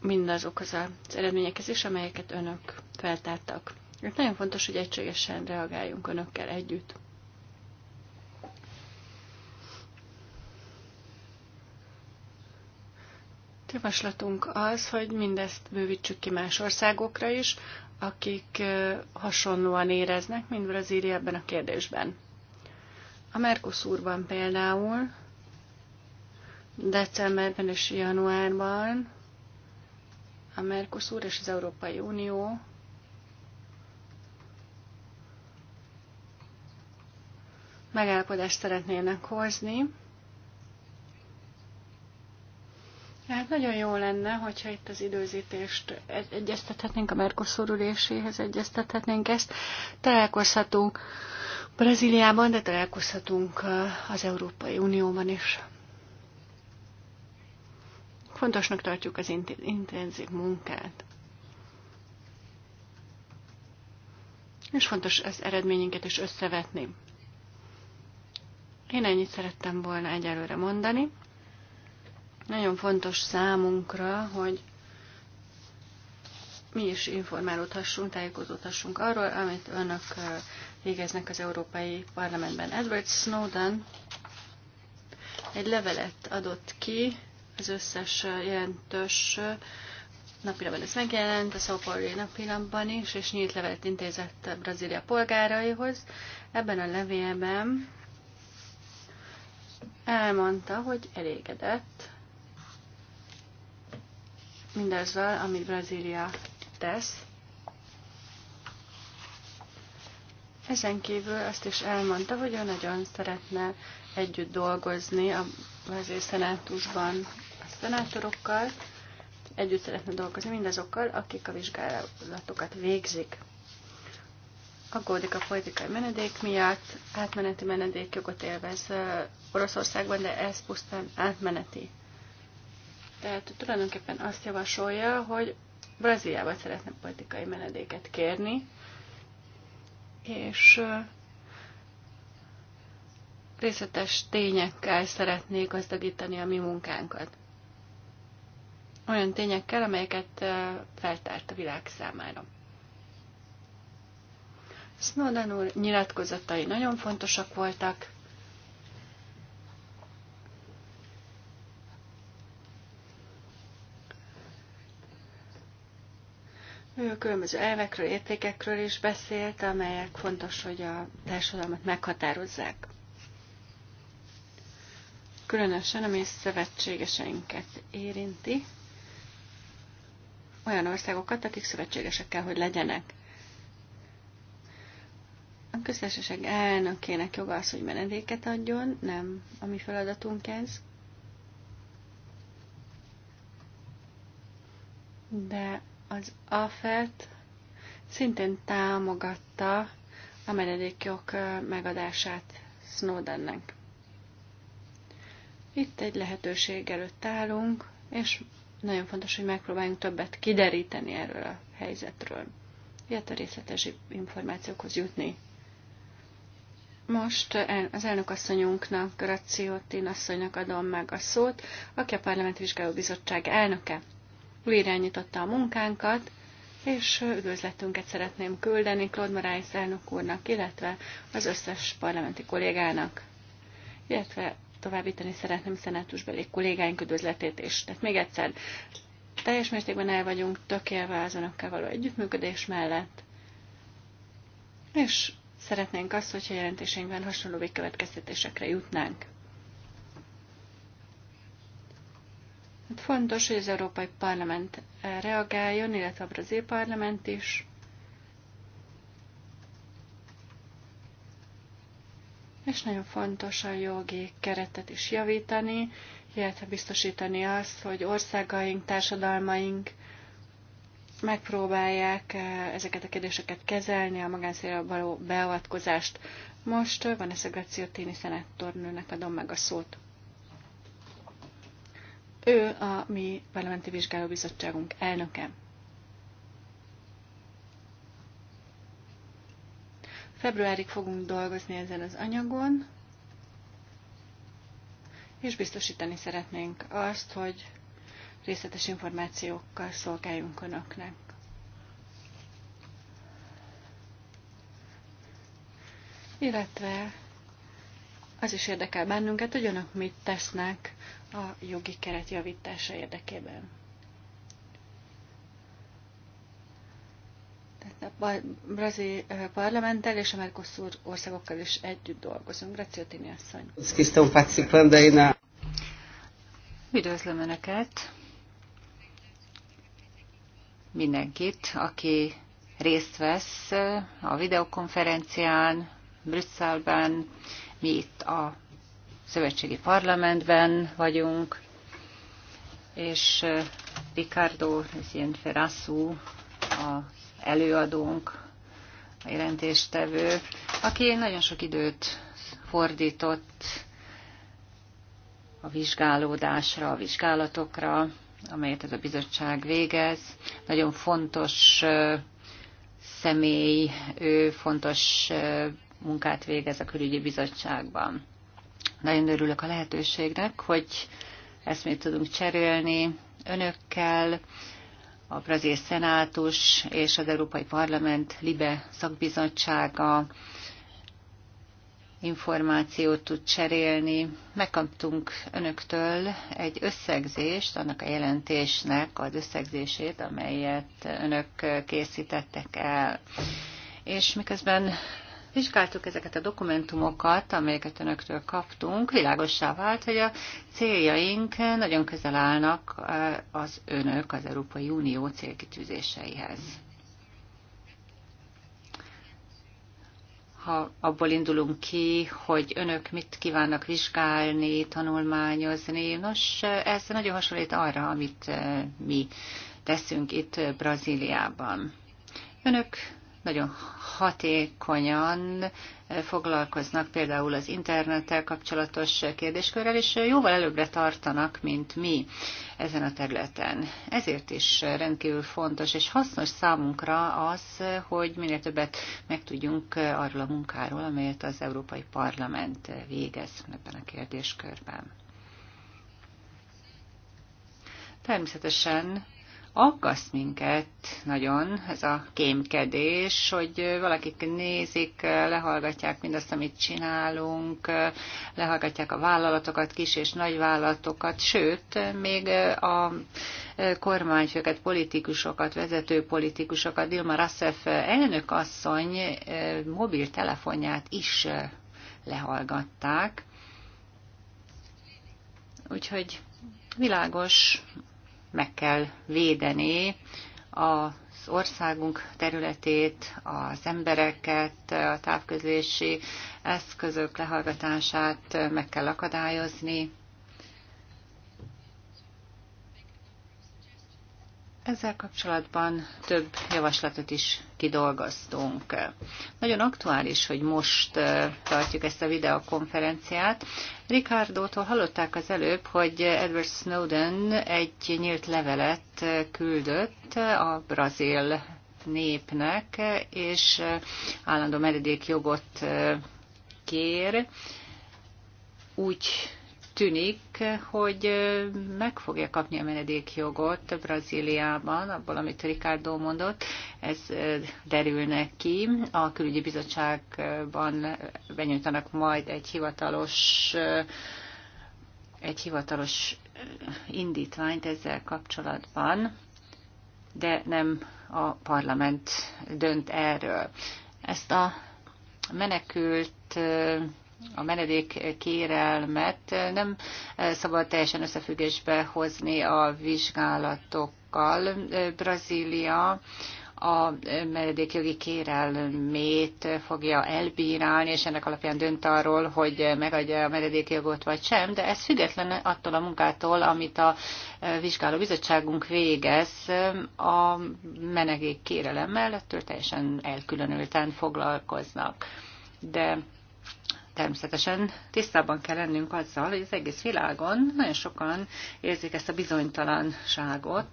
Speaker 3: mindazokhoz az eredményekhez is, amelyeket önök feltártak. Nagyon fontos, hogy egységesen reagáljunk önökkel együtt. Javaslatunk az, hogy mindezt bővítsük ki más országokra is, akik hasonlóan éreznek, mint Brazília ebben a kérdésben. A Mercosurban például decemberben és januárban a Mercosur és az Európai Unió megállapodást szeretnének hozni, Hát nagyon jó lenne, hogyha itt az időzítést egyeztethetnénk, a Mercosur üléséhez egyeztethetnénk ezt. Találkozhatunk Brazíliában, de találkozhatunk az Európai Unióban is. Fontosnak tartjuk az intenzív munkát. És fontos az eredményünket is összevetni. Én ennyit szerettem volna egyelőre mondani. Nagyon fontos számunkra, hogy mi is informálódhassunk, tájékozódhassunk arról, amit önök végeznek az Európai Parlamentben. Edward Snowden egy levelet adott ki az összes jelentős napilapban ez megjelent, a Szópolri napilapban is, és nyílt levelet intézett a Brazília polgáraihoz. Ebben a levélben elmondta, hogy elégedett mindazzal, amit Brazília tesz. Ezen kívül azt is elmondta, hogy ő nagyon szeretne együtt dolgozni a brazil szenátusban a szenátorokkal, együtt szeretne dolgozni mindazokkal, akik a vizsgálatokat végzik. Aggódik a politikai menedék miatt, átmeneti menedékjogot élvez Oroszországban, de ez pusztán átmeneti tehát tulajdonképpen azt javasolja, hogy Brazíliába szeretne politikai menedéket kérni, és részletes tényekkel szeretnék gazdagítani a mi munkánkat. Olyan tényekkel, amelyeket feltárt a világ számára. Snowden úr nyilatkozatai nagyon fontosak voltak, Ő különböző elvekről, értékekről is beszélt, amelyek fontos, hogy a társadalmat meghatározzák. Különösen, ami szövetségeseinket érinti, olyan országokat, akik szövetségesek kell, hogy legyenek. A köztársaság elnökének joga az, hogy menedéket adjon, nem a mi feladatunk ez. De az AFET szintén támogatta a menedékjog megadását Snowdennek. Itt egy lehetőség előtt állunk, és nagyon fontos, hogy megpróbáljunk többet kideríteni erről a helyzetről, illetve részletes információkhoz jutni. Most az elnökasszonyunknak, Graciotin asszonynak adom meg a szót, aki a Parlament bizottság elnöke irányította a munkánkat, és üdvözletünket szeretném küldeni Claude Marais elnök úrnak, illetve az összes parlamenti kollégának, illetve továbbítani szeretném szenátusbeli kollégáink üdvözletét is. Tehát még egyszer, teljes mértékben el vagyunk tökélve az önökkel való együttműködés mellett, és szeretnénk azt, hogyha jelentéseinkben hasonló következtetésekre jutnánk. Hát fontos, hogy az Európai Parlament eh, reagáljon, illetve a brazil parlament is. És nagyon fontos a jogi keretet is javítani, illetve biztosítani azt, hogy országaink, társadalmaink megpróbálják eh, ezeket a kérdéseket kezelni, a magánszélre való beavatkozást. Most eh, van ez a Gracio Téni szenáttornőnek adom meg a szót. Ő a mi parlamenti vizsgálóbizottságunk elnöke. Februárig fogunk dolgozni ezen az anyagon, és biztosítani szeretnénk azt, hogy részletes információkkal szolgáljunk Önöknek. Illetve az is érdekel bennünket, hogy Önök mit tesznek a jogi keret javítása érdekében. a brazil parlamenttel és a Mercosur országokkal is együtt dolgozunk. Tini asszony. Üdvözlöm
Speaker 2: Önöket! Mindenkit, aki részt vesz a videokonferencián, Brüsszelben, mi itt a szövetségi parlamentben vagyunk, és Ricardo Rezien Ferrasu, a előadónk, a jelentéstevő, aki nagyon sok időt fordított a vizsgálódásra, a vizsgálatokra, amelyet ez a bizottság végez. Nagyon fontos személy, ő fontos munkát végez a külügyi bizottságban. Nagyon örülök a lehetőségnek, hogy ezt még tudunk cserélni önökkel, a brazil szenátus és az Európai Parlament Libe szakbizottsága információt tud cserélni. Megkaptunk önöktől egy összegzést, annak a jelentésnek az összegzését, amelyet önök készítettek el. És miközben vizsgáltuk ezeket a dokumentumokat, amelyeket önöktől kaptunk, világossá vált, hogy a céljaink nagyon közel állnak eh, az önök, az Európai Unió célkitűzéseihez. ha abból indulunk ki, hogy önök mit kívánnak vizsgálni, tanulmányozni. Nos, ez nagyon hasonlít arra, amit eh, mi teszünk itt Brazíliában. Önök nagyon hatékonyan foglalkoznak például az internettel kapcsolatos kérdéskörrel, és jóval előbbre tartanak, mint mi ezen a területen. Ezért is rendkívül fontos és hasznos számunkra az, hogy minél többet megtudjunk arról a munkáról, amelyet az Európai Parlament végez ebben a kérdéskörben. Természetesen aggaszt minket nagyon ez a kémkedés, hogy valakik nézik, lehallgatják mindazt, amit csinálunk, lehallgatják a vállalatokat, kis és nagy vállalatokat, sőt, még a kormányfőket, politikusokat, vezető politikusokat, Dilma Rassef elnök asszony mobiltelefonját is lehallgatták. Úgyhogy világos meg kell védeni az országunk területét, az embereket, a távközlési eszközök lehallgatását meg kell akadályozni, Ezzel kapcsolatban több javaslatot is kidolgoztunk. Nagyon aktuális, hogy most tartjuk ezt a videokonferenciát. Ricardo-tól hallották az előbb, hogy Edward Snowden egy nyílt levelet küldött a brazil népnek, és állandó jogot kér, úgy tűnik, hogy meg fogja kapni a menedékjogot Brazíliában, abból, amit Ricardo mondott, ez derülne ki. A külügyi bizottságban benyújtanak majd egy hivatalos egy hivatalos indítványt ezzel kapcsolatban, de nem a parlament dönt erről. Ezt a menekült a menedék kérelmet nem eh, szabad teljesen összefüggésbe hozni a vizsgálatokkal. Eh, Brazília a eh, menedékjogi kérelmét fogja elbírálni, és ennek alapján dönt arról, hogy megadja a menedékjogot vagy sem, de ez független attól a munkától, amit a vizsgáló bizottságunk végez a menedék kérelemmel, ettől teljesen elkülönülten foglalkoznak. De természetesen tisztában kell lennünk azzal, hogy az egész világon nagyon sokan érzik ezt a bizonytalanságot.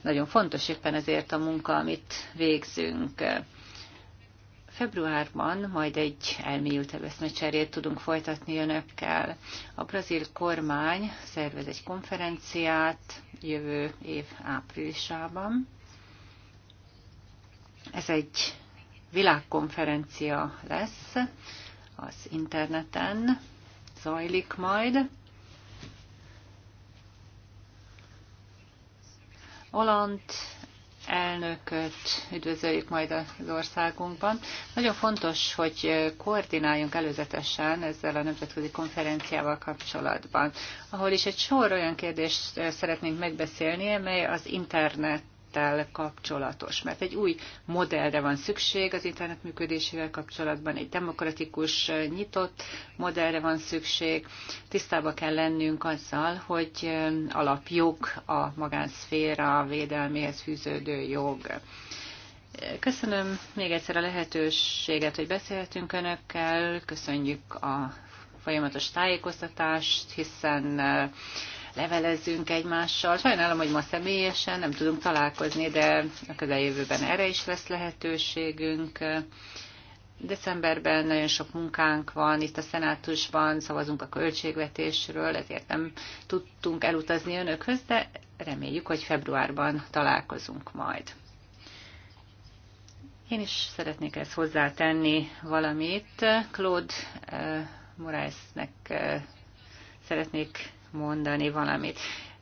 Speaker 2: Nagyon fontos éppen ezért a munka, amit végzünk. Februárban majd egy elmélyült cserét tudunk folytatni önökkel. A brazil kormány szervez egy konferenciát jövő év áprilisában. Ez egy világkonferencia lesz, az interneten zajlik majd. Oland elnököt üdvözöljük majd az országunkban. Nagyon fontos, hogy koordináljunk előzetesen ezzel a nemzetközi konferenciával kapcsolatban, ahol is egy sor olyan kérdést szeretnénk megbeszélni, mely az internet internettel kapcsolatos, mert egy új modellre van szükség az internet működésével kapcsolatban, egy demokratikus, nyitott modellre van szükség. Tisztába kell lennünk azzal, hogy alapjog a magánszféra védelméhez fűződő jog. Köszönöm még egyszer a lehetőséget, hogy beszélhetünk Önökkel. Köszönjük a folyamatos tájékoztatást, hiszen levelezzünk egymással. Sajnálom, hogy ma személyesen nem tudunk találkozni, de a közeljövőben erre is lesz lehetőségünk. Decemberben nagyon sok munkánk van, itt a szenátusban szavazunk a költségvetésről, ezért nem tudtunk elutazni önökhöz, de reméljük, hogy februárban találkozunk majd. Én is szeretnék ezt hozzátenni valamit. Claude eh, Moraesnek eh, szeretnék mondani valamit.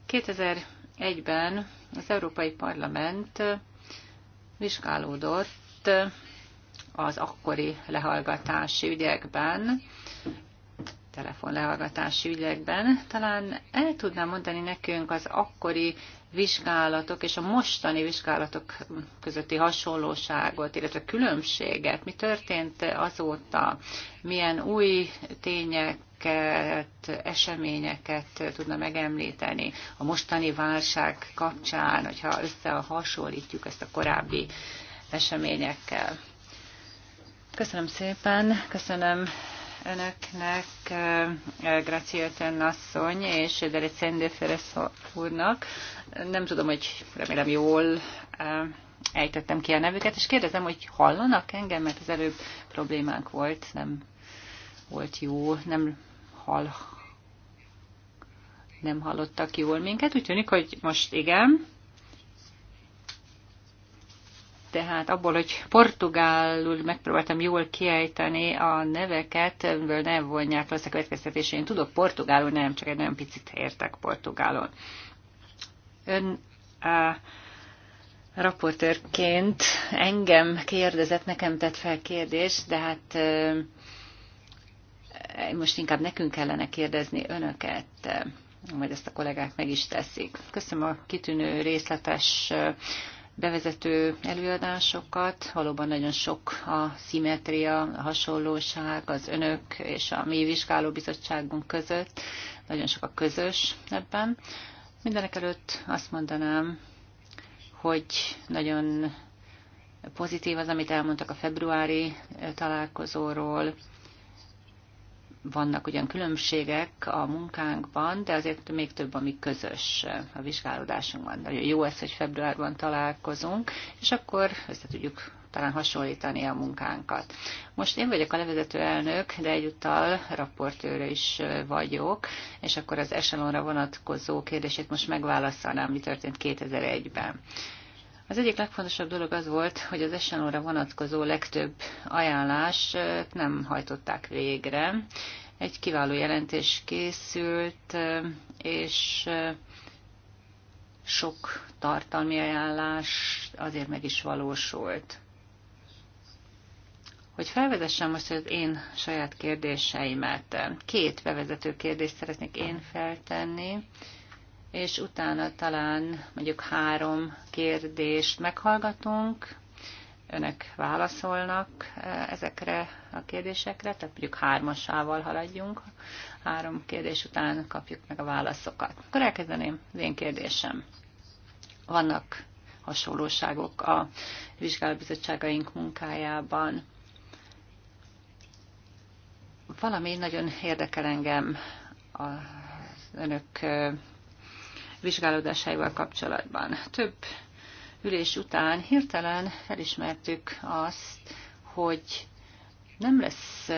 Speaker 2: 2001-ben az Európai Parlament vizsgálódott az akkori lehallgatási ügyekben, telefonlehallgatási ügyekben. Talán el tudnám mondani nekünk az akkori vizsgálatok és a mostani vizsgálatok közötti hasonlóságot, illetve különbséget, mi történt azóta, milyen új tények eseményeket, eseményeket tudna megemlíteni a mostani válság kapcsán, hogyha összehasonlítjuk ezt a korábbi eseményekkel. Köszönöm szépen, köszönöm önöknek, eh, Gracielten asszony és Derecende Feresz úrnak. Nem tudom, hogy remélem jól eh, ejtettem ki a nevüket, és kérdezem, hogy hallanak engem, mert az előbb problémánk volt, nem volt jó, nem hall, nem hallottak jól minket. Úgy tűnik, hogy most igen. Tehát abból, hogy portugálul megpróbáltam jól kiejteni a neveket, ebből nem vonják le a következtetés. Én tudok portugálul, nem csak egy nagyon picit értek portugálon. Ön a raportőrként engem kérdezett, nekem tett fel kérdést, de hát most inkább nekünk kellene kérdezni önöket, majd ezt a kollégák meg is teszik. Köszönöm a kitűnő részletes bevezető előadásokat. Valóban nagyon sok a szimetria, a hasonlóság az önök és a mi vizsgálóbizottságunk között. Nagyon sok a közös ebben. Mindenek előtt azt mondanám, hogy nagyon pozitív az, amit elmondtak a februári találkozóról, vannak ugyan különbségek a munkánkban, de azért még több, ami közös a vizsgálódásunkban. Nagyon jó ez, hogy februárban találkozunk, és akkor össze tudjuk talán hasonlítani a munkánkat. Most én vagyok a levezető elnök, de egyúttal raportőr is vagyok, és akkor az Echelonra vonatkozó kérdését most megválaszolnám, mi történt 2001-ben. Az egyik legfontosabb dolog az volt, hogy az SNO-ra vonatkozó legtöbb ajánlás nem hajtották végre. Egy kiváló jelentés készült, és sok tartalmi ajánlás azért meg is valósult. Hogy felvezessem most az én saját kérdéseimet, két bevezető kérdést szeretnék én feltenni és utána talán mondjuk három kérdést meghallgatunk, önök válaszolnak eh, ezekre a kérdésekre, tehát mondjuk hármasával haladjunk, három kérdés után kapjuk meg a válaszokat. Akkor elkezdeném az én kérdésem. Vannak hasonlóságok a vizsgálóbizottságaink munkájában. Valami nagyon érdekel engem a önök eh, vizsgálódásaival kapcsolatban. Több ülés után hirtelen felismertük azt, hogy nem lesz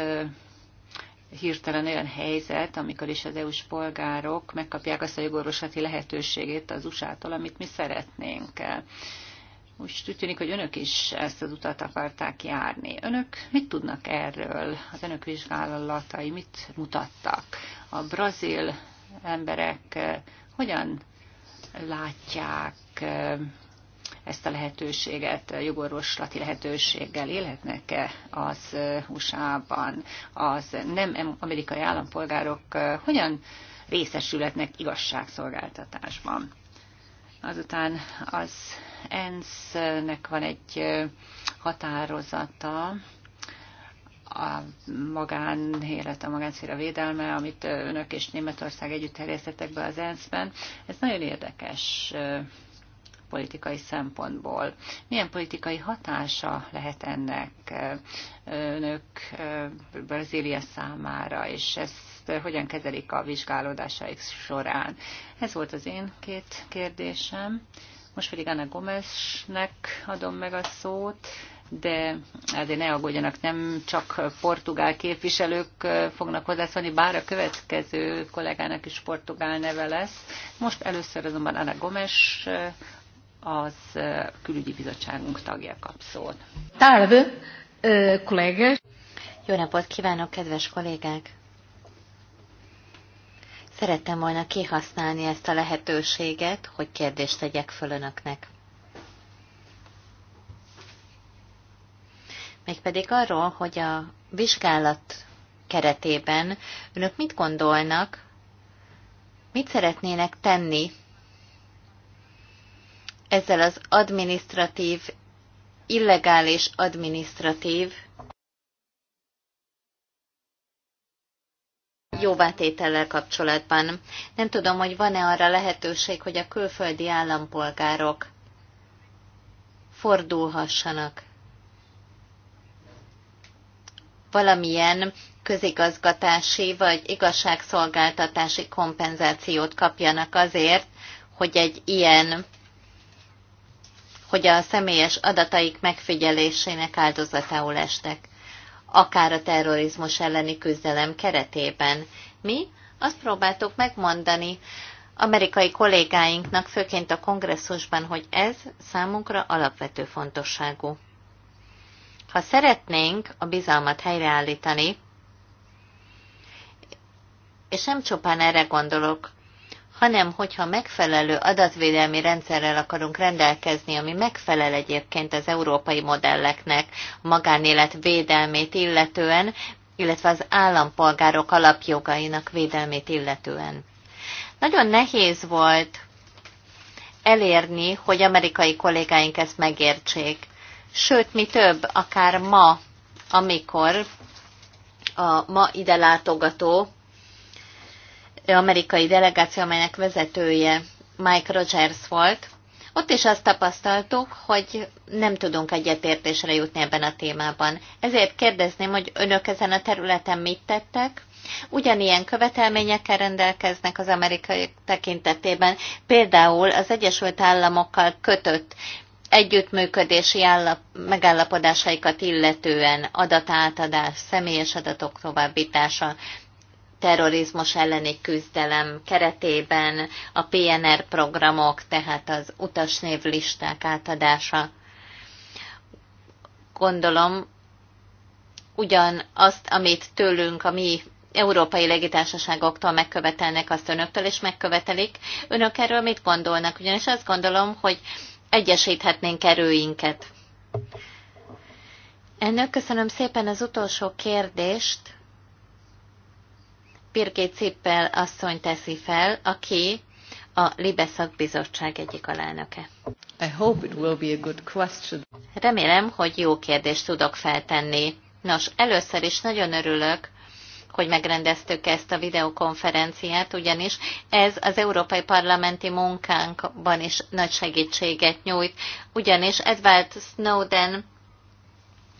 Speaker 2: hirtelen olyan helyzet, amikor is az EU-s polgárok megkapják azt a jogorvoslati lehetőségét az USA-tól, amit mi szeretnénk. Úgy, úgy tűnik, hogy önök is ezt az utat akarták járni. Önök mit tudnak erről? Az önök vizsgálatai mit mutattak? A brazil emberek hogyan látják eh, ezt a lehetőséget, jogorvoslati lehetőséggel élhetnek-e az eh, USA-ban az nem amerikai állampolgárok eh, hogyan részesülhetnek igazságszolgáltatásban. Azután az ENSZ-nek van egy határozata, a magánélet, a magánszféra védelme, amit önök és Németország együtt terjesztettek be az ENSZ-ben. Ez nagyon érdekes politikai szempontból. Milyen politikai hatása lehet ennek önök Brazília számára, és ezt hogyan kezelik a vizsgálódásaik során? Ez volt az én két kérdésem. Most pedig Anna Gomesnek adom meg a szót de azért ne aggódjanak, nem csak portugál képviselők fognak hozzászólni, bár a következő kollégának is portugál neve lesz. Most először azonban Ana Gomes, az külügyi bizottságunk tagja kap szót.
Speaker 1: Tálv, kollégás! Jó napot kívánok, kedves kollégák! Szerettem volna kihasználni ezt a lehetőséget, hogy kérdést tegyek föl önöknek. mégpedig arról, hogy a vizsgálat keretében önök mit gondolnak, mit szeretnének tenni ezzel az adminisztratív, illegális administratív jóvátétellel kapcsolatban. Nem tudom, hogy van-e arra lehetőség, hogy a külföldi állampolgárok fordulhassanak valamilyen közigazgatási vagy igazságszolgáltatási kompenzációt kapjanak azért, hogy egy ilyen, hogy a személyes adataik megfigyelésének áldozatául estek, akár a terrorizmus elleni küzdelem keretében. Mi azt próbáltuk megmondani amerikai kollégáinknak, főként a kongresszusban, hogy ez számunkra alapvető fontosságú. Ha szeretnénk a bizalmat helyreállítani, és nem csupán erre gondolok, hanem hogyha megfelelő adatvédelmi rendszerrel akarunk rendelkezni, ami megfelel egyébként az európai modelleknek magánélet védelmét illetően, illetve az állampolgárok alapjogainak védelmét illetően. Nagyon nehéz volt elérni, hogy amerikai kollégáink ezt megértsék. Sőt, mi több, akár ma, amikor a ma ide látogató amerikai delegáció, amelynek vezetője Mike Rogers volt, ott is azt tapasztaltuk, hogy nem tudunk egyetértésre jutni ebben a témában. Ezért kérdezném, hogy önök ezen a területen mit tettek? Ugyanilyen követelményekkel rendelkeznek az amerikai tekintetében, például az Egyesült Államokkal kötött együttműködési állap, megállapodásaikat illetően adatátadás, személyes adatok továbbítása, terrorizmus elleni küzdelem keretében a PNR programok, tehát az utasnév listák átadása. Gondolom, ugyan azt, amit tőlünk a mi európai legitársaságoktól megkövetelnek, azt önöktől is megkövetelik. Önök erről mit gondolnak? Ugyanis azt gondolom, hogy egyesíthetnénk erőinket. Ennek köszönöm szépen az utolsó kérdést. Birgit Cippel asszony teszi fel, aki a Libe szakbizottság egyik alelnöke.
Speaker 2: I hope it will be a good question.
Speaker 1: Remélem, hogy jó kérdést tudok feltenni. Nos, először is nagyon örülök, hogy megrendeztük ezt a videokonferenciát, ugyanis ez az európai parlamenti munkánkban is nagy segítséget nyújt, ugyanis Edward Snowden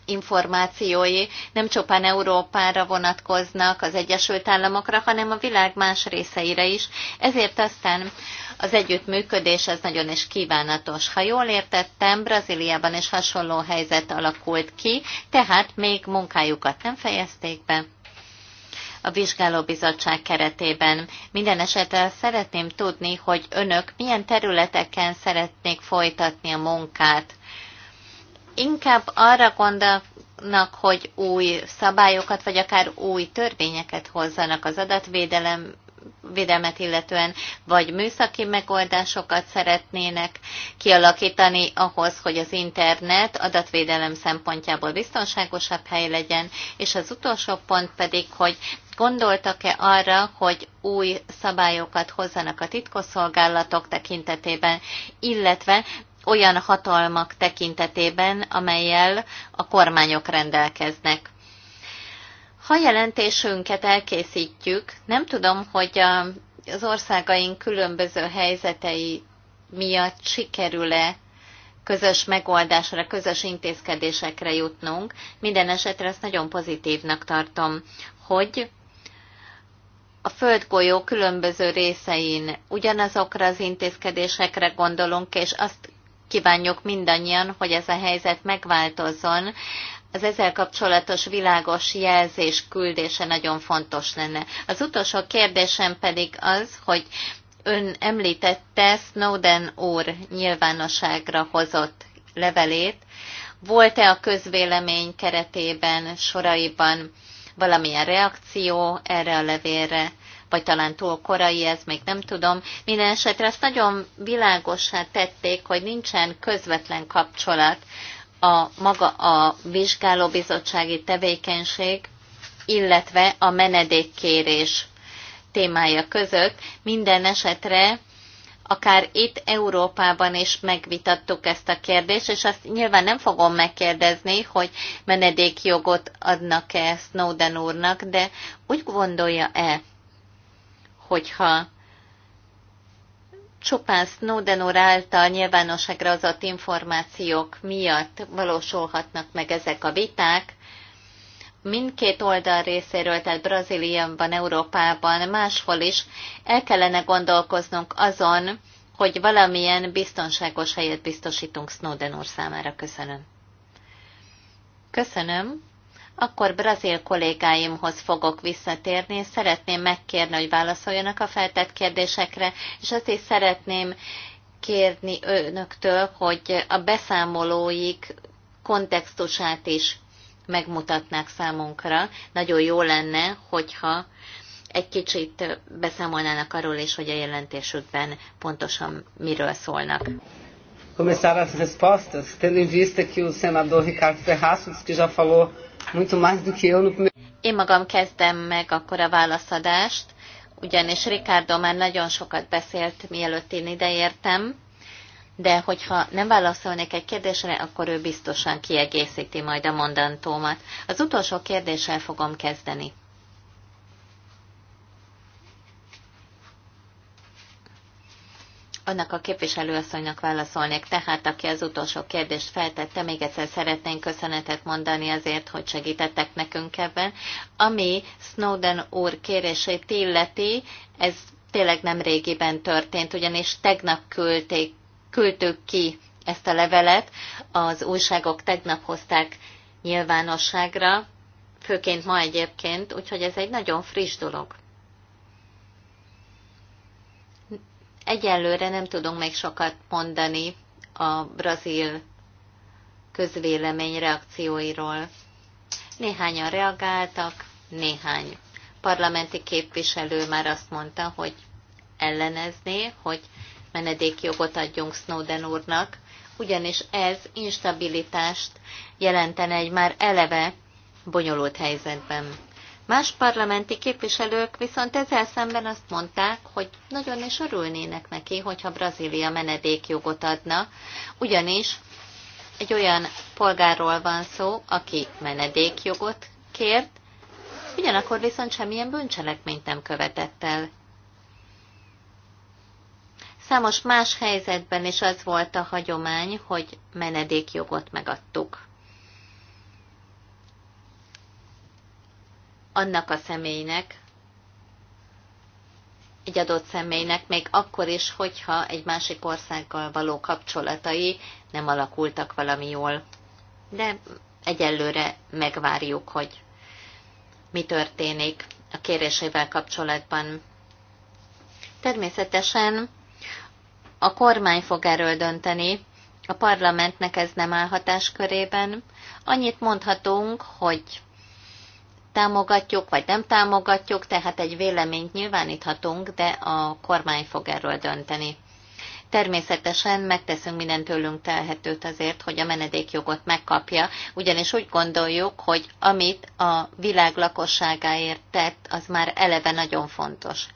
Speaker 1: információi nem csupán Európára vonatkoznak, az Egyesült Államokra, hanem a világ más részeire is. Ezért aztán az együttműködés az nagyon is kívánatos. Ha jól értettem, Brazíliában is hasonló helyzet alakult ki, tehát még munkájukat nem fejezték be a vizsgálóbizottság keretében. Minden esetre szeretném tudni, hogy önök milyen területeken szeretnék folytatni a munkát. Inkább arra gondolnak, hogy új szabályokat, vagy akár új törvényeket hozzanak az adatvédelem védelmet illetően, vagy műszaki megoldásokat szeretnének kialakítani ahhoz, hogy az internet adatvédelem szempontjából biztonságosabb hely legyen, és az utolsó pont pedig, hogy Gondoltak-e arra, hogy új szabályokat hozzanak a titkosszolgálatok tekintetében, illetve olyan hatalmak tekintetében, amelyel a kormányok rendelkeznek? Ha jelentésünket elkészítjük, nem tudom, hogy az országaink különböző helyzetei miatt sikerül-e közös megoldásra, közös intézkedésekre jutnunk. Minden esetre ezt nagyon pozitívnak tartom, hogy a földgolyó különböző részein ugyanazokra az intézkedésekre gondolunk, és azt kívánjuk mindannyian, hogy ez a helyzet megváltozzon. Az ezzel kapcsolatos világos jelzés küldése nagyon fontos lenne. Az utolsó kérdésem pedig az, hogy ön említette Snowden úr nyilvánosságra hozott levelét. Volt-e a közvélemény keretében, soraiban valamilyen reakció erre a levélre, vagy talán túl korai, ez még nem tudom. Minden esetre azt nagyon világosá tették, hogy nincsen közvetlen kapcsolat a maga a vizsgálóbizottsági tevékenység, illetve a menedékkérés témája között. Minden esetre akár itt Európában is megvitattuk ezt a kérdést, és azt nyilván nem fogom megkérdezni, hogy menedékjogot adnak-e Snowden úrnak, de úgy gondolja-e, hogyha csupán Snowden úr által nyilvánosságra hozott információk miatt valósulhatnak meg ezek a viták, mindkét oldal részéről, tehát Brazíliában, Európában, máshol is el kellene gondolkoznunk azon, hogy valamilyen biztonságos helyet biztosítunk Snowden úr számára. Köszönöm. Köszönöm. Akkor brazil kollégáimhoz fogok visszatérni, és szeretném megkérni, hogy válaszoljanak a feltett kérdésekre, és azt is szeretném kérni önöktől, hogy a beszámolóik kontextusát is megmutatnák számunkra. Nagyon jó lenne, hogyha egy kicsit beszámolnának arról is, hogy a jelentésükben pontosan miről szólnak. Começar as respostas, tendo em vista que o senador Ricardo Ferraços, que já falou muito mais do que eu no primeiro... Én magam kezdem meg akkor a válaszadást, ugyanis Ricardo már nagyon sokat beszélt, mielőtt én ideértem de hogyha nem válaszolnék egy kérdésre, akkor ő biztosan kiegészíti majd a mondantómat. Az utolsó kérdéssel fogom kezdeni. Annak a képviselőasszonynak válaszolnék, tehát aki az utolsó kérdést feltette, még egyszer szeretnénk köszönetet mondani azért, hogy segítettek nekünk ebben. Ami Snowden úr kérését illeti, ez tényleg nem régiben történt, ugyanis tegnap küldték küldtük ki ezt a levelet, az újságok tegnap hozták nyilvánosságra, főként ma egyébként, úgyhogy ez egy nagyon friss dolog. Egyelőre nem tudunk még sokat mondani a brazil közvélemény reakcióiról. Néhányan reagáltak, néhány parlamenti képviselő már azt mondta, hogy ellenezné, hogy menedékjogot adjunk Snowden úrnak, ugyanis ez instabilitást jelentene egy már eleve bonyolult helyzetben. Más parlamenti képviselők viszont ezzel szemben azt mondták, hogy nagyon is örülnének neki, hogyha Brazília menedékjogot adna, ugyanis egy olyan polgárról van szó, aki menedékjogot kért, ugyanakkor viszont semmilyen bűncselekményt nem követett el. Számos más helyzetben is az volt a hagyomány, hogy menedékjogot megadtuk. Annak a személynek, egy adott személynek, még akkor is, hogyha egy másik országgal való kapcsolatai nem alakultak valami jól. De egyelőre megvárjuk, hogy mi történik a kérésével kapcsolatban. Természetesen a kormány fog erről dönteni, a parlamentnek ez nem áll hatáskörében. Annyit mondhatunk, hogy támogatjuk, vagy nem támogatjuk, tehát egy véleményt nyilváníthatunk, de a kormány fog erről dönteni. Természetesen megteszünk minden tőlünk telhetőt azért, hogy a menedékjogot megkapja, ugyanis úgy gondoljuk, hogy amit a világ lakosságáért tett, az már eleve nagyon fontos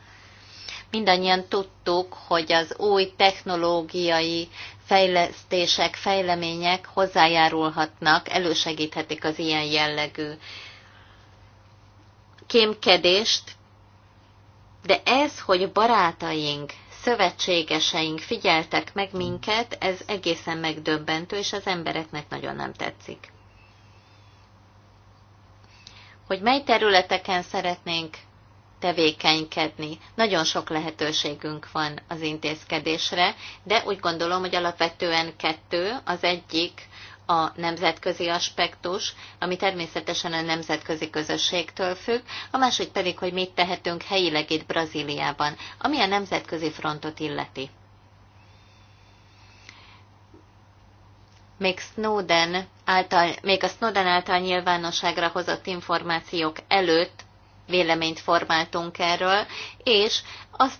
Speaker 1: mindannyian tudtuk, hogy az új technológiai fejlesztések, fejlemények hozzájárulhatnak, elősegíthetik az ilyen jellegű kémkedést, de ez, hogy barátaink, szövetségeseink figyeltek meg minket, ez egészen megdöbbentő, és az embereknek nagyon nem tetszik. Hogy mely területeken szeretnénk tevékenykedni. Nagyon sok lehetőségünk van az intézkedésre, de úgy gondolom, hogy alapvetően kettő. Az egyik a nemzetközi aspektus, ami természetesen a nemzetközi közösségtől függ, a másik pedig, hogy mit tehetünk helyileg itt Brazíliában, ami a nemzetközi frontot illeti. Még, Snowden által, még a Snowden által nyilvánosságra hozott információk előtt véleményt formáltunk erről, és azt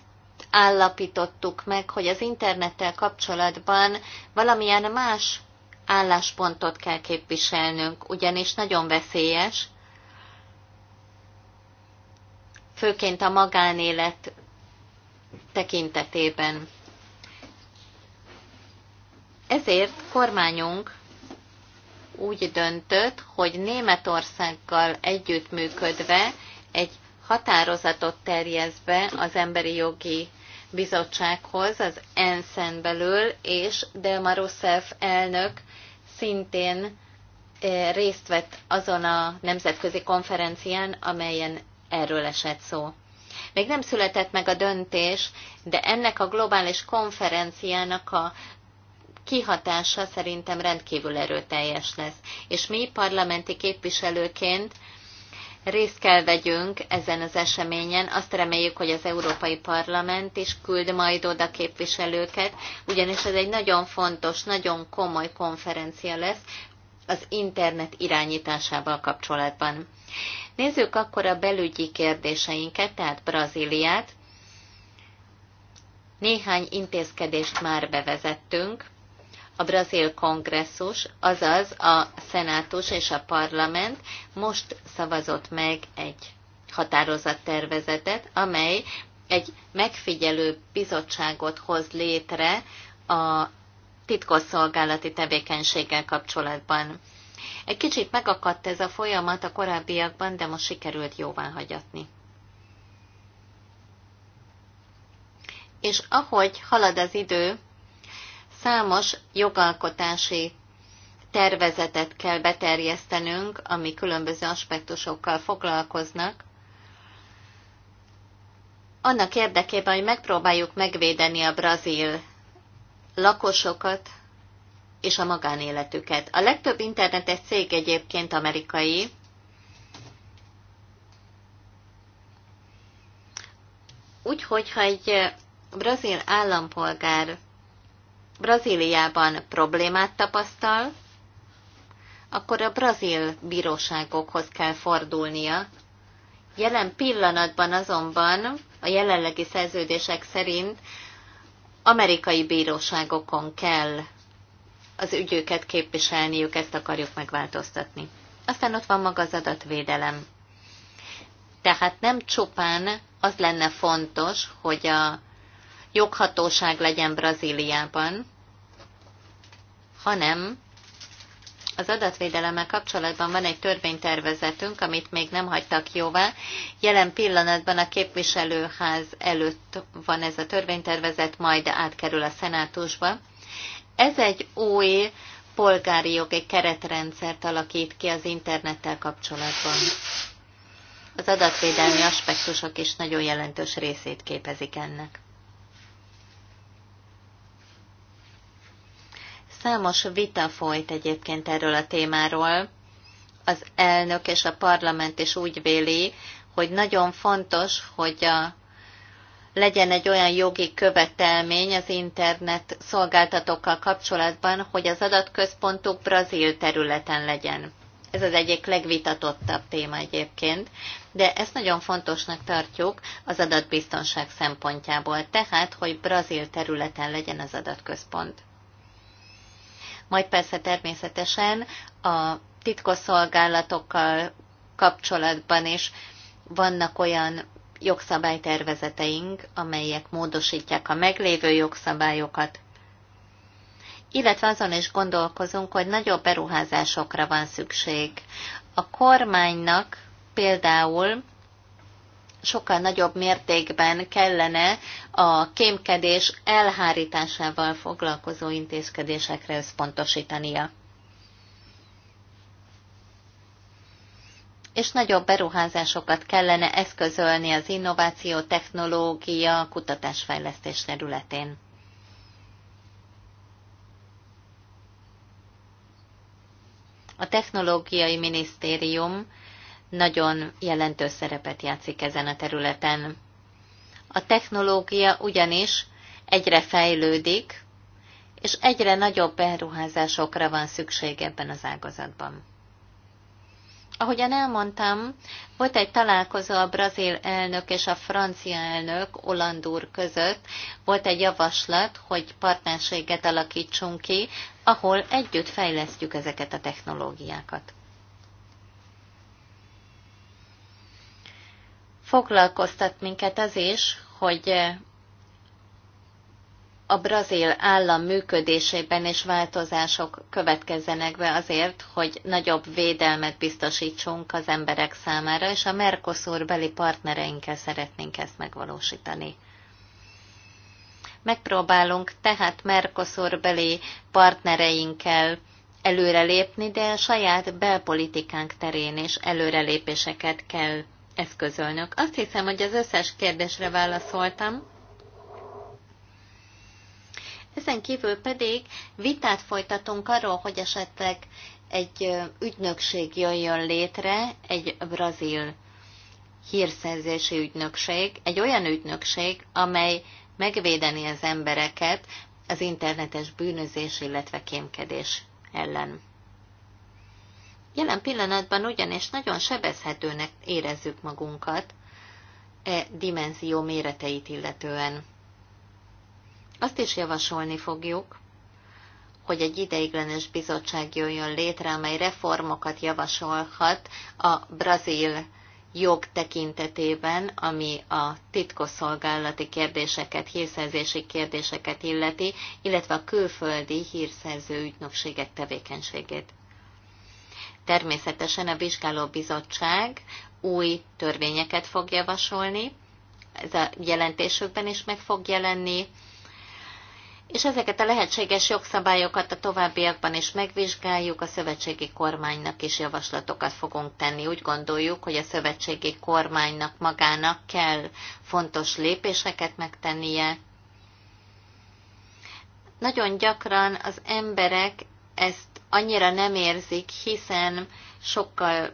Speaker 1: állapítottuk meg, hogy az internettel kapcsolatban valamilyen más álláspontot kell képviselnünk, ugyanis nagyon veszélyes, főként a magánélet tekintetében. Ezért kormányunk úgy döntött, hogy Németországgal együttműködve egy határozatot terjesz be az Emberi Jogi Bizottsághoz, az ENSZ-en belül, és Delma Rousseff elnök szintén eh, részt vett azon a nemzetközi konferencián, amelyen erről esett szó. Még nem született meg a döntés, de ennek a globális konferenciának a kihatása szerintem rendkívül erőteljes lesz. És mi parlamenti képviselőként részt kell vegyünk ezen az eseményen. Azt reméljük, hogy az Európai Parlament is küld majd oda képviselőket, ugyanis ez egy nagyon fontos, nagyon komoly konferencia lesz az internet irányításával kapcsolatban. Nézzük akkor a belügyi kérdéseinket, tehát Brazíliát. Néhány intézkedést már bevezettünk, a brazil kongresszus, azaz a szenátus és a parlament most szavazott meg egy határozattervezetet, amely egy megfigyelő bizottságot hoz létre a titkosszolgálati tevékenységgel kapcsolatban. Egy kicsit megakadt ez a folyamat a korábbiakban, de most sikerült jóvá hagyatni. És ahogy halad az idő, számos jogalkotási tervezetet kell beterjesztenünk, ami különböző aspektusokkal foglalkoznak, annak érdekében, hogy megpróbáljuk megvédeni a brazil lakosokat és a magánéletüket. A legtöbb internetes cég egyébként amerikai, úgyhogy ha egy brazil állampolgár Brazíliában problémát tapasztal, akkor a brazil bíróságokhoz kell fordulnia. Jelen pillanatban azonban a jelenlegi szerződések szerint amerikai bíróságokon kell az ügyőket képviselniük, ezt akarjuk megváltoztatni. Aztán ott van maga az adatvédelem. Tehát nem csupán az lenne fontos, hogy a joghatóság legyen Brazíliában, hanem az adatvédelemmel kapcsolatban van egy törvénytervezetünk, amit még nem hagytak jóvá. Jelen pillanatban a képviselőház előtt van ez a törvénytervezet, majd átkerül a szenátusba. Ez egy új polgári jogi keretrendszert alakít ki az internettel kapcsolatban. Az adatvédelmi aspektusok is nagyon jelentős részét képezik ennek. Számos vita folyt egyébként erről a témáról. Az elnök és a parlament is úgy véli, hogy nagyon fontos, hogy a, legyen egy olyan jogi követelmény az internet szolgáltatókkal kapcsolatban, hogy az adatközpontok brazil területen legyen. Ez az egyik legvitatottabb téma egyébként, de ezt nagyon fontosnak tartjuk az adatbiztonság szempontjából, tehát, hogy brazil területen legyen az adatközpont majd persze természetesen a titkosszolgálatokkal kapcsolatban is vannak olyan jogszabálytervezeteink, amelyek módosítják a meglévő jogszabályokat, illetve azon is gondolkozunk, hogy nagyobb beruházásokra van szükség. A kormánynak például sokkal nagyobb mértékben kellene a kémkedés elhárításával foglalkozó intézkedésekre összpontosítania. és nagyobb beruházásokat kellene eszközölni az innováció, technológia, kutatásfejlesztés területén. A Technológiai Minisztérium nagyon jelentős szerepet játszik ezen a területen. A technológia ugyanis egyre fejlődik, és egyre nagyobb beruházásokra van szükség ebben az ágazatban. Ahogyan elmondtam, volt egy találkozó a brazil elnök és a francia elnök Olandúr között, volt egy javaslat, hogy partnerséget alakítsunk ki, ahol együtt fejlesztjük ezeket a technológiákat. Foglalkoztat minket az is, hogy eh, a brazil állam működésében és változások következzenek be azért, hogy nagyobb védelmet biztosítsunk az emberek számára, és a Mercosur beli partnereinkkel szeretnénk ezt megvalósítani. Megpróbálunk tehát Mercosur beli partnereinkkel előrelépni, de a saját belpolitikánk terén is előrelépéseket kell eszközölnök. Azt hiszem, hogy az összes kérdésre válaszoltam. Ezen kívül pedig vitát folytatunk arról, hogy esetleg egy ügynökség jöjjön létre, egy brazil hírszerzési ügynökség, egy olyan ügynökség, amely megvédeni az embereket az internetes bűnözés, illetve kémkedés ellen. Jelen pillanatban ugyanis nagyon sebezhetőnek érezzük magunkat e dimenzió méreteit illetően. Azt is javasolni fogjuk, hogy egy ideiglenes bizottság jöjjön létre, amely reformokat javasolhat a brazil jog tekintetében, ami a titkosszolgálati kérdéseket, hírszerzési kérdéseket illeti, illetve a külföldi hírszerző ügynökségek tevékenységét. Természetesen a vizsgálóbizottság új törvényeket fog javasolni, ez a jelentésükben is meg fog jelenni, és ezeket a lehetséges jogszabályokat a továbbiakban is megvizsgáljuk, a szövetségi kormánynak is javaslatokat fogunk tenni. Úgy gondoljuk, hogy a szövetségi kormánynak magának kell fontos lépéseket megtennie. Nagyon gyakran az emberek ezt annyira nem érzik, hiszen sokkal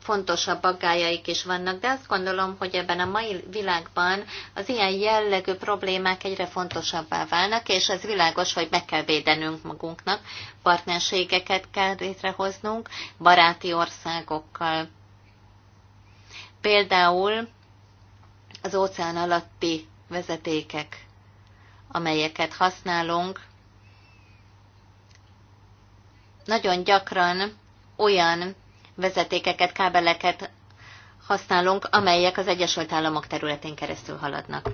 Speaker 1: fontosabb aggájaik is vannak, de azt gondolom, hogy ebben a mai világban az ilyen jellegű problémák egyre fontosabbá válnak, és ez világos, hogy meg kell védenünk magunknak, partnerségeket kell létrehoznunk baráti országokkal. Például az óceán alatti vezetékek, amelyeket használunk, nagyon gyakran olyan vezetékeket, kábeleket használunk, amelyek az Egyesült Államok területén keresztül haladnak.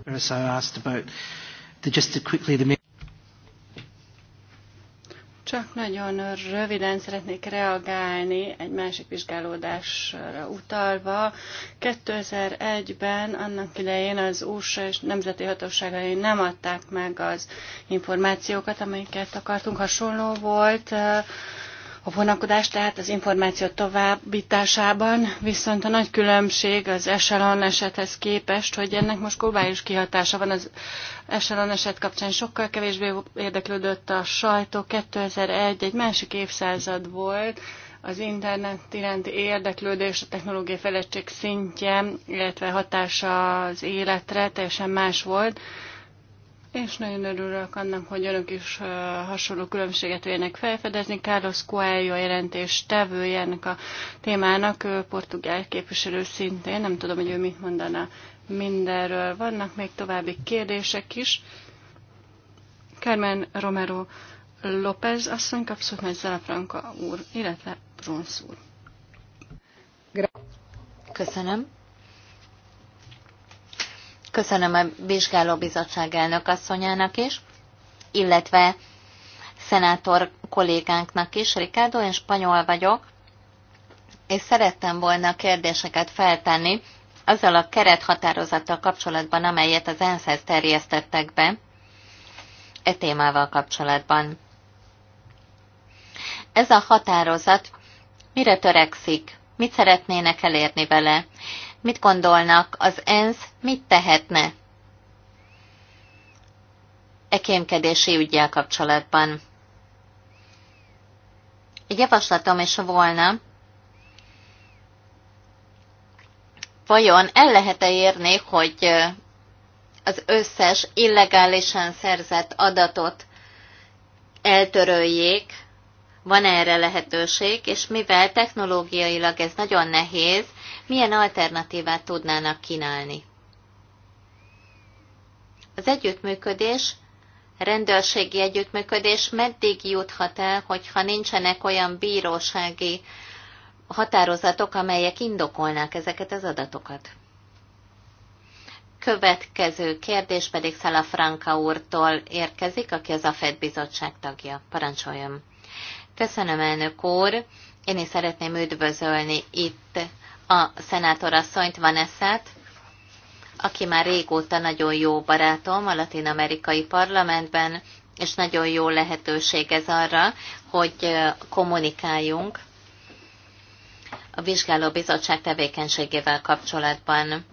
Speaker 3: Csak nagyon röviden szeretnék reagálni egy másik vizsgálódásra utalva. 2001-ben annak idején az USA és nemzeti hatóságai nem adták meg az információkat, amiket akartunk. Hasonló volt a vonakodás, tehát az információ továbbításában, viszont a nagy különbség az Echelon esethez képest, hogy ennek most globális kihatása van az Echelon eset kapcsán sokkal kevésbé érdeklődött a sajtó. 2001 egy másik évszázad volt, az internet iránti érdeklődés, a technológiai fejlettség szintje, illetve hatása az életre teljesen más volt és nagyon örülök annak, hogy önök is hasonló különbséget vélnek felfedezni. Carlos Coelho jelentés tevője ennek a témának, ő portugál képviselő szintén, nem tudom, hogy ő mit mondana mindenről. Vannak még további kérdések is. Carmen Romero López asszony kapszott meg Zálfranka úr, illetve Bronsz úr.
Speaker 1: Köszönöm. Köszönöm a vizsgálóbizottság elnök asszonyának is, illetve szenátor kollégánknak is. Ricardo, én spanyol vagyok, és szerettem volna kérdéseket feltenni azzal a kerethatározattal kapcsolatban, amelyet az ENSZ-hez terjesztettek be e témával kapcsolatban. Ez a határozat mire törekszik? Mit szeretnének elérni vele? Mit gondolnak, az ENSZ mit tehetne e kémkedési ügyjel kapcsolatban? Egy javaslatom is volna, vajon el lehet-e érni, hogy az összes illegálisan szerzett adatot eltöröljék, van -e erre lehetőség, és mivel technológiailag ez nagyon nehéz, milyen alternatívát tudnának kínálni. Az együttműködés, rendőrségi együttműködés meddig juthat el, hogyha nincsenek olyan bírósági határozatok, amelyek indokolnák ezeket az adatokat? Következő kérdés pedig Franka úrtól érkezik, aki az AFED bizottság tagja. Parancsoljon! Köszönöm, elnök úr! Én is szeretném üdvözölni itt a szenátorasszonyt, Vanessa-t, aki már régóta nagyon jó barátom a latin-amerikai parlamentben, és nagyon jó lehetőség ez arra, hogy kommunikáljunk a vizsgálóbizottság tevékenységével kapcsolatban.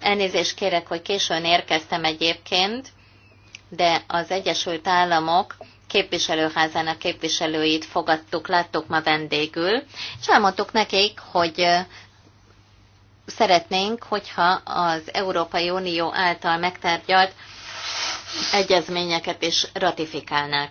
Speaker 1: Elnézést kérek, hogy későn érkeztem egyébként, de az Egyesült Államok képviselőházának képviselőit fogadtuk, láttuk ma vendégül, és elmondtuk nekik, hogy szeretnénk, hogyha az Európai Unió által megtárgyalt egyezményeket is ratifikálnák.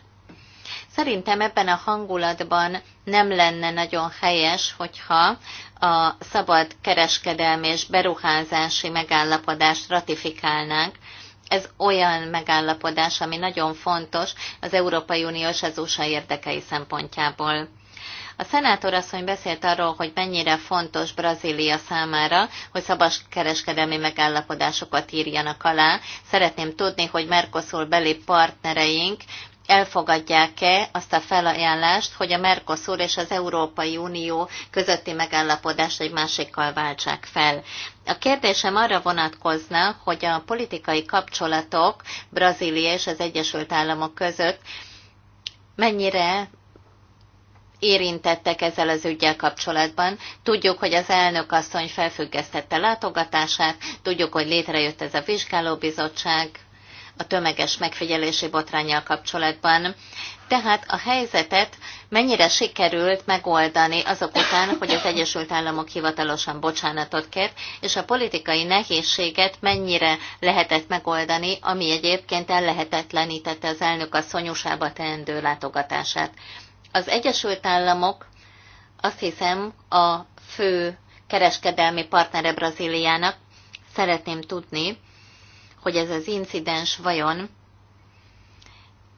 Speaker 1: Szerintem ebben a hangulatban nem lenne nagyon helyes, hogyha a szabad kereskedelmi és beruházási megállapodást ratifikálnánk, ez olyan megállapodás, ami nagyon fontos az Európai Unió és az USA érdekei szempontjából. A szenátor asszony beszélt arról, hogy mennyire fontos Brazília számára, hogy szabas kereskedelmi megállapodásokat írjanak alá. Szeretném tudni, hogy Mercosur beli partnereink elfogadják-e azt a felajánlást, hogy a Mercosur és az Európai Unió közötti megállapodást egy másikkal váltsák fel. A kérdésem arra vonatkozna, hogy a politikai kapcsolatok Brazília és az Egyesült Államok között mennyire érintettek ezzel az ügyel kapcsolatban. Tudjuk, hogy az elnök asszony felfüggesztette látogatását, tudjuk, hogy létrejött ez a vizsgálóbizottság, a tömeges megfigyelési botrányjal kapcsolatban. Tehát a helyzetet mennyire sikerült megoldani azok után, hogy az Egyesült Államok hivatalosan bocsánatot kért, és a politikai nehézséget mennyire lehetett megoldani, ami egyébként ellehetetlenítette az elnök asszonyusába teendő látogatását. Az Egyesült Államok azt hiszem a fő kereskedelmi partnere Brazíliának, szeretném tudni, hogy ez az incidens vajon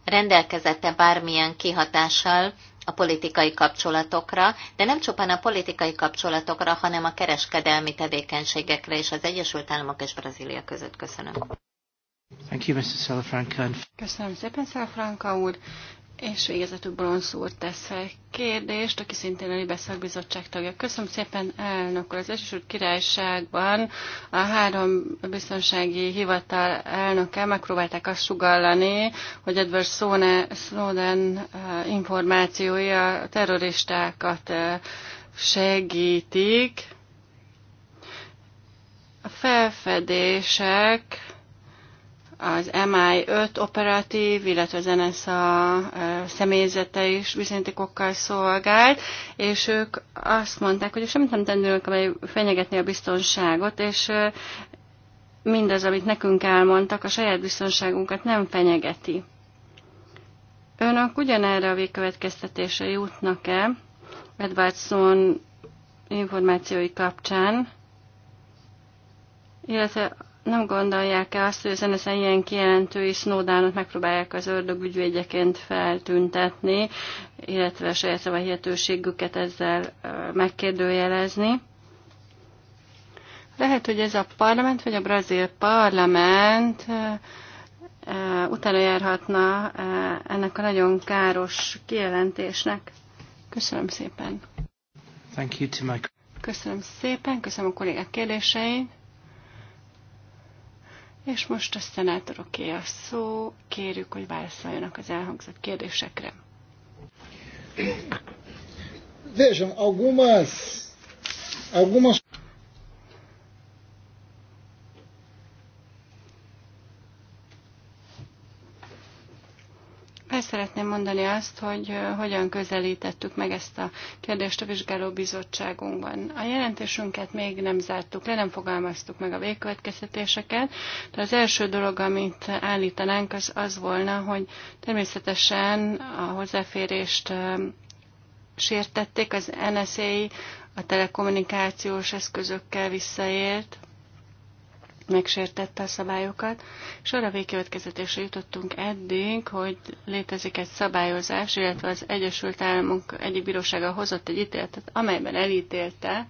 Speaker 1: rendelkezette bármilyen kihatással a politikai kapcsolatokra, de nem csupán a politikai kapcsolatokra, hanem a kereskedelmi tevékenységekre és az Egyesült Államok és Brazília között. Köszönöm. Thank you, Mr. Salafranca.
Speaker 3: Köszönöm szépen, Salafranca úr és végezetül Bronsz úr tesz fel kérdést, aki szintén a Libeszak Bizottság tagja. Köszönöm szépen, elnök úr. Az Egyesült Királyságban a három biztonsági hivatal elnöke megpróbálták azt sugallani, hogy Edward Snowden eh, információi a terroristákat eh, segítik. A felfedések az MI5 operatív, illetve az NSA személyzete is bizonyítékokkal szolgált, és ők azt mondták, hogy semmit nem tennünk, amely fenyegetni a biztonságot, és mindaz, amit nekünk elmondtak, a saját biztonságunkat nem fenyegeti. Önök ugyanerre a végkövetkeztetése jutnak-e Edwardson információi kapcsán, illetve nem gondolják-e azt, hogy ezen ilyen kijelentői Snowdownt megpróbálják az ördög ügyvédjeként feltüntetni, illetve a saját hihetőségüket ezzel megkérdőjelezni? Lehet, hogy ez a parlament, vagy a brazil parlament utána járhatna ennek a nagyon káros kijelentésnek. Köszönöm szépen.
Speaker 1: Thank you to my...
Speaker 3: Köszönöm szépen, köszönöm a kollégák kérdéseit. És most a szenátoroké a szó, kérjük, hogy válaszoljanak az elhangzott kérdésekre.
Speaker 1: Vejam, algumas, algumas
Speaker 3: szeretném mondani azt, hogy hogyan közelítettük meg ezt a kérdést a vizsgálóbizottságunkban. A jelentésünket még nem zártuk le, nem fogalmaztuk meg a végkövetkeztetéseket, de az első dolog, amit állítanánk, az az volna, hogy természetesen a hozzáférést sértették, az NSA a telekommunikációs eszközökkel visszaért megsértette a szabályokat, és arra végkövetkezetésre jutottunk eddig, hogy létezik egy szabályozás, illetve az Egyesült Államok egyik bírósága hozott egy ítéletet, amelyben elítélte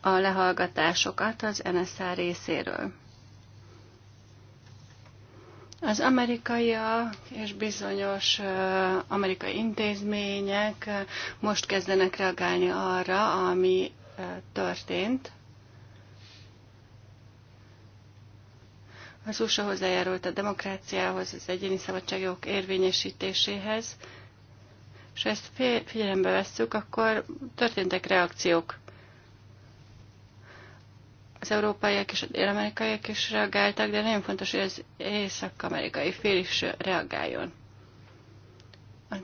Speaker 3: a lehallgatásokat az NSA részéről. Az amerikaiak és bizonyos amerikai intézmények most kezdenek reagálni arra, ami történt, Az USA hozzájárult a demokráciához, az egyéni szabadságok érvényesítéséhez, és ezt figyelembe vesszük, akkor történtek reakciók. Az európaiak és a dél-amerikaiak is reagáltak, de nagyon fontos, hogy az észak-amerikai fél is reagáljon. A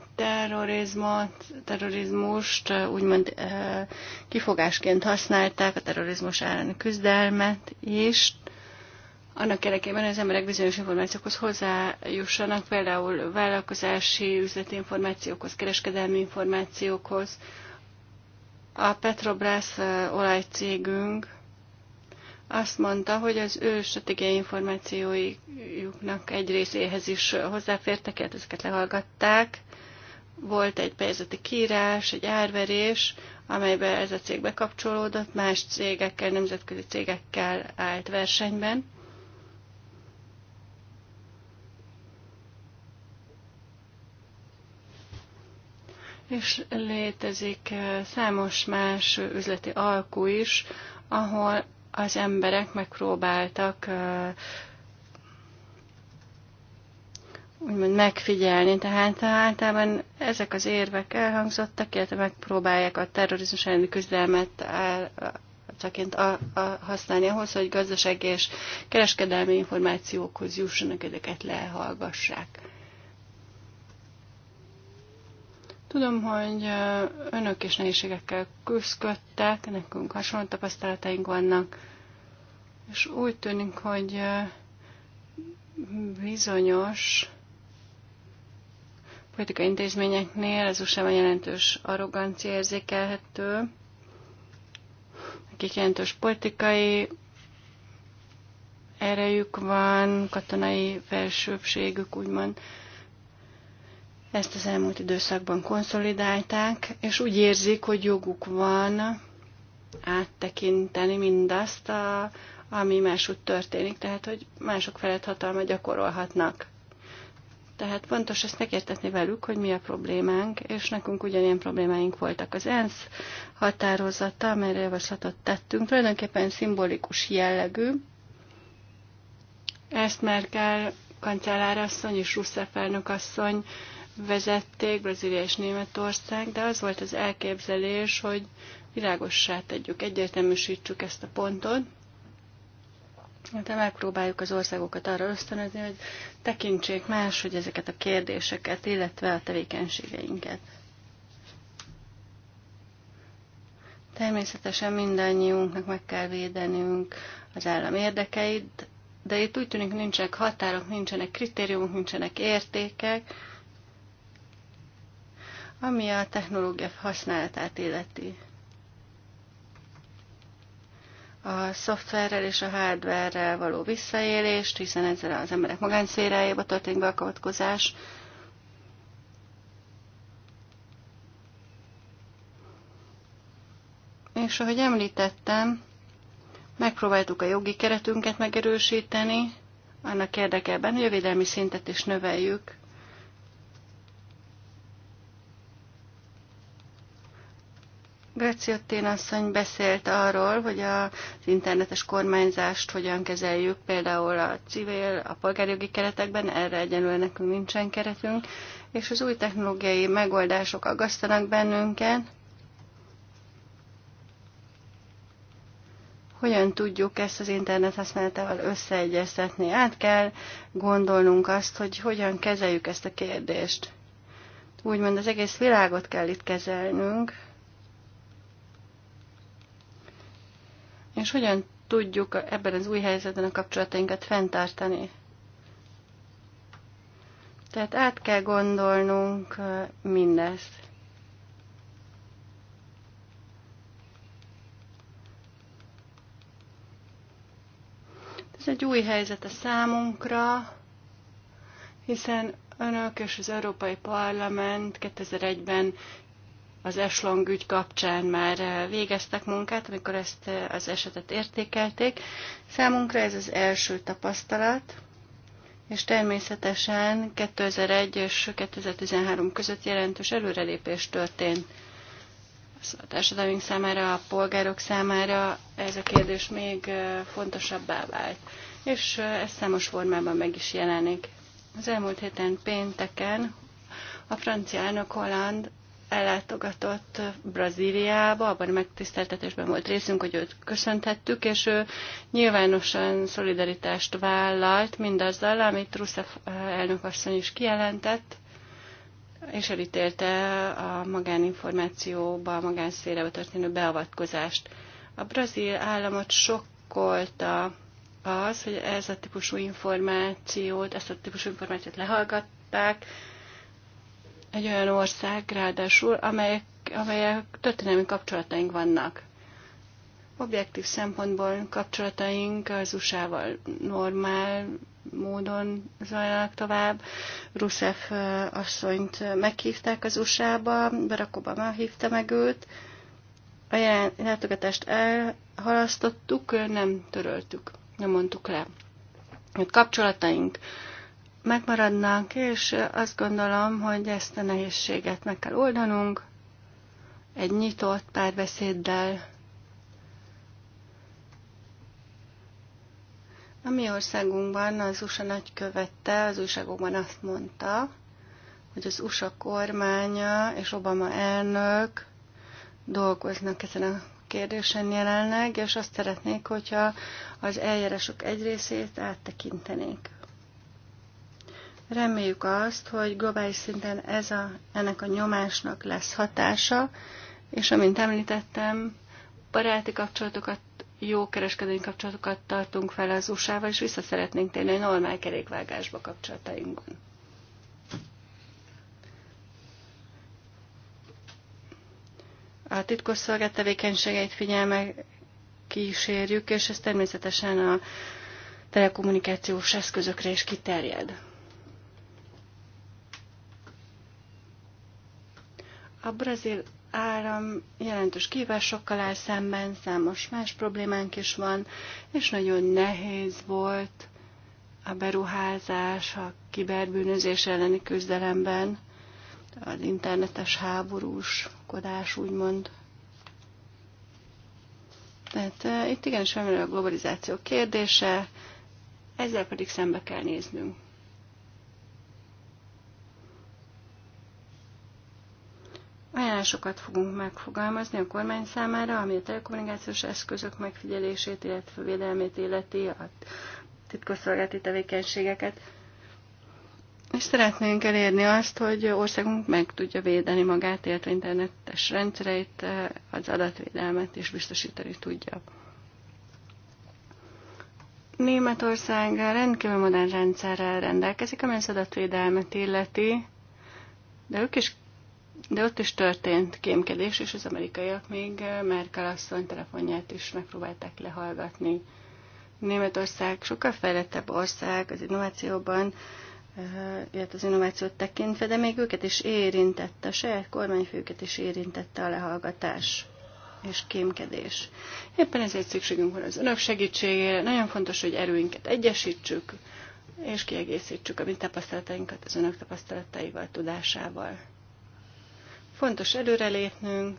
Speaker 3: terrorizmust eh, úgymond eh, kifogásként használták, a terrorizmus elleni küzdelmet is, annak érdekében, hogy az emberek bizonyos információkhoz hozzájussanak, például vállalkozási, üzleti információkhoz, kereskedelmi információkhoz. A Petrobras olajcégünk azt mondta, hogy az ő stratégiai információjuknak egy részéhez is hozzáfértek, hát ezeket lehallgatták. Volt egy pejzeti kiírás, egy árverés, amelybe ez a cég bekapcsolódott, más cégekkel, nemzetközi cégekkel állt versenyben. és létezik eh, számos más üzleti alkú is, ahol az emberek megpróbáltak eh, úgymond megfigyelni. Tehát általában ezek az érvek elhangzottak, illetve megpróbálják a terrorizmus elleni küzdelmet eh, csaként a, a használni ahhoz, hogy gazdasági és kereskedelmi információkhoz jussanak, ezeket lehallgassák. Tudom, hogy önök is nehézségekkel küzdködtek, nekünk hasonló tapasztalataink vannak, és úgy tűnik, hogy bizonyos politikai intézményeknél ez usa jelentős arrogancia érzékelhető, akik jelentős politikai erejük van, katonai felsőbségük, úgymond, ezt az elmúlt időszakban konszolidálták, és úgy érzik, hogy joguk van áttekinteni mindazt, a, ami máshogy történik, tehát hogy mások felett hatalma gyakorolhatnak. Tehát fontos ezt megértetni velük, hogy mi a problémánk, és nekünk ugyanilyen problémáink voltak. Az ENSZ határozata, amelyre javaslatot tettünk, tulajdonképpen szimbolikus jellegű. Ezt Merkel kancellárasszony és Russell felnök asszony vezették, Brazília és Németország, de az volt az elképzelés, hogy világossá tegyük, egyértelműsítsük ezt a pontot, de hát, megpróbáljuk az országokat arra ösztönözni, hogy tekintsék más, hogy ezeket a kérdéseket, illetve a tevékenységeinket. Természetesen mindannyiunknak meg kell védenünk az állam érdekeit, de itt úgy tűnik nincsenek határok, nincsenek kritériumok, nincsenek értékek, ami a technológia használatát illeti. A szoftverrel és a hardverrel való visszaélést, hiszen ezzel az emberek magánszférájába történik kavatkozás. és ahogy említettem, megpróbáltuk a jogi keretünket megerősíteni, annak érdekében, hogy a védelmi szintet is növeljük Graciottin asszony beszélt arról, hogy az internetes kormányzást hogyan kezeljük, például a civil, a polgárjogi keretekben, erre egyenlően nekünk nincsen keretünk, és az új technológiai megoldások aggasztanak bennünket. Hogyan tudjuk ezt az internet használatával összeegyeztetni? Át kell gondolnunk azt, hogy hogyan kezeljük ezt a kérdést. Úgymond az egész világot kell itt kezelnünk, és hogyan tudjuk ebben az új helyzetben a kapcsolatainkat fenntartani. Tehát át kell gondolnunk mindezt. Ez egy új helyzet a számunkra, hiszen önök és az Európai Parlament 2001-ben az Eslong ügy kapcsán már eh, végeztek munkát, amikor ezt eh, az esetet értékelték. Számunkra ez az első tapasztalat, és természetesen 2001 és 2013 között jelentős előrelépés történt. A társadalmink számára, a polgárok számára ez a kérdés még eh, fontosabbá vált, és ez számos formában meg is jelenik. Az elmúlt héten pénteken a francia elnök Holland ellátogatott Brazíliába, abban a megtiszteltetésben volt részünk, hogy őt köszönthettük, és ő nyilvánosan szolidaritást vállalt mindazzal, amit Rusev eh, elnökasszony is kijelentett, és elítélte a magáninformációba, a magánszférába történő beavatkozást. A brazil államot sokkolta az, hogy ez a típusú információt, ezt a típusú információt lehallgatták, egy olyan ország, ráadásul, amelyek, amelyek történelmi kapcsolataink vannak. Objektív szempontból kapcsolataink az USA-val normál módon zajlanak tovább. Rusev asszonyt meghívták az USA-ba, Barack Obama hívta meg őt. A látogatást elhalasztottuk, nem töröltük, nem mondtuk le. A kapcsolataink megmaradnak, és azt gondolom, hogy ezt a nehézséget meg kell oldanunk egy nyitott párbeszéddel. A mi országunkban az USA nagykövette az újságokban azt mondta, hogy az USA kormánya és Obama elnök dolgoznak ezen a kérdésen jelenleg, és azt szeretnék, hogyha az eljárások egy részét áttekintenék. Reméljük azt, hogy globális szinten ez a, ennek a nyomásnak lesz hatása, és amint említettem, baráti kapcsolatokat, jó kereskedelmi kapcsolatokat tartunk fel az USA-val, és vissza szeretnénk térni egy normál kerékvágásba kapcsolatainkban. A titkosszolgált tevékenységeit figyelme kísérjük, és ez természetesen a telekommunikációs eszközökre is kiterjed. A brazil áram jelentős kívásokkal áll szemben, számos más problémánk is van, és nagyon nehéz volt a beruházás a kiberbűnözés elleni küzdelemben, az internetes háborús kodás úgymond. Tehát eh, itt igenis felmerül a globalizáció kérdése, ezzel pedig szembe kell néznünk. Ajánlásokat fogunk megfogalmazni a kormány számára, ami a telekommunikációs eszközök megfigyelését, illetve védelmét illeti, a titkosszolgálati tevékenységeket. És szeretnénk elérni azt, hogy országunk meg tudja védeni magát, illetve internetes rendszereit, az adatvédelmet is biztosítani tudja. Németország rendkívül modern rendszerrel rendelkezik, amely az adatvédelmet illeti, de ők is de ott is történt kémkedés, és az amerikaiak még eh, Merkel asszony telefonját is megpróbálták lehallgatni. Németország sokkal fejlettebb ország az innovációban, eh, illetve az innovációt tekintve, de még őket is érintette, a saját kormányfőket is érintette a lehallgatás és kémkedés. Éppen ezért szükségünk van az önök segítségére, nagyon fontos, hogy erőinket egyesítsük, és kiegészítsük a mi tapasztalatainkat az önök tapasztalataival, tudásával. Fontos előrelépnünk,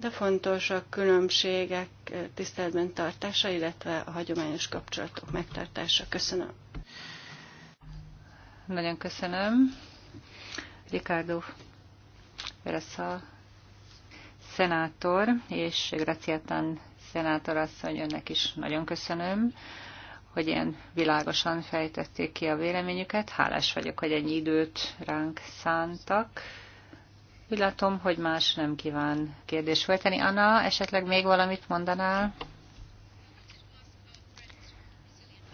Speaker 3: de fontos a különbségek tiszteletben tartása, illetve a hagyományos kapcsolatok megtartása. Köszönöm. Nagyon köszönöm. Ricardo
Speaker 2: Veressa szenátor, és Graciatan szenátor asszony, önnek is nagyon köszönöm, hogy ilyen világosan fejtették ki a véleményüket. Hálás vagyok, hogy ennyi időt ránk szántak. Úgy látom, hogy más nem kíván kérdést fölteni. Anna, esetleg még valamit mondanál?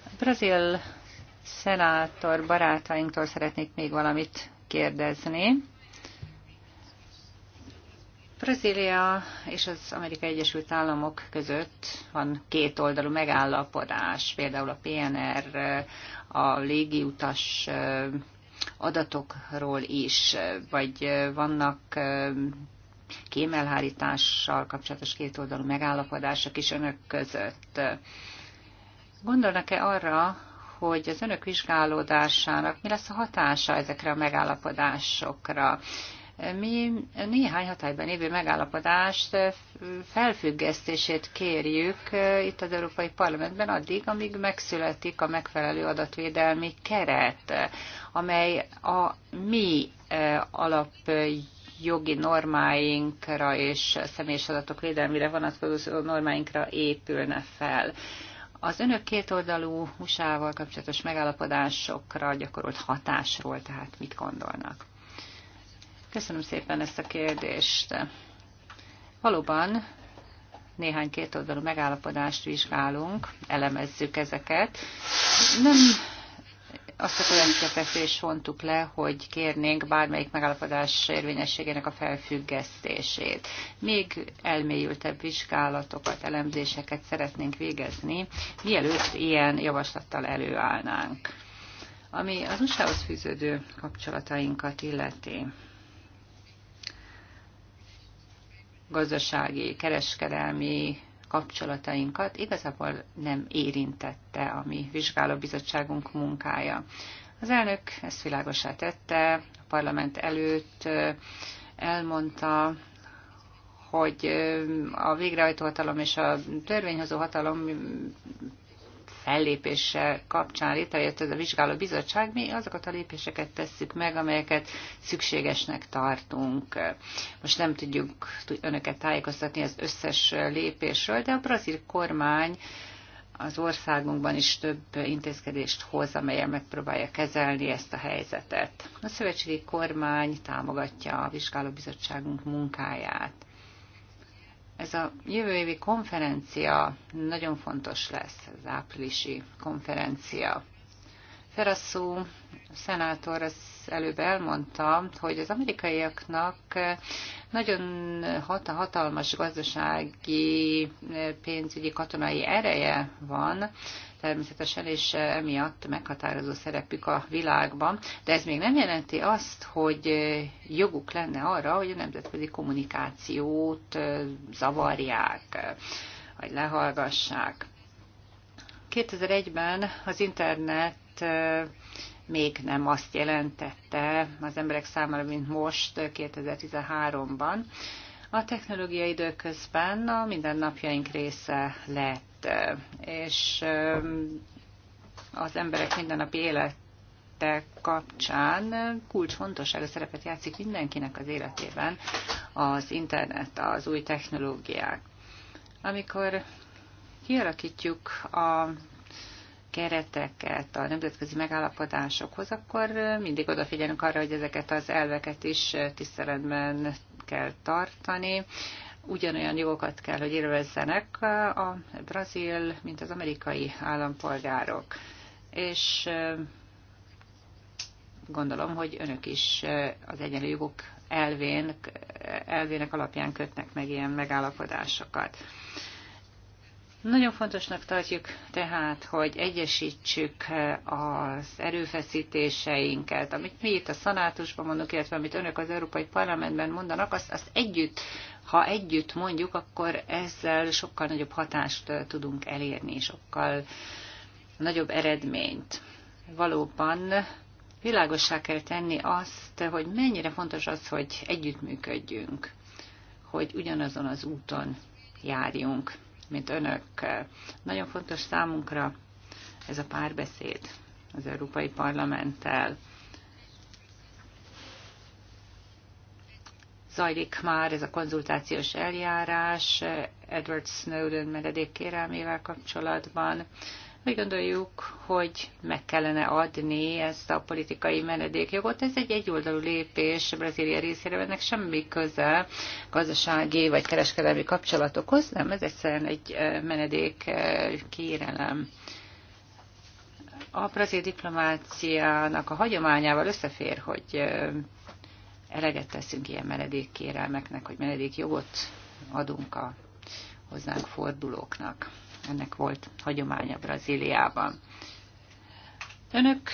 Speaker 2: A brazil szenátor barátainktól szeretnék még valamit kérdezni. Brazília és az Amerikai Egyesült Államok között van két oldalú megállapodás, például a PNR, a légiutas adatokról is, vagy vannak kémelhárítással kapcsolatos kétoldalú megállapodások is önök között. Gondolnak-e arra, hogy az önök vizsgálódásának mi lesz a hatása ezekre a megállapodásokra? Mi néhány hatályban évő megállapodást felfüggesztését kérjük eh, itt az Európai Parlamentben addig, amíg megszületik a megfelelő adatvédelmi keret, amely a mi eh, alap jogi normáinkra és személyes adatok védelmére vonatkozó normáinkra épülne fel. Az önök kétoldalú USA-val kapcsolatos megállapodásokra gyakorolt hatásról tehát mit gondolnak? Köszönöm szépen ezt a kérdést. Valóban néhány kétoldalú megállapodást vizsgálunk, elemezzük ezeket. Nem azt a következtetést vontuk le, hogy kérnénk bármelyik megállapodás érvényességének a felfüggesztését. Még elmélyültebb vizsgálatokat, elemzéseket szeretnénk végezni, mielőtt ilyen javaslattal előállnánk. Ami az usa fűződő kapcsolatainkat illeti. gazdasági, kereskedelmi kapcsolatainkat igazából nem érintette a mi vizsgálóbizottságunk munkája. Az elnök ezt világosá tette, a parlament előtt elmondta, hogy a végrehajtó hatalom és a törvényhozó hatalom fellépése kapcsán létrejött ez a vizsgáló bizottság, mi azokat a lépéseket tesszük meg, amelyeket szükségesnek tartunk. Most nem tudjuk önöket tájékoztatni az összes lépésről, de a brazil kormány az országunkban is több intézkedést hoz, amelyen megpróbálja kezelni ezt a helyzetet. A szövetségi kormány támogatja a vizsgálóbizottságunk munkáját. Ez a jövő évi konferencia nagyon fontos lesz, az áprilisi konferencia. Ferasszú szenátor az előbb elmondta, hogy az amerikaiaknak nagyon hat, hatalmas gazdasági, pénzügyi, katonai ereje van, természetesen, és emiatt meghatározó szerepük a világban, de ez még nem jelenti azt, hogy joguk lenne arra, hogy a nemzetközi kommunikációt zavarják, vagy lehallgassák. 2001-ben az internet még nem azt jelentette az emberek számára, mint most 2013-ban. A technológia időközben a mindennapjaink része lett lett, és az emberek mindennapi élete kapcsán kulcsfontosságú szerepet játszik mindenkinek az életében az internet, az új technológiák. Amikor kialakítjuk a kereteket a nemzetközi megállapodásokhoz, akkor mindig odafigyelünk arra, hogy ezeket az elveket is tiszteletben kell tartani ugyanolyan jogokat kell, hogy élvezzenek a brazil, mint az amerikai állampolgárok. És gondolom, hogy önök is az egyenlő jogok elvén, elvének alapján kötnek meg ilyen megállapodásokat. Nagyon fontosnak tartjuk tehát, hogy egyesítsük az erőfeszítéseinket, amit mi itt a szanátusban mondunk, illetve amit önök az Európai Parlamentben mondanak, azt, azt együtt ha együtt mondjuk, akkor ezzel sokkal nagyobb hatást tudunk elérni, sokkal nagyobb eredményt. Valóban világossá kell tenni azt, hogy mennyire fontos az, hogy együttműködjünk, hogy ugyanazon az úton járjunk, mint önök. Nagyon fontos számunkra ez a párbeszéd az Európai Parlamenttel. zajlik már ez a konzultációs eljárás Edward Snowden menedék kérelmével kapcsolatban. Úgy gondoljuk, hogy meg kellene adni ezt a politikai menedékjogot. Ez egy egyoldalú lépés Brazília részéről, ennek semmi köze gazdasági vagy kereskedelmi kapcsolatokhoz, nem, ez egyszerűen egy menedék kérelem a brazil diplomáciának a hagyományával összefér, hogy eleget teszünk ilyen menedékkérelmeknek, hogy menedékjogot adunk a hozzánk fordulóknak. Ennek volt hagyománya Brazíliában. Önök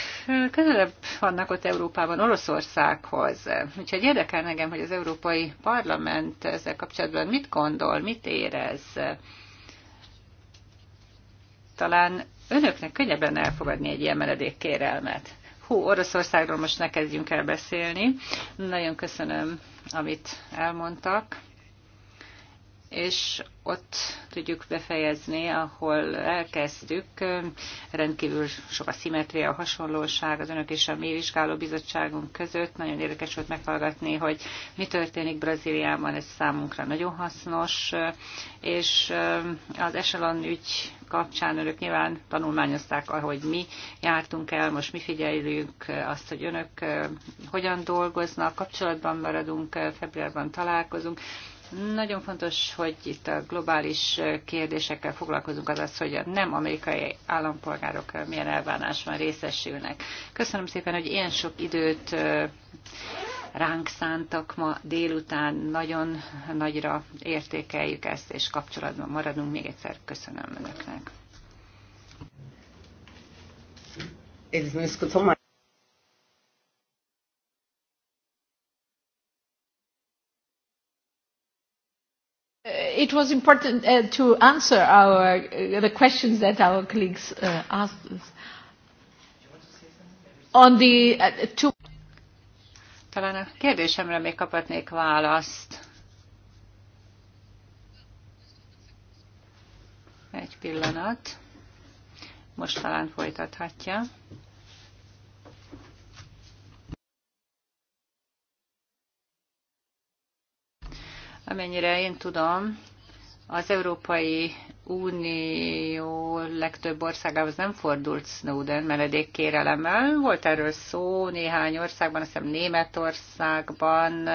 Speaker 2: közelebb vannak ott Európában, Oroszországhoz. Úgyhogy érdekel nekem, hogy az Európai Parlament ezzel kapcsolatban mit gondol, mit érez. Talán önöknek könnyebben elfogadni egy ilyen meredékkérelmet. Hú, Oroszországról most ne kezdjünk el beszélni. Nagyon köszönöm, amit elmondtak. És ott tudjuk befejezni, ahol elkezdtük. Rendkívül sok a szimetria, a hasonlóság az önök és a mi bizottságunk között. Nagyon érdekes volt meghallgatni, hogy mi történik Brazíliában, ez számunkra nagyon hasznos, és az Echelon ügy kapcsán önök nyilván tanulmányozták, ahogy mi jártunk el, most mi figyeljünk azt, hogy önök hogyan dolgoznak, kapcsolatban maradunk, februárban találkozunk. Nagyon fontos, hogy itt a globális kérdésekkel foglalkozunk, azaz, hogy a nem amerikai állampolgárok milyen elvánásban részesülnek. Köszönöm szépen, hogy ilyen sok időt ránk szántak ma délután. Nagyon nagyra értékeljük ezt, és kapcsolatban maradunk. Még egyszer köszönöm
Speaker 3: Önöknek. It was important uh, to answer our, uh, the questions that our colleagues uh, asked us. On the uh, two
Speaker 2: talán a kérdésemre még kaphatnék választ. Egy pillanat. Most talán folytathatja. Amennyire én tudom, az európai Unió legtöbb országához nem fordult Snowden menedékkérelemmel. Volt erről szó néhány országban, azt hiszem Németországban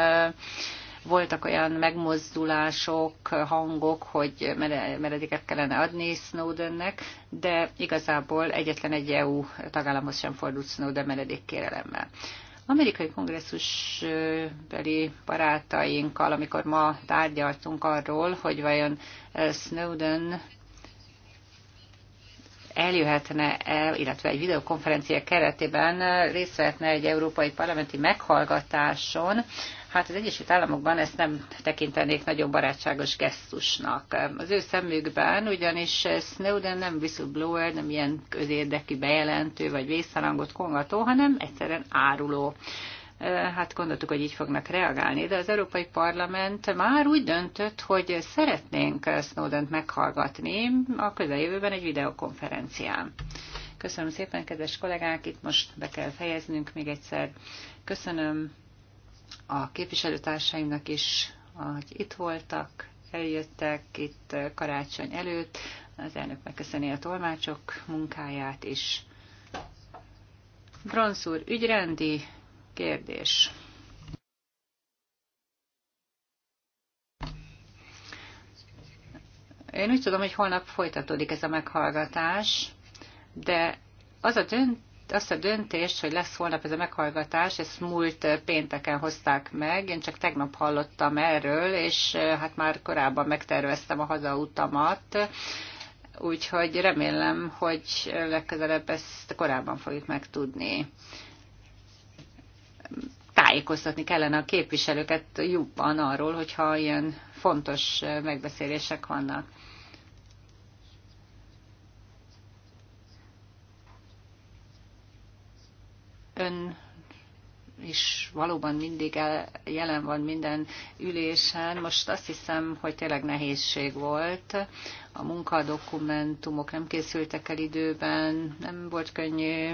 Speaker 2: voltak olyan megmozdulások, hangok, hogy menedéket kellene adni Snowdennek, de igazából egyetlen egy EU tagállamhoz sem fordult Snowden menedékkérelemmel. Amerikai beli barátainkkal, amikor ma tárgyaltunk arról, hogy vajon eh, Snowden eljöhetne el, illetve egy videokonferencia keretében eh, részt vehetne egy európai parlamenti meghallgatáson, Hát az Egyesült Államokban ezt nem tekintenék nagyon barátságos gesztusnak. Az ő szemükben ugyanis Snowden nem whistleblower, nem ilyen közérdekű bejelentő vagy vészhalangot kongató, hanem egyszerűen áruló hát gondoltuk, hogy így fognak reagálni, de az Európai Parlament már úgy döntött, hogy szeretnénk snowden meghallgatni a közeljövőben egy videokonferencián. Köszönöm szépen, kedves kollégák, itt most be kell fejeznünk még egyszer. Köszönöm a képviselőtársaimnak is, hogy itt voltak, eljöttek itt karácsony előtt. Az elnök megköszöni a tolmácsok munkáját is. Bronz úr, ügyrendi kérdés. Én úgy tudom, hogy holnap folytatódik ez a meghallgatás, de az a dönt, azt a döntést, hogy lesz holnap ez a meghallgatás, ezt múlt pénteken hozták meg, én csak tegnap hallottam erről, és hát már korábban megterveztem a hazautamat, úgyhogy remélem, hogy legközelebb ezt korábban fogjuk megtudni. Tájékoztatni kellene a képviselőket jobban arról, hogyha ilyen fontos megbeszélések vannak. ön és valóban mindig el, jelen van minden ülésen. Most azt hiszem, hogy tényleg nehézség volt. A munkadokumentumok nem készültek el időben, nem volt könnyű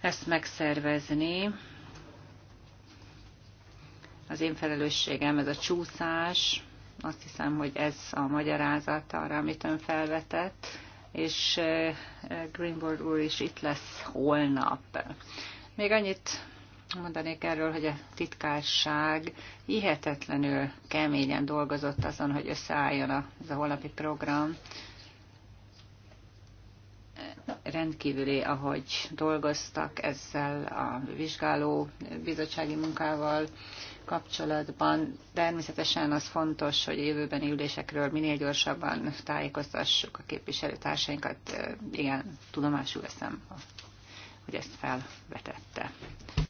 Speaker 2: ezt megszervezni. Az én felelősségem ez a csúszás. Azt hiszem, hogy ez a magyarázat arra, amit ön felvetett és Greenwald úr is itt lesz holnap. Még annyit mondanék erről, hogy a titkárság hihetetlenül keményen dolgozott azon, hogy összeálljon az a holnapi program, rendkívüli, ahogy dolgoztak ezzel a vizsgáló bizottsági munkával kapcsolatban. Természetesen az fontos, hogy jövőbeni ülésekről minél gyorsabban tájékoztassuk a képviselőtársainkat. Igen, tudomásul veszem, hogy ezt felvetette.